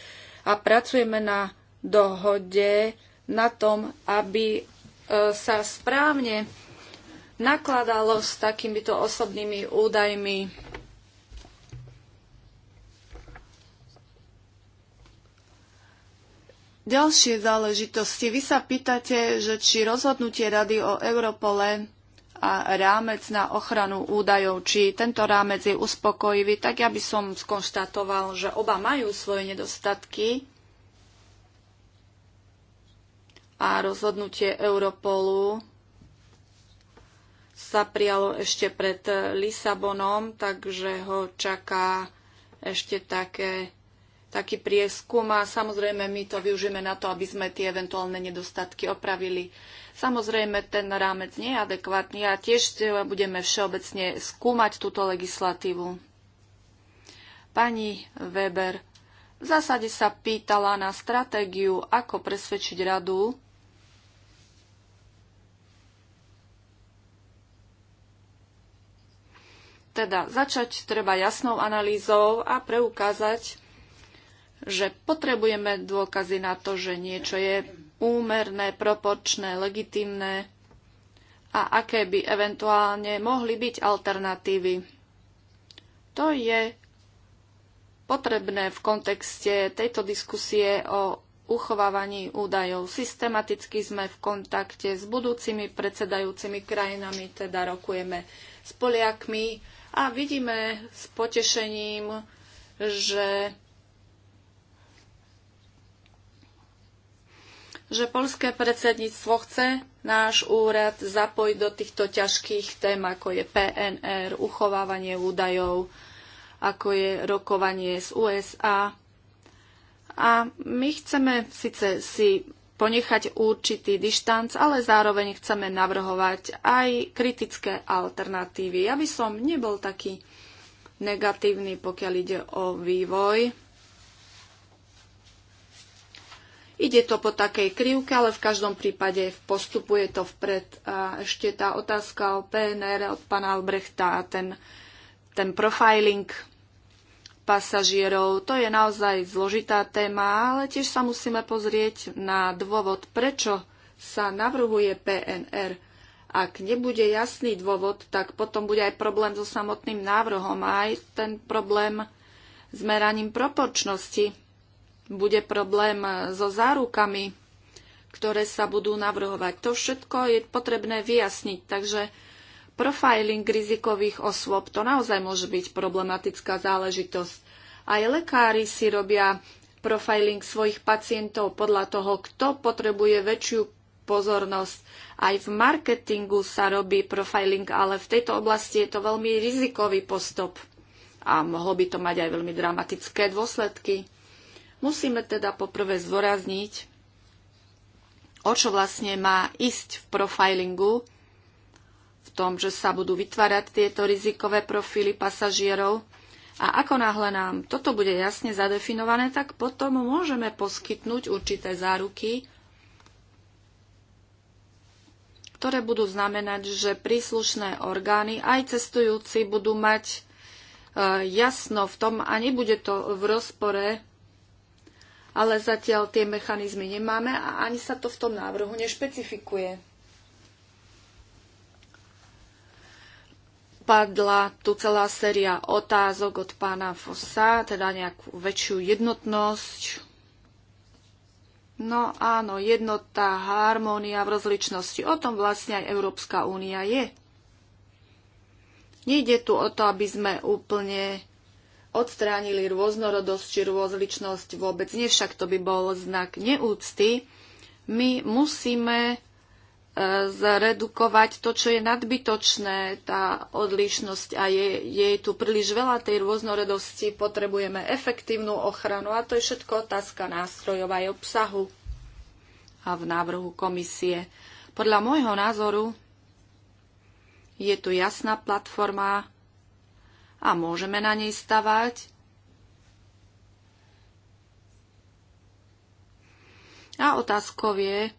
Speaker 3: a pracujeme na dohode na tom, aby e, sa správne nakladalo s takýmito osobnými údajmi. Ďalšie záležitosti. Vy sa pýtate, že či rozhodnutie Rady o Europole a rámec na ochranu údajov, či tento rámec je uspokojivý, tak ja by som skonštatoval, že oba majú svoje nedostatky a rozhodnutie Europolu sa prijalo ešte pred Lisabonom, takže ho čaká ešte také, taký prieskum a samozrejme my to využijeme na to, aby sme tie eventuálne nedostatky opravili. Samozrejme, ten rámec nie je adekvátny a tiež budeme všeobecne skúmať túto legislatívu. Pani Weber v zásade sa pýtala na stratégiu, ako presvedčiť radu, Teda začať treba jasnou analýzou a preukázať, že potrebujeme dôkazy na to, že niečo je úmerné, proporčné, legitimné a aké by eventuálne mohli byť alternatívy. To je potrebné v kontexte tejto diskusie o uchovávaní údajov. Systematicky sme v kontakte s budúcimi predsedajúcimi krajinami, teda rokujeme s Poliakmi a vidíme s potešením, že že polské predsedníctvo chce náš úrad zapojiť do týchto ťažkých tém, ako je PNR, uchovávanie údajov, ako je rokovanie z USA. A my chceme síce si ponechať určitý dištanc, ale zároveň chceme navrhovať aj kritické alternatívy. Ja by som nebol taký negatívny, pokiaľ ide o vývoj Ide to po takej krivke, ale v každom prípade postupuje to vpred. A ešte tá otázka o PNR od pána Albrechta a ten, ten profiling pasažierov, to je naozaj zložitá téma, ale tiež sa musíme pozrieť na dôvod, prečo sa navrhuje PNR. Ak nebude jasný dôvod, tak potom bude aj problém so samotným návrhom a aj ten problém s meraním proporčnosti bude problém so zárukami, ktoré sa budú navrhovať. To všetko je potrebné vyjasniť, takže profiling rizikových osôb to naozaj môže byť problematická záležitosť. Aj lekári si robia profiling svojich pacientov podľa toho, kto potrebuje väčšiu pozornosť. Aj v marketingu sa robí profiling, ale v tejto oblasti je to veľmi rizikový postup a mohlo by to mať aj veľmi dramatické dôsledky. Musíme teda poprvé zdôrazniť, o čo vlastne má ísť v profilingu, v tom, že sa budú vytvárať tieto rizikové profily pasažierov. A ako náhle nám toto bude jasne zadefinované, tak potom môžeme poskytnúť určité záruky, ktoré budú znamenať, že príslušné orgány aj cestujúci budú mať e, jasno v tom a nebude to v rozpore ale zatiaľ tie mechanizmy nemáme a ani sa to v tom návrhu nešpecifikuje. Padla tu celá séria otázok od pána Fossa, teda nejakú väčšiu jednotnosť. No áno, jednota, harmónia v rozličnosti. O tom vlastne aj Európska únia je. Nejde tu o to, aby sme úplne odstránili rôznorodosť či rôzličnosť vôbec nie, však to by bol znak neúcty. My musíme e, zredukovať to, čo je nadbytočné, tá odlišnosť a je, je tu príliš veľa tej rôznorodosti, potrebujeme efektívnu ochranu a to je všetko otázka nástrojov aj obsahu a v návrhu komisie. Podľa môjho názoru je tu jasná platforma a môžeme na nej stavať. A otázkou je,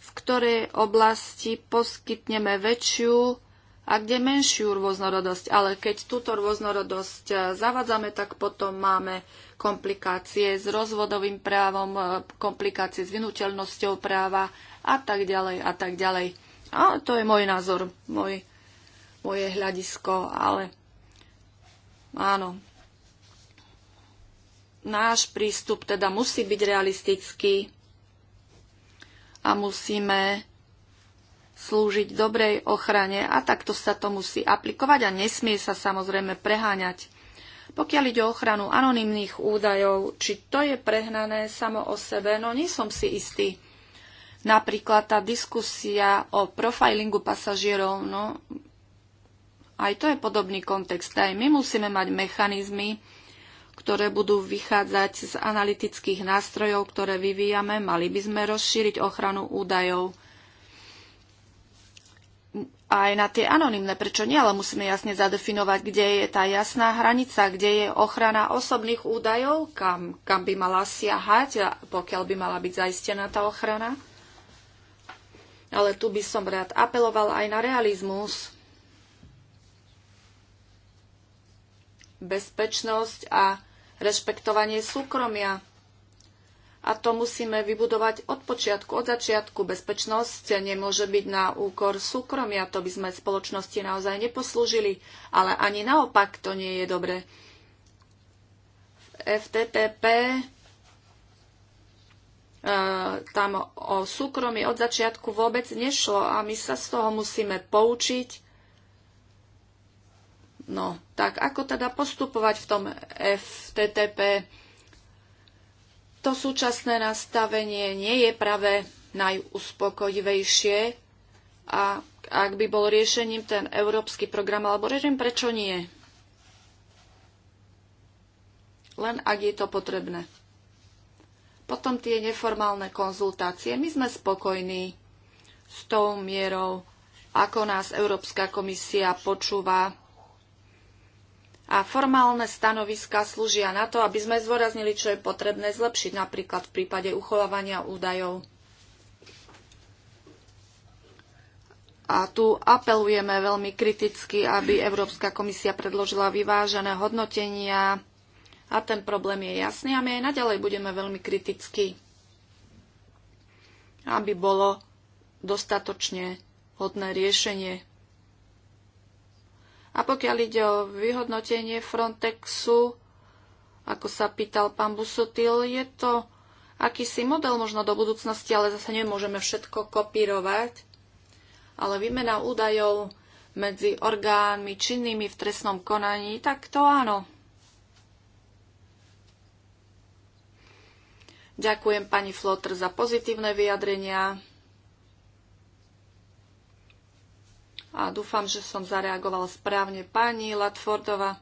Speaker 3: v ktorej oblasti poskytneme väčšiu a kde menšiu rôznorodosť. Ale keď túto rôznorodosť e, zavadzame, tak potom máme komplikácie s rozvodovým právom, e, komplikácie s vynuteľnosťou práva a tak ďalej a tak ďalej. A to je môj názor, môj, moje hľadisko, ale Áno. Náš prístup teda musí byť realistický a musíme slúžiť dobrej ochrane a takto sa to musí aplikovať a nesmie sa samozrejme preháňať. Pokiaľ ide o ochranu anonymných údajov, či to je prehnané samo o sebe, no nie som si istý. Napríklad tá diskusia o profilingu pasažierov, no aj to je podobný kontext. Aj my musíme mať mechanizmy, ktoré budú vychádzať z analytických nástrojov, ktoré vyvíjame. Mali by sme rozšíriť ochranu údajov aj na tie anonimné. Prečo nie? Ale musíme jasne zadefinovať, kde je tá jasná hranica, kde je ochrana osobných údajov, kam, kam by mala siahať, pokiaľ by mala byť zaistená tá ochrana. Ale tu by som rád apeloval aj na realizmus bezpečnosť a rešpektovanie súkromia. A to musíme vybudovať od počiatku, od začiatku. Bezpečnosť nemôže byť na úkor súkromia, to by sme spoločnosti naozaj neposlúžili, ale ani naopak to nie je dobre. V FTTP e, tam o súkromie od začiatku vôbec nešlo a my sa z toho musíme poučiť No, tak ako teda postupovať v tom FTTP? To súčasné nastavenie nie je práve najuspokojivejšie a ak by bol riešením ten európsky program alebo režim, prečo nie? Len ak je to potrebné. Potom tie neformálne konzultácie. My sme spokojní s tou mierou, ako nás Európska komisia počúva a formálne stanoviska slúžia na to, aby sme zdôraznili, čo je potrebné zlepšiť, napríklad v prípade uchovávania údajov. A tu apelujeme veľmi kriticky, aby Európska komisia predložila vyvážené hodnotenia a ten problém je jasný a my aj naďalej budeme veľmi kriticky, aby bolo dostatočne hodné riešenie. A pokiaľ ide o vyhodnotenie Frontexu, ako sa pýtal pán Busotil, je to akýsi model možno do budúcnosti, ale zase nemôžeme všetko kopírovať. Ale výmena údajov medzi orgánmi činnými v trestnom konaní, tak to áno. Ďakujem pani Flotr za pozitívne vyjadrenia. a dúfam, že som zareagovala správne. Pani Latfordova.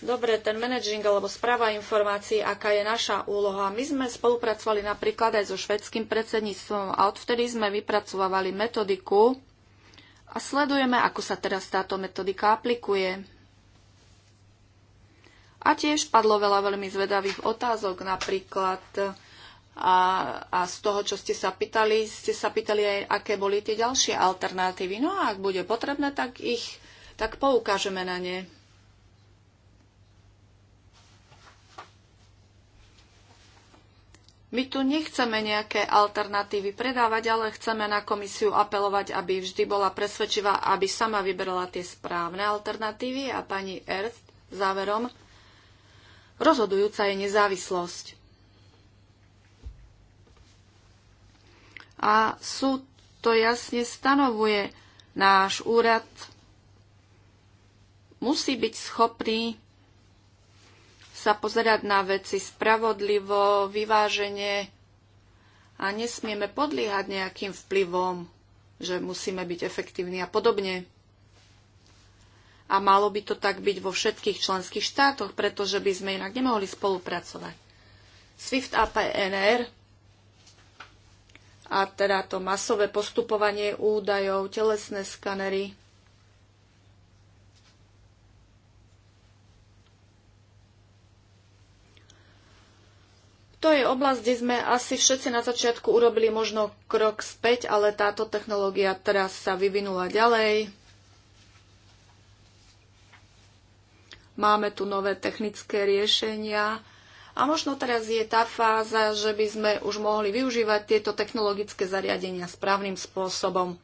Speaker 3: Dobre, ten managing alebo správa informácií, aká je naša úloha. My sme spolupracovali napríklad aj so švedským predsedníctvom a odvtedy sme vypracovali metodiku a sledujeme, ako sa teraz táto metodika aplikuje. A tiež padlo veľa veľmi zvedavých otázok, napríklad a, a z toho, čo ste sa pýtali, ste sa pýtali aj, aké boli tie ďalšie alternatívy. No a ak bude potrebné, tak ich tak poukážeme na ne. My tu nechceme nejaké alternatívy predávať, ale chceme na komisiu apelovať, aby vždy bola presvedčivá, aby sama vyberala tie správne alternatívy a pani Erst záverom rozhodujúca je nezávislosť. a súd to jasne stanovuje. Náš úrad musí byť schopný sa pozerať na veci spravodlivo, vyváženie a nesmieme podliehať nejakým vplyvom, že musíme byť efektívni a podobne. A malo by to tak byť vo všetkých členských štátoch, pretože by sme inak nemohli spolupracovať. SWIFT a PNR a teda to masové postupovanie údajov, telesné skanery. To je oblasť, kde sme asi všetci na začiatku urobili možno krok späť, ale táto technológia teraz sa vyvinula ďalej. Máme tu nové technické riešenia a možno teraz je tá fáza, že by sme už mohli využívať tieto technologické zariadenia správnym spôsobom.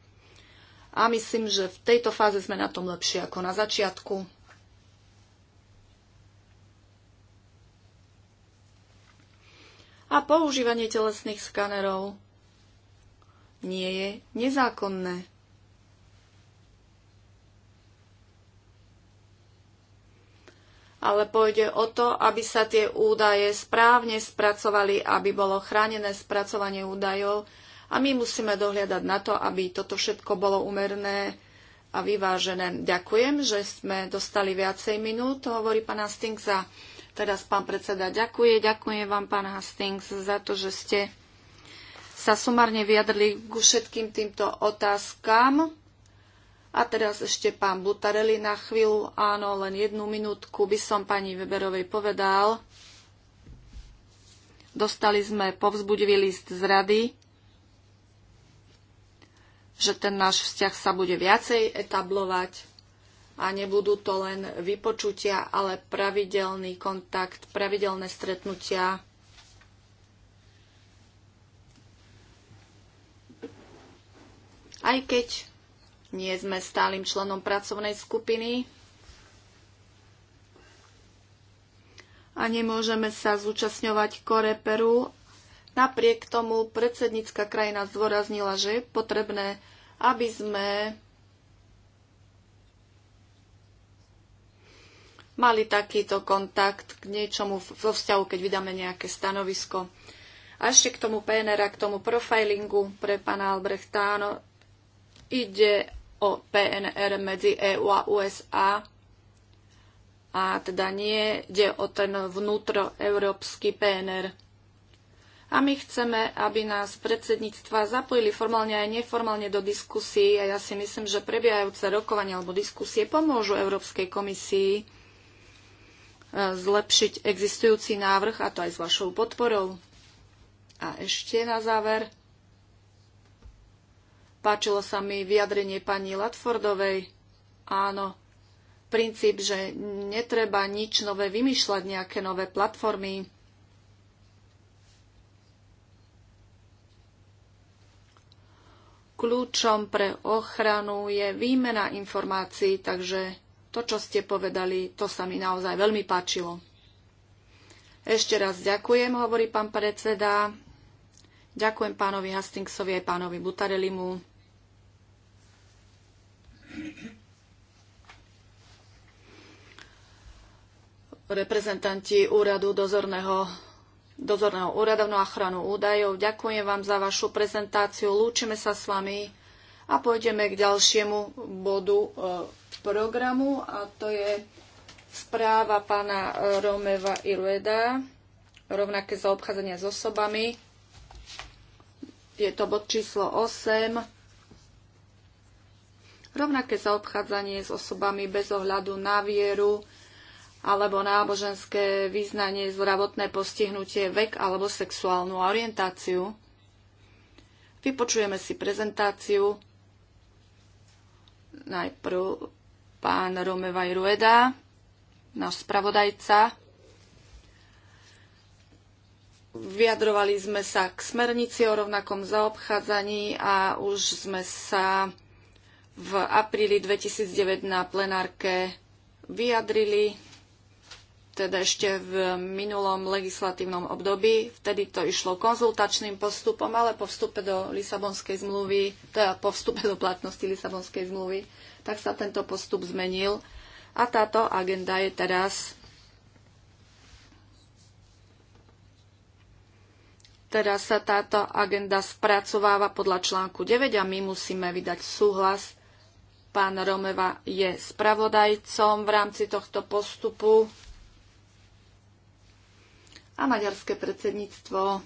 Speaker 3: A myslím, že v tejto fáze sme na tom lepšie ako na začiatku. A používanie telesných skanerov nie je nezákonné. ale pôjde o to, aby sa tie údaje správne spracovali, aby bolo chránené spracovanie údajov a my musíme dohliadať na to, aby toto všetko bolo umerné a vyvážené. Ďakujem, že sme dostali viacej minút, hovorí pán Hastings a teraz pán predseda ďakuje. Ďakujem vám, pán Hastings, za to, že ste sa sumárne vyjadrili ku všetkým týmto otázkam. A teraz ešte pán Butareli na chvíľu. Áno, len jednu minútku by som pani Weberovej povedal. Dostali sme povzbudivý list z rady, že ten náš vzťah sa bude viacej etablovať a nebudú to len vypočutia, ale pravidelný kontakt, pravidelné stretnutia. Aj keď nie sme stálym členom pracovnej skupiny a nemôžeme sa zúčastňovať koreperu. Napriek tomu predsednícka krajina zdôraznila, že je potrebné, aby sme mali takýto kontakt k niečomu vo vzťahu, keď vydáme nejaké stanovisko. A ešte k tomu PNR a k tomu profilingu pre pána Albrechtáno. Ide o PNR medzi EU a USA a teda nie ide o ten vnútroeurópsky PNR. A my chceme, aby nás predsedníctva zapojili formálne aj neformálne do diskusí a ja si myslím, že prebiehajúce rokovania alebo diskusie pomôžu Európskej komisii e, zlepšiť existujúci návrh a to aj s vašou podporou. A ešte na záver Páčilo sa mi vyjadrenie pani Latfordovej. Áno, princíp, že netreba nič nové vymýšľať, nejaké nové platformy. Kľúčom pre ochranu je výmena informácií, takže to, čo ste povedali, to sa mi naozaj veľmi páčilo. Ešte raz ďakujem, hovorí pán predseda. Ďakujem pánovi Hastingsovi aj pánovi Butarelimu reprezentanti úradu dozorného, dozorného úradu na ochranu údajov. Ďakujem vám za vašu prezentáciu. Lúčime sa s vami a pôjdeme k ďalšiemu bodu e, programu a to je správa pána e, Romeva Irueda, rovnaké zaobchádzanie s osobami. Je to bod číslo 8 rovnaké zaobchádzanie s osobami bez ohľadu na vieru alebo náboženské význanie, zdravotné postihnutie, vek alebo sexuálnu orientáciu. Vypočujeme si prezentáciu najprv pán Romevaj Rueda, náš spravodajca. Vyjadrovali sme sa k smernici o rovnakom zaobchádzaní a už sme sa v apríli 2009 na plenárke vyjadrili, teda ešte v minulom legislatívnom období. Vtedy to išlo konzultačným postupom, ale po vstupe do Lisabonskej zmluvy, teda po vstupe do platnosti Lisabonskej zmluvy, tak sa tento postup zmenil. A táto agenda je teraz Teraz sa táto agenda spracováva podľa článku 9 a my musíme vydať súhlas Pán Romeva je spravodajcom v rámci tohto postupu a maďarské predsedníctvo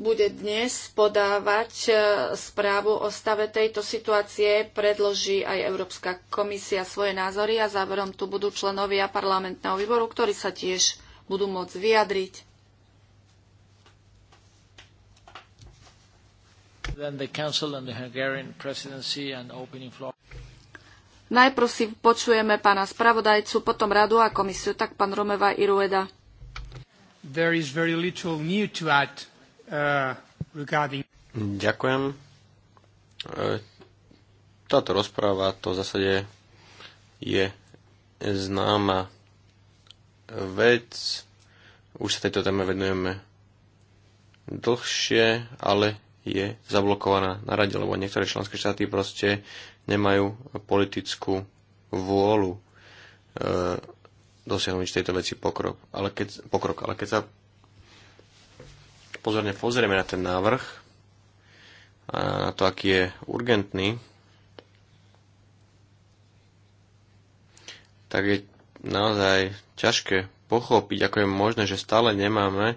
Speaker 3: bude dnes podávať e, správu o stave tejto situácie, predloží aj Európska komisia svoje názory a záverom tu budú členovia parlamentného výboru, ktorí sa tiež budú môcť vyjadriť. Najprv si počujeme pána spravodajcu, potom radu a komisiu. Tak pán Romeva Irueda.
Speaker 2: There is very little new to add, uh, regarding... Ďakujem. E, táto rozpráva to v zásade je známa vec. Už sa tejto téme venujeme dlhšie, ale je zablokovaná na rade, lebo niektoré členské štáty proste nemajú politickú vôľu e, dosiahnuť tejto veci pokrok. Ale keď, pokrok. Ale keď sa pozorne pozrieme na ten návrh a na to, aký je urgentný, tak je naozaj ťažké pochopiť, ako je možné, že stále nemáme e,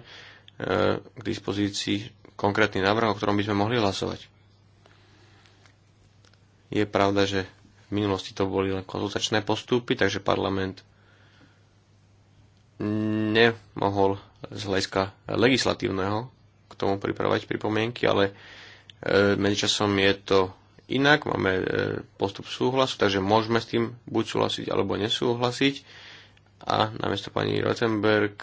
Speaker 2: k dispozícii konkrétny návrh, o ktorom by sme mohli hlasovať. Je pravda, že v minulosti to boli len konzultačné postupy, takže parlament nemohol z hľadiska legislatívneho k tomu pripravať pripomienky, ale e, medzičasom je to inak, máme e, postup súhlasu, takže môžeme s tým buď súhlasiť alebo nesúhlasiť. A namiesto pani Rotenberg,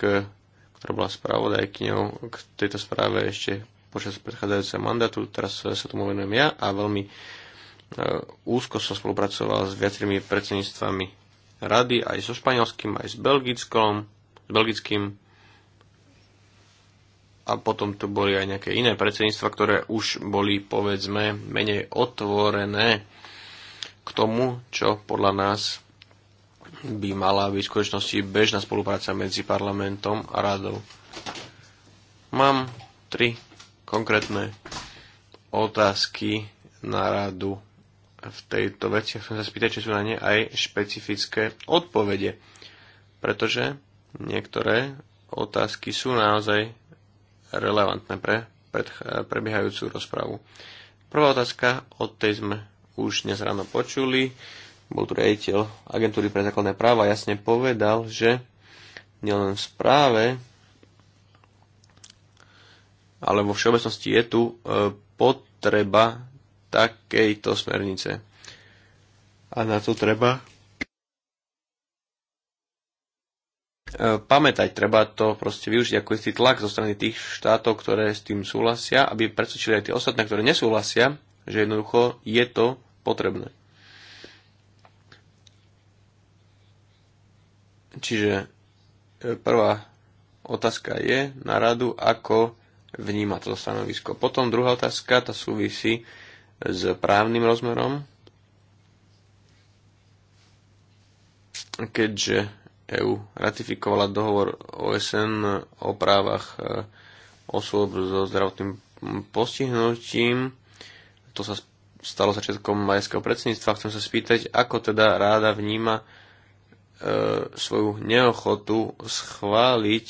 Speaker 2: ktorá bola spravodajkňou, k tejto správe ešte počas predchádzajúceho mandátu, teraz eh, sa tomu venujem ja a veľmi eh, úzko som spolupracoval s viacerými predsedníctvami rady, aj so španielským, aj s belgickom, s belgickým. A potom tu boli aj nejaké iné predsedníctva, ktoré už boli, povedzme, menej otvorené k tomu, čo podľa nás by mala byť v skutočnosti bežná spolupráca medzi parlamentom a radou. Mám tri konkrétne otázky na radu v tejto veci. Chcem sa spýtať, či sú na ne aj špecifické odpovede, pretože niektoré otázky sú naozaj relevantné pre prebiehajúcu rozpravu. Prvá otázka, od tej sme už dnes ráno počuli. Bol tu riaditeľ agentúry pre základné práva, jasne povedal, že nielen v správe, ale vo všeobecnosti je tu e, potreba takejto smernice. A na to treba e, pamätať, treba to proste využiť ako istý tlak zo strany tých štátov, ktoré s tým súhlasia, aby presvedčili aj tie ostatné, ktoré nesúhlasia, že jednoducho je to potrebné. Čiže e, prvá otázka je na radu, ako vníma toto stanovisko. Potom druhá otázka, tá súvisí s právnym rozmerom. Keďže EU ratifikovala dohovor OSN o právach e, osôb so zdravotným postihnutím, to sa stalo začiatkom majského predsedníctva, chcem sa spýtať, ako teda ráda vníma e, svoju neochotu schváliť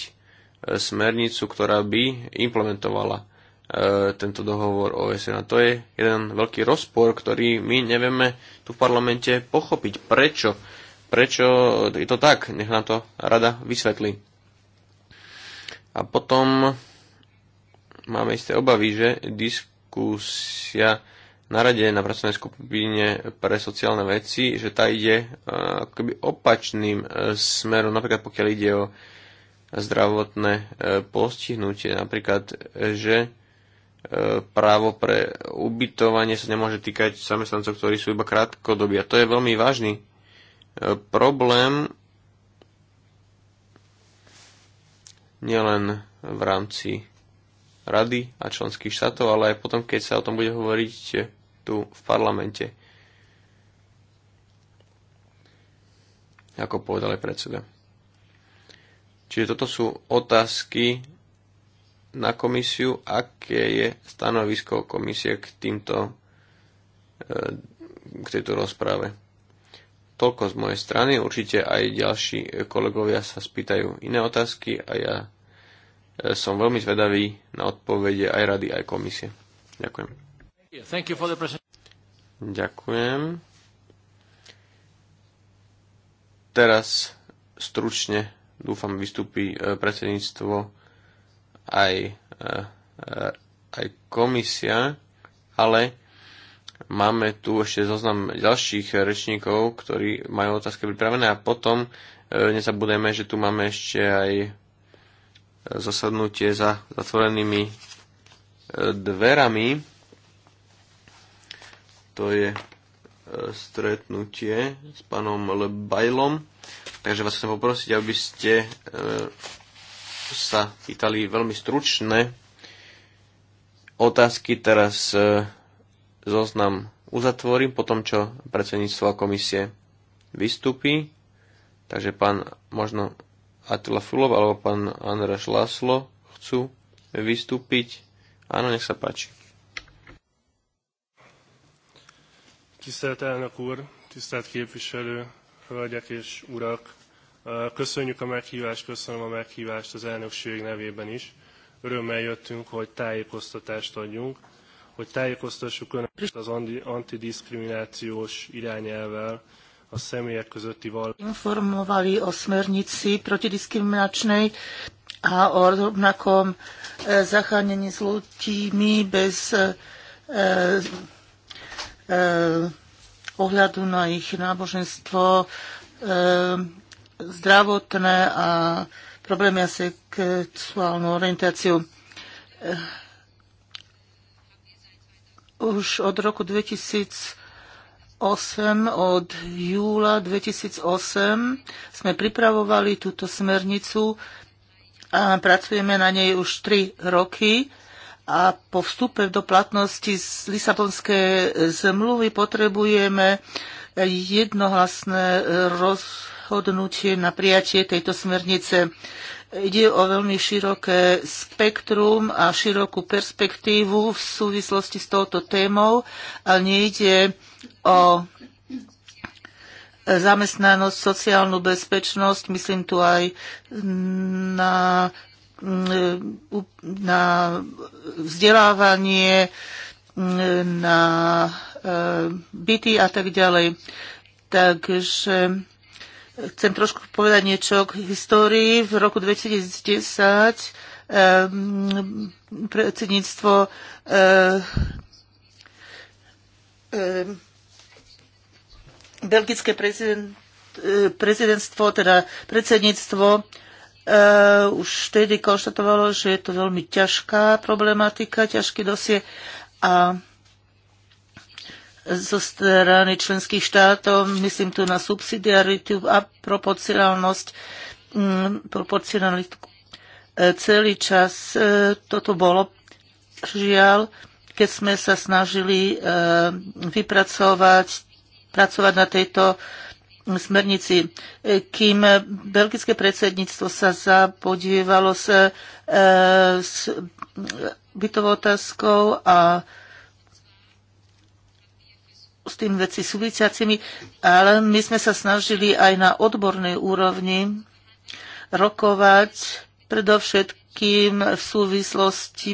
Speaker 2: smernicu, ktorá by implementovala e, tento dohovor OSN. A to je jeden veľký rozpor, ktorý my nevieme tu v parlamente pochopiť. Prečo? Prečo je to tak? Nech nám to rada vysvetlí. A potom máme isté obavy, že diskusia na rade na pracovnej skupine pre sociálne veci, že tá ide e, akoby opačným e, smerom, napríklad pokiaľ ide o zdravotné e, postihnutie. Napríklad, že e, právo pre ubytovanie sa nemôže týkať zamestnancov, ktorí sú iba krátkodobí. A to je veľmi vážny e, problém nielen v rámci rady a členských štátov, ale aj potom, keď sa o tom bude hovoriť tu v parlamente. Ako povedal aj predseda. Čiže toto sú otázky na komisiu, aké je stanovisko komisie k týmto e, k tejto rozprave. Toľko z mojej strany, určite aj ďalší kolegovia sa spýtajú iné otázky a ja e, som veľmi zvedavý na odpovede aj rady, aj komisie. Ďakujem. Ďakujem. Teraz stručne dúfam, vystúpi e, predsedníctvo aj, e, e, aj komisia, ale máme tu ešte zoznam ďalších rečníkov, ktorí majú otázky pripravené a potom nezabudeme, že tu máme ešte aj zasadnutie za zatvorenými dverami. To je stretnutie s pánom Lebajlom. Takže vás chcem poprosiť, aby ste e, sa pýtali veľmi stručné otázky. Teraz e, zoznam uzatvorím po tom, čo predsedníctvo komisie vystúpi. Takže pán možno Atila Fulov alebo pán András Laslo chcú vystúpiť. Áno, nech sa páči. Tisztelt elnök úr, tisztelt képviselő, hölgyek és urak! Köszönjük a meghívást, köszönöm a meghívást az elnökség nevében is. Örömmel jöttünk, hogy tájékoztatást adjunk, hogy tájékoztassuk Önöket az antidiskkriminációs irányelvvel, a személyek közötti
Speaker 4: val... Informovali o smernici protidiskriminačnej a o rovnakom e, zachránení s ľuďmi bez e, e, ohľadu na ich náboženstvo, e, zdravotné a problémy a sexuálnu orientáciu. E, už od roku 2008, od júla 2008 sme pripravovali túto smernicu a pracujeme na nej už 3 roky a po vstupe do platnosti z Lisabonskej zmluvy potrebujeme jednohlasné rozhodnutie na prijatie tejto smernice. Ide o veľmi široké spektrum a širokú perspektívu v súvislosti s touto témou, ale nejde o zamestnanosť, sociálnu bezpečnosť, myslím tu aj na na vzdelávanie, na e, byty a tak ďalej. Takže chcem trošku povedať niečo k histórii. V roku 2010 e, predsedníctvo e, belgické prezident, prezidentstvo, teda predsedníctvo Eh, už vtedy konštatovalo, že je to veľmi ťažká problematika, ťažký dosie a zo strany členských štátov, myslím tu na subsidiaritu a proporcionalnosť, mm, proporcionalitu. Eh, celý čas eh, toto bolo, žiaľ, keď sme sa snažili vypracovať, pracovať na tejto smernici, e, kým belgické predsedníctvo sa zapodievalo s, e, s bytovou otázkou a s tým veci súvisiacimi, ale my sme sa snažili aj na odbornej úrovni rokovať predovšetkým v súvislosti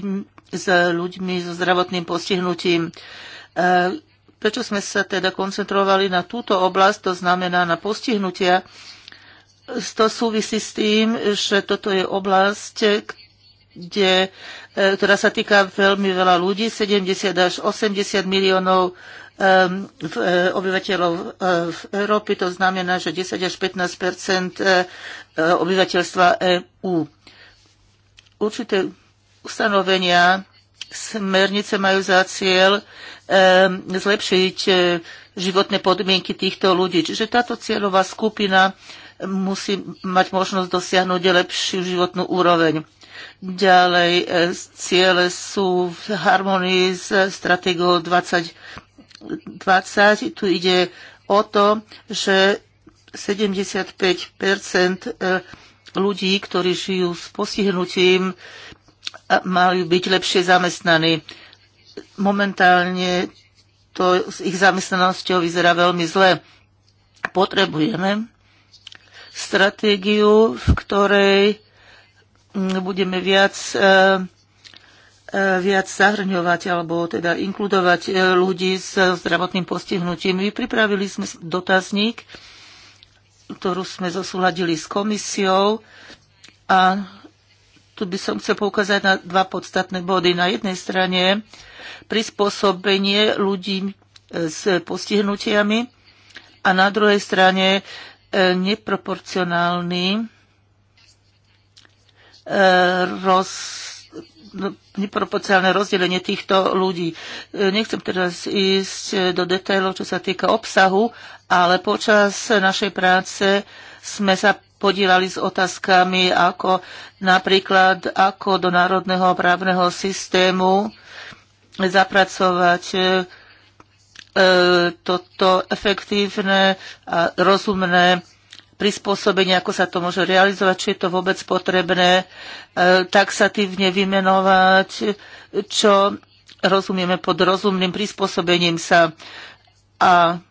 Speaker 4: s ľuďmi so zdravotným postihnutím e, Prečo sme sa teda koncentrovali na túto oblasť, to znamená na postihnutia? To súvisí s tým, že toto je oblasť, kde, e, ktorá sa týka veľmi veľa ľudí, 70 až 80 miliónov e, obyvateľov e, v Európy, to znamená, že 10 až 15 obyvateľstva EÚ. Určité ustanovenia Smernice majú za cieľ zlepšiť e, životné podmienky týchto ľudí. Čiže táto cieľová skupina musí mať možnosť dosiahnuť lepšiu životnú úroveň. Ďalej e, ciele sú v harmonii s stratégiou 2020. Tu ide o to, že 75 e, ľudí, ktorí žijú s postihnutím, mali byť lepšie zamestnaní. Momentálne to s ich zamestnanosťou vyzerá veľmi zle. Potrebujeme stratégiu, v ktorej mm, budeme viac, e, e, viac zahrňovať alebo teda inkludovať e, ľudí s zdravotným postihnutím. My pripravili sme dotazník, ktorú sme zosúladili s komisiou a tu by som chcel poukázať na dva podstatné body. Na jednej strane prispôsobenie ľudí e, s postihnutiami a na druhej strane e, neproporcionálny e, roz, no, neproporcionálne rozdelenie týchto ľudí. Nechcem teraz ísť do detailov, čo sa týka obsahu, ale počas našej práce sme sa podielali s otázkami ako napríklad ako do národného právneho systému zapracovať e, toto efektívne a rozumné prispôsobenie, ako sa to môže realizovať, či je to vôbec potrebné, e, taxatívne vymenovať, čo rozumieme pod rozumným prispôsobením sa. A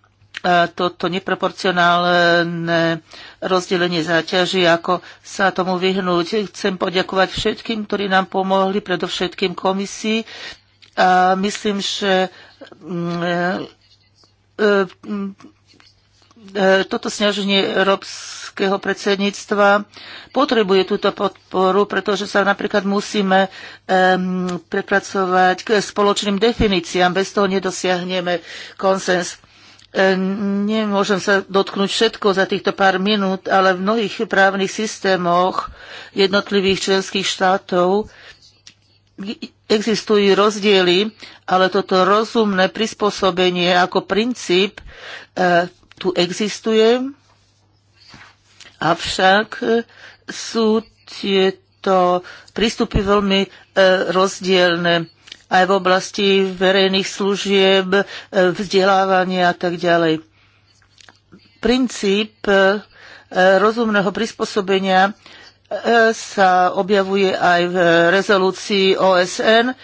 Speaker 4: toto neproporcionálne rozdelenie záťaží, ako sa tomu vyhnúť. Chcem poďakovať všetkým, ktorí nám pomohli, predovšetkým komisii. A myslím, že mm, e, e, mm, e, toto sňaženie európskeho predsedníctva potrebuje túto podporu, pretože sa napríklad musíme prepracovať k spoločným definíciám. Bez toho nedosiahneme konsens E, nemôžem sa dotknúť všetko za týchto pár minút, ale v mnohých právnych systémoch jednotlivých členských štátov existujú rozdiely, ale toto rozumné prispôsobenie ako princíp e, tu existuje, avšak sú tieto prístupy veľmi e, rozdielne aj v oblasti verejných služieb, e, vzdelávania a tak ďalej. Princíp e, e, rozumného prispôsobenia sa objavuje aj v rezolúcii OSN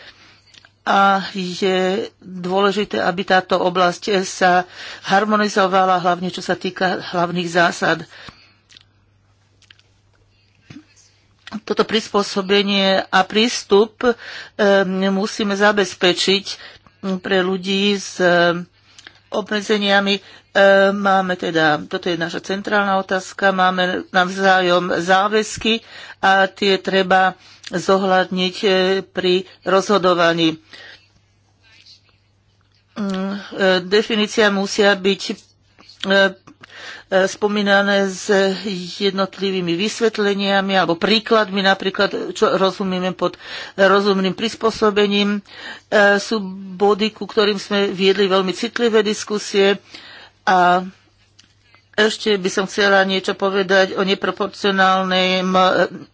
Speaker 4: a je dôležité, aby táto oblasť sa harmonizovala, hlavne čo sa týka hlavných zásad. toto prispôsobenie a prístup musíme zabezpečiť pre ľudí s obmedzeniami. Máme teda, toto je naša centrálna otázka, máme navzájom záväzky a tie treba zohľadniť e, pri rozhodovaní. Mm, e, definícia musia byť e, E, spomínané s jednotlivými vysvetleniami alebo príkladmi, napríklad čo rozumieme pod rozumným prispôsobením. E, sú body, ku ktorým sme viedli veľmi citlivé diskusie a ešte by som chcela niečo povedať o neproporcionálnej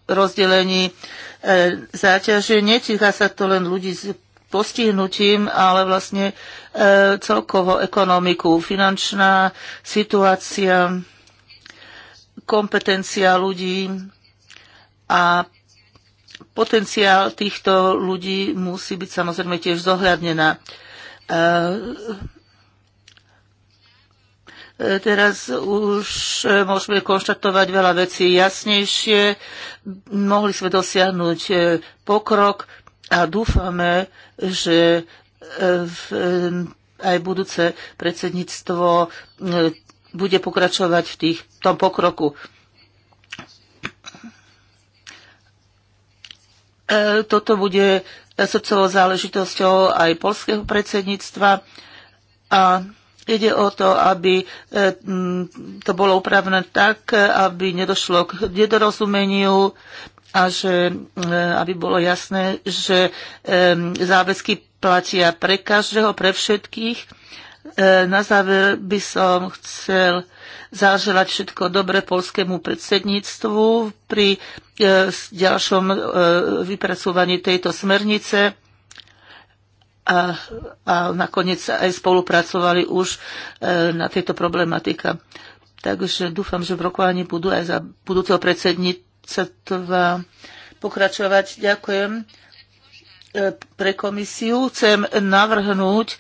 Speaker 4: rozdelení e, záťaže. Netýka sa to len ľudí s postihnutím, ale vlastne e, celkovo ekonomiku, finančná situácia, kompetencia ľudí a potenciál týchto ľudí musí byť samozrejme tiež zohľadnená. E, e Teraz už e, môžeme konštatovať veľa vecí jasnejšie. Mohli sme dosiahnuť e, pokrok, a dúfame, že e, v, e, aj budúce predsedníctvo e, bude pokračovať v tých, tom pokroku. Toto bude srdcovou záležitosťou aj polského predsedníctva a ide o to, aby to bolo upravené tak, aby nedošlo k nedorozumeniu a že, e, aby bolo jasné, že e, záväzky platia pre každého, pre všetkých. E, na záver by som chcel zaželať všetko dobre polskému predsedníctvu pri ďalšom vypracovaní tejto smernice a, a nakoniec aj spolupracovali už na tejto problematike. Takže dúfam, že v rokovaní budú aj za budúceho predsedníctva 2 pokračovať. Ďakujem e, pre komisiu. Chcem navrhnúť,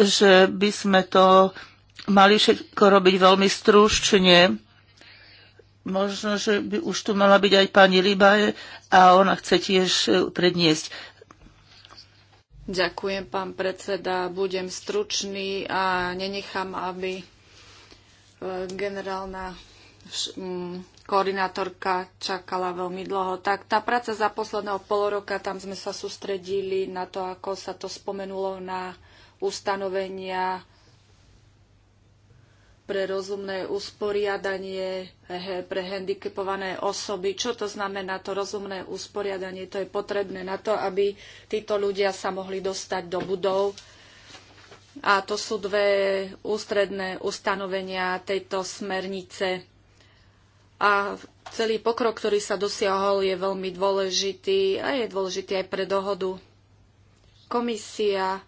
Speaker 4: že by sme to mali všetko robiť veľmi stručne. Možno, že by už tu mala byť aj pani Libaje a ona chce tiež e, predniesť.
Speaker 3: Ďakujem, pán predseda. Budem stručný a nenechám, aby e, generálna koordinátorka čakala veľmi dlho. Tak tá práca za posledného pol roka, tam sme sa sústredili na to, ako sa to spomenulo na ustanovenia pre rozumné usporiadanie eh, pre handicapované osoby. Čo to znamená to rozumné usporiadanie? To je potrebné na to, aby títo ľudia sa mohli dostať do budov. A to sú dve ústredné ustanovenia tejto smernice a celý pokrok, ktorý sa dosiahol, je veľmi dôležitý a je dôležitý aj pre dohodu. Komisia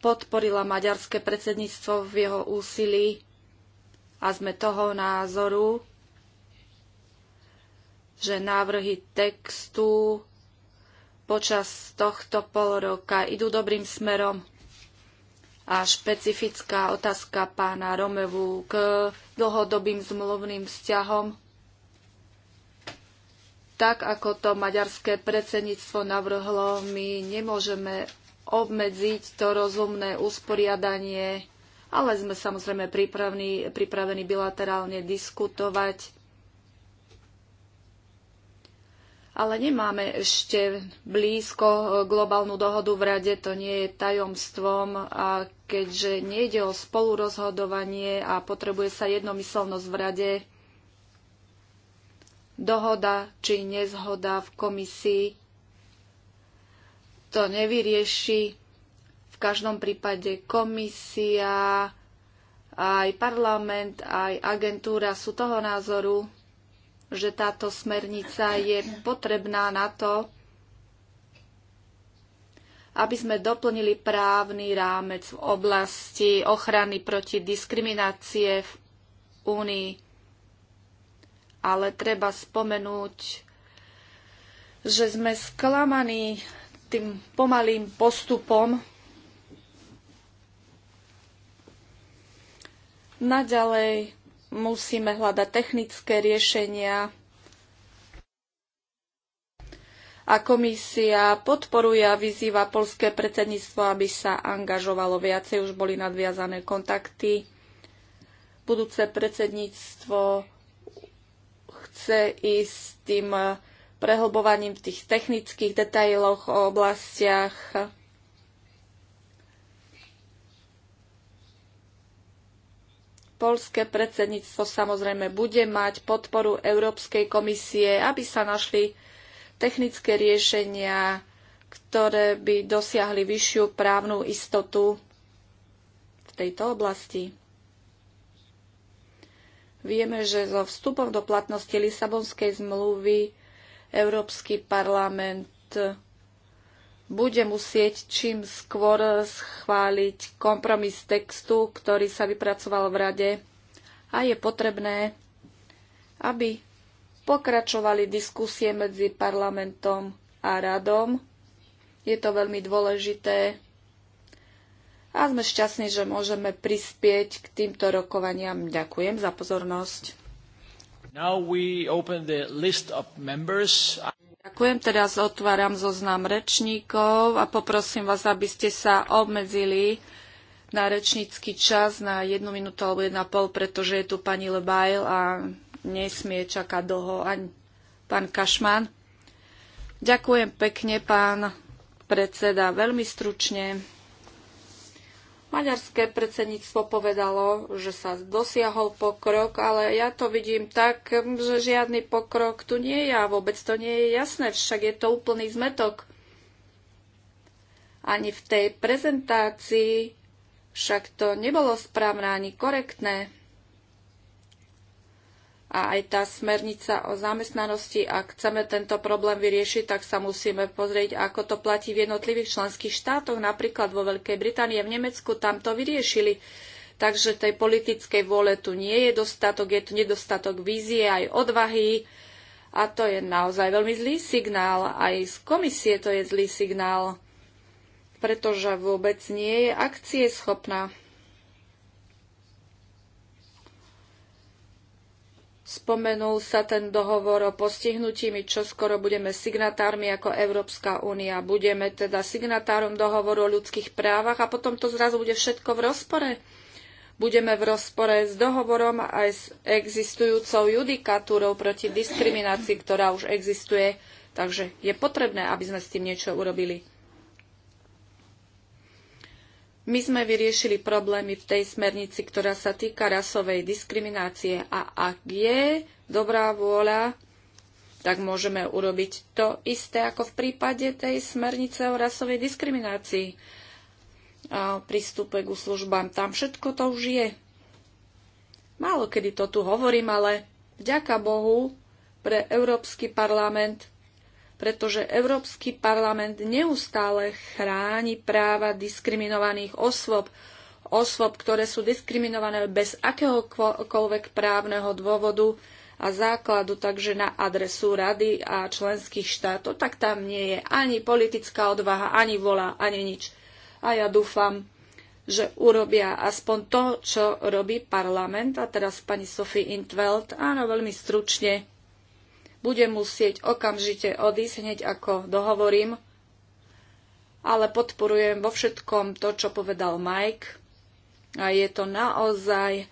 Speaker 3: podporila maďarské predsedníctvo v jeho úsilí a sme toho názoru, že návrhy textu počas tohto pol roka idú dobrým smerom. A špecifická otázka pána Romevu k dlhodobým zmluvným vzťahom, tak ako to maďarské predsedníctvo navrhlo, my nemôžeme obmedziť to rozumné usporiadanie, ale sme samozrejme pripravení, pripravení bilaterálne diskutovať ale nemáme ešte blízko e, globálnu dohodu v rade, to nie je tajomstvom a keďže nejde o spolurozhodovanie a potrebuje sa jednomyselnosť v rade, dohoda či nezhoda v komisii to nevyrieši. V každom prípade komisia, aj parlament, aj agentúra sú toho názoru, že táto smernica je potrebná na to, aby sme doplnili právny rámec v oblasti ochrany proti diskriminácie v Únii. Ale treba spomenúť, že sme sklamaní tým pomalým postupom. Naďalej musíme hľadať technické riešenia a komisia podporuje a vyzýva polské predsedníctvo, aby sa angažovalo viacej, už boli nadviazané kontakty. Budúce predsedníctvo chce ísť s tým prehlbovaním v tých technických detailoch o oblastiach Polské predsedníctvo samozrejme bude mať podporu Európskej komisie, aby sa našli technické riešenia, ktoré by dosiahli vyššiu právnu istotu v tejto oblasti. Vieme, že so vstupom do platnosti Lisabonskej zmluvy Európsky parlament bude musieť čím skôr schváliť kompromis textu, ktorý sa vypracoval v rade a je potrebné, aby pokračovali diskusie medzi parlamentom a radom. Je to veľmi dôležité a sme šťastní, že môžeme prispieť k týmto rokovaniam. Ďakujem za
Speaker 1: pozornosť.
Speaker 3: Ďakujem, teraz otváram zoznam rečníkov a poprosím vás, aby ste sa obmedzili na rečnícky čas na jednu minútu alebo jedna pol, pretože je tu pani Lebajl a nesmie čakať dlho ani pán Kašman. Ďakujem pekne, pán predseda. Veľmi stručne. Maďarské predsedníctvo povedalo, že sa dosiahol pokrok, ale ja to vidím tak, že žiadny pokrok tu nie je a vôbec to nie je jasné, však je to úplný zmetok. Ani v tej prezentácii však to nebolo správne ani korektné a aj tá smernica o zamestnanosti, ak chceme tento problém vyriešiť, tak sa musíme pozrieť, ako to platí v jednotlivých členských štátoch. Napríklad vo Veľkej Británii a v Nemecku tam to vyriešili. Takže tej politickej vôle tu nie je dostatok, je tu nedostatok vízie aj odvahy a to je naozaj veľmi zlý signál. Aj z komisie to je zlý signál, pretože vôbec nie je akcie schopná. Spomenul sa ten dohovor o postihnutí, my čo skoro budeme signatármi ako Európska únia. Budeme teda signatárom dohovoru o ľudských právach a potom to zrazu bude všetko v rozpore. Budeme v rozpore s dohovorom aj s existujúcou judikatúrou proti diskriminácii, ktorá už existuje. Takže je potrebné, aby sme s tým niečo urobili. My sme vyriešili problémy v tej smernici, ktorá sa týka rasovej diskriminácie a ak je dobrá vôľa, tak môžeme urobiť to isté ako v prípade tej smernice o rasovej diskriminácii a prístupe k službám. Tam všetko to už je. Málo kedy to tu hovorím, ale vďaka Bohu pre Európsky parlament pretože Európsky parlament neustále chráni práva diskriminovaných osôb, osôb, ktoré sú diskriminované bez akéhokoľvek právneho dôvodu a základu, takže na adresu rady a členských štátov, tak tam nie je ani politická odvaha, ani vola, ani nič. A ja dúfam, že urobia aspoň to, čo robí parlament. A teraz pani Sophie Intveld, áno, veľmi stručne budem musieť okamžite odísť hneď ako dohovorím, ale podporujem vo všetkom to, čo povedal Mike. A je to naozaj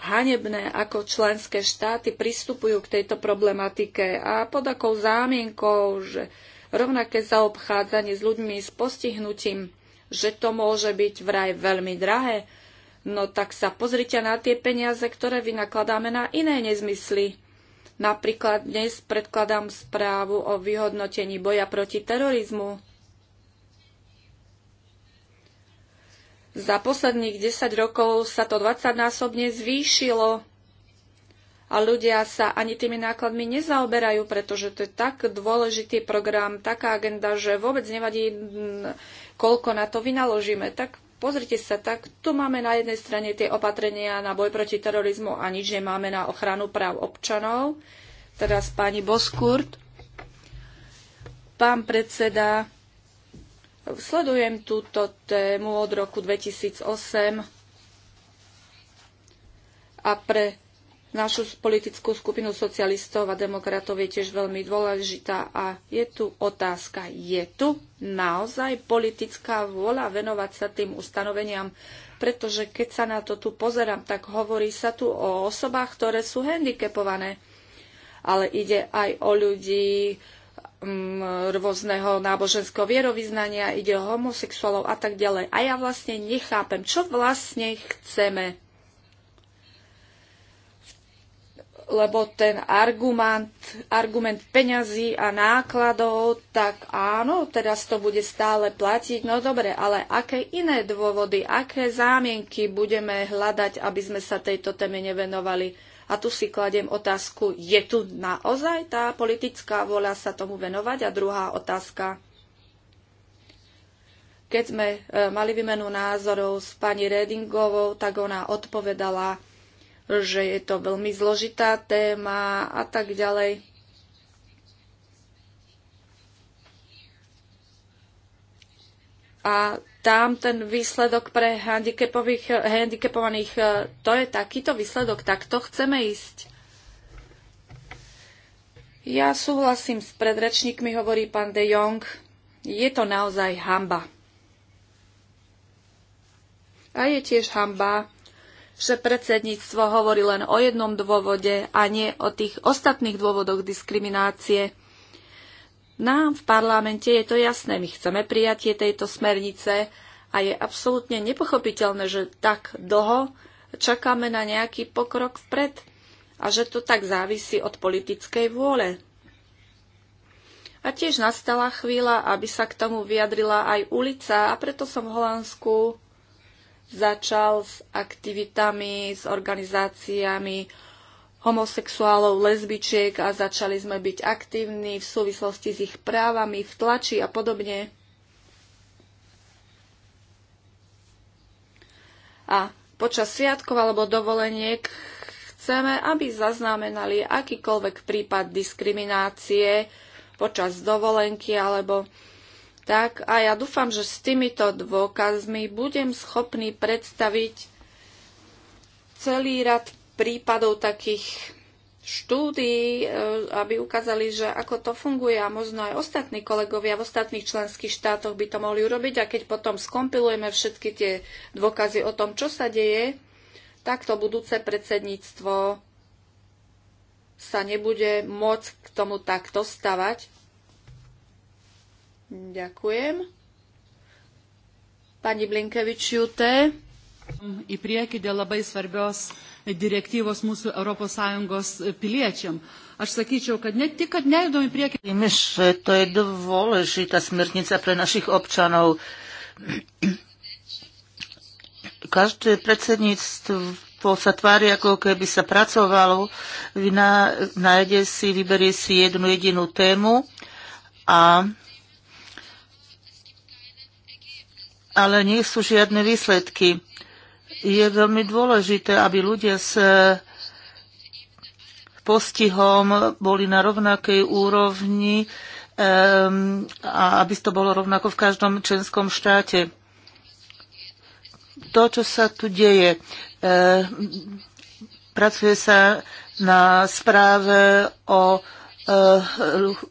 Speaker 3: hanebné, ako členské štáty pristupujú k tejto problematike a pod akou zámienkou, že rovnaké zaobchádzanie s ľuďmi s postihnutím, že to môže byť vraj veľmi drahé, no tak sa pozrite na tie peniaze, ktoré vynakladáme na iné nezmysly. Napríklad dnes predkladám správu o vyhodnotení boja proti terorizmu. Za posledných 10 rokov sa to 20-násobne zvýšilo a ľudia sa ani tými nákladmi nezaoberajú, pretože to je tak dôležitý program, taká agenda, že vôbec nevadí, mm, koľko na to vynaložíme. Tak Pozrite sa tak, tu máme na jednej strane tie opatrenia na boj proti terorizmu a nič nemáme na ochranu práv občanov. Teraz pani Boskurt. Pán predseda, sledujem túto tému od roku 2008 a pre našu politickú skupinu socialistov a demokratov je tiež veľmi dôležitá a je tu otázka, je tu naozaj politická vôľa venovať sa tým ustanoveniam, pretože keď sa na to tu pozerám, tak hovorí sa tu o osobách, ktoré sú handicapované, ale ide aj o ľudí mm, rôzneho náboženského vierovýznania, ide o homosexuálov a tak ďalej. A ja vlastne nechápem, čo vlastne chceme lebo ten argument, argument peňazí a nákladov, tak áno, teraz to bude stále platiť, no dobre, ale aké iné dôvody, aké zámienky budeme hľadať, aby sme sa tejto téme nevenovali? A tu si kladiem otázku, je tu naozaj tá politická vôľa sa tomu venovať? A druhá otázka, keď sme e, mali výmenu názorov s pani Redingovou, tak ona odpovedala, že je to veľmi zložitá téma a tak ďalej. A tam ten výsledok pre handicapovaných, e, to je takýto výsledok, tak to chceme ísť. Ja súhlasím s predrečníkmi, hovorí pán De Jong. Je to naozaj hamba. A je tiež hamba, že predsedníctvo hovorí len o jednom dôvode a nie o tých ostatných dôvodoch diskriminácie. Nám v parlamente je to jasné, my chceme prijatie tejto smernice a je absolútne nepochopiteľné, že tak dlho čakáme na nejaký pokrok vpred a že to tak závisí od politickej vôle. A tiež nastala chvíľa, aby sa k tomu vyjadrila aj ulica a preto som v Holandsku začal s aktivitami, s organizáciami homosexuálov, lesbičiek a začali sme byť aktívni v súvislosti s ich právami v tlači a podobne. A počas sviatkov alebo dovoleniek chceme, aby zaznamenali akýkoľvek prípad diskriminácie počas dovolenky alebo tak a ja dúfam, že s týmito dôkazmi budem schopný predstaviť celý rad prípadov takých štúdií, e, aby ukázali, že ako to funguje a možno aj ostatní kolegovia v ostatných členských štátoch by to mohli urobiť a keď potom skompilujeme všetky tie dôkazy o tom, čo sa deje, tak to budúce predsedníctvo sa nebude môcť k tomu takto stavať Ďakujem. Pani Blinkevič, Jute. Į priekį dėl labai svarbios direktyvos mūsų ES piliečiam. Aš sakyčiau, kad ne tik, kad nejdom į priekį.
Speaker 4: Myš, to je dôležitá smernica pre našich občanov. Každé predsedníctvo po sa tvári, ako keby sa pracovalo, Vy nájde si, vyberie si jednu jedinú tému a ale nie sú žiadne výsledky. Je veľmi dôležité, aby ľudia s e, postihom boli na rovnakej úrovni e, a aby to bolo rovnako v každom členskom štáte. To, čo sa tu deje, e, pracuje sa na správe o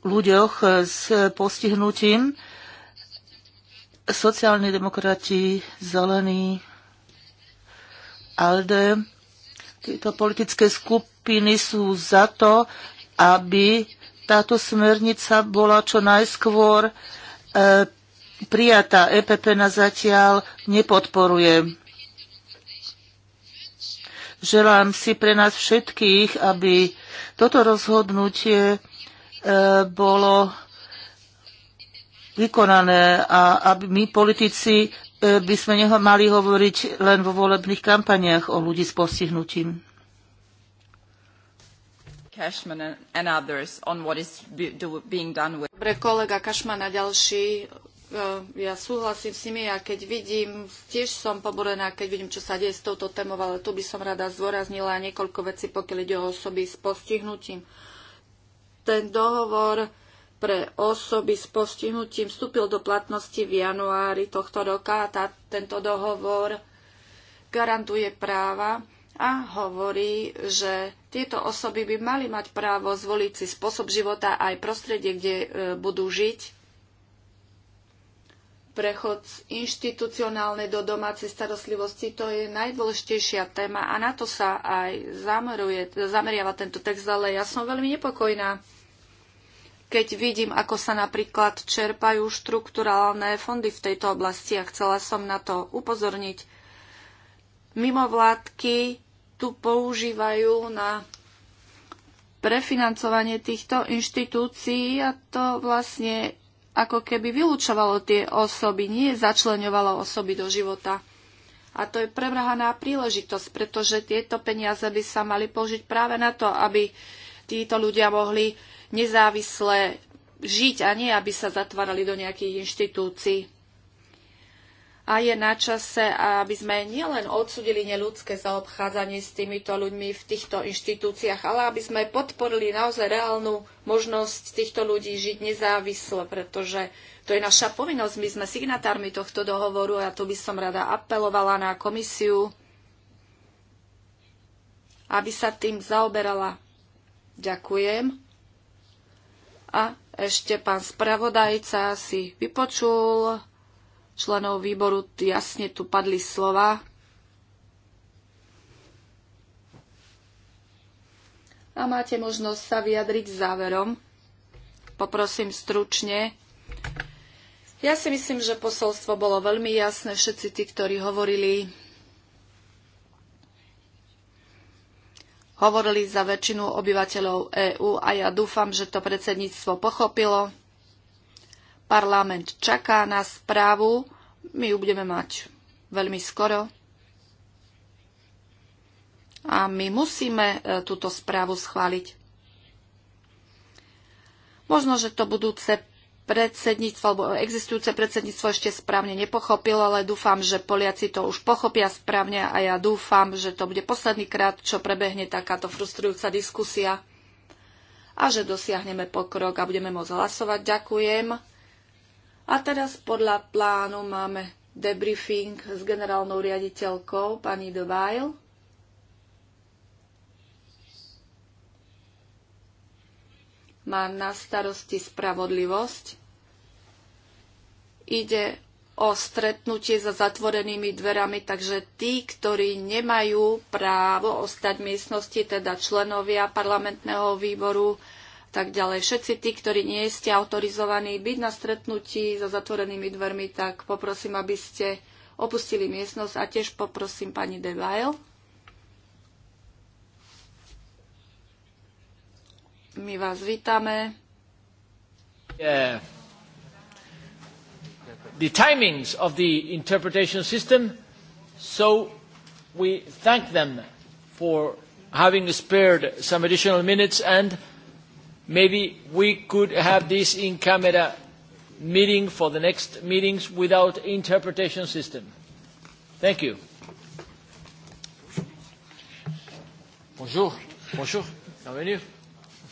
Speaker 4: ľuďoch s postihnutím sociálni demokrati, zelení, ALDE, tieto politické skupiny sú za to, aby táto smernica bola čo najskôr e, prijatá. EPP na zatiaľ nepodporuje. Želám si pre nás všetkých, aby toto rozhodnutie e, bolo vykonané a aby my politici e, by sme neho mali hovoriť len vo volebných kampaniach o ľudí s postihnutím.
Speaker 3: Dobre, kolega Kašman a ďalší, e, ja súhlasím s nimi a keď vidím, tiež som poborená, keď vidím, čo sa deje s touto témou, ale tu by som rada zdôraznila niekoľko vecí, pokiaľ ide o osoby s postihnutím. Ten dohovor pre osoby s postihnutím vstúpil do platnosti v januári tohto roka a tá, tento dohovor garantuje práva a hovorí, že tieto osoby by mali mať právo zvoliť si spôsob života aj prostredie, kde e, budú žiť. Prechod z inštitucionálnej do domácej starostlivosti to je najdôležitejšia téma a na to sa aj zameruje, zameriava tento text, ale ja som veľmi nepokojná keď vidím, ako sa napríklad čerpajú štrukturálne fondy v tejto oblasti a chcela som na to upozorniť. Mimovládky tu používajú na prefinancovanie týchto inštitúcií a to vlastne ako keby vylúčovalo tie osoby, nie začleňovalo osoby do života. A to je prevrhaná príležitosť, pretože tieto peniaze by sa mali použiť práve na to, aby títo ľudia mohli nezávisle žiť a nie, aby sa zatvárali do nejakých inštitúcií. A je na čase, aby sme nielen odsudili neľudské zaobchádzanie s týmito ľuďmi v týchto inštitúciách, ale aby sme podporili naozaj reálnu možnosť týchto ľudí žiť nezávisle, pretože to je naša povinnosť. My sme signatármi tohto dohovoru a tu by som rada apelovala na komisiu, aby sa tým zaoberala. Ďakujem. A ešte pán spravodajca si vypočul členov výboru, jasne tu padli slova. A máte možnosť sa vyjadriť záverom. Poprosím stručne. Ja si myslím, že posolstvo bolo veľmi jasné. Všetci tí, ktorí hovorili hovorili za väčšinu obyvateľov EÚ a ja dúfam, že to predsedníctvo pochopilo. Parlament čaká na správu, my ju budeme mať veľmi skoro. A my musíme e, túto správu schváliť. Možno, že to budúce predsedníctvo alebo existujúce predsedníctvo ešte správne nepochopilo, ale dúfam, že Poliaci to už pochopia správne a ja dúfam, že to bude posledný krát, čo prebehne takáto frustrujúca diskusia a že dosiahneme pokrok a budeme môcť hlasovať. Ďakujem. A teraz podľa plánu máme debriefing s generálnou riaditeľkou pani De Weil. má na starosti spravodlivosť. Ide o stretnutie za zatvorenými dverami, takže tí, ktorí nemajú právo ostať v miestnosti, teda členovia parlamentného výboru, tak ďalej. Všetci tí, ktorí nie ste autorizovaní byť na stretnutí za zatvorenými dvermi, tak poprosím, aby ste opustili miestnosť a tiež poprosím pani Devail. My vás vítame.
Speaker 1: The timings of the interpretation system, so we thank them for having spared some additional minutes and maybe we could have this in camera meeting for the next meetings without interpretation system. Thank you. Bonjour. Bonjour. Bienvenue.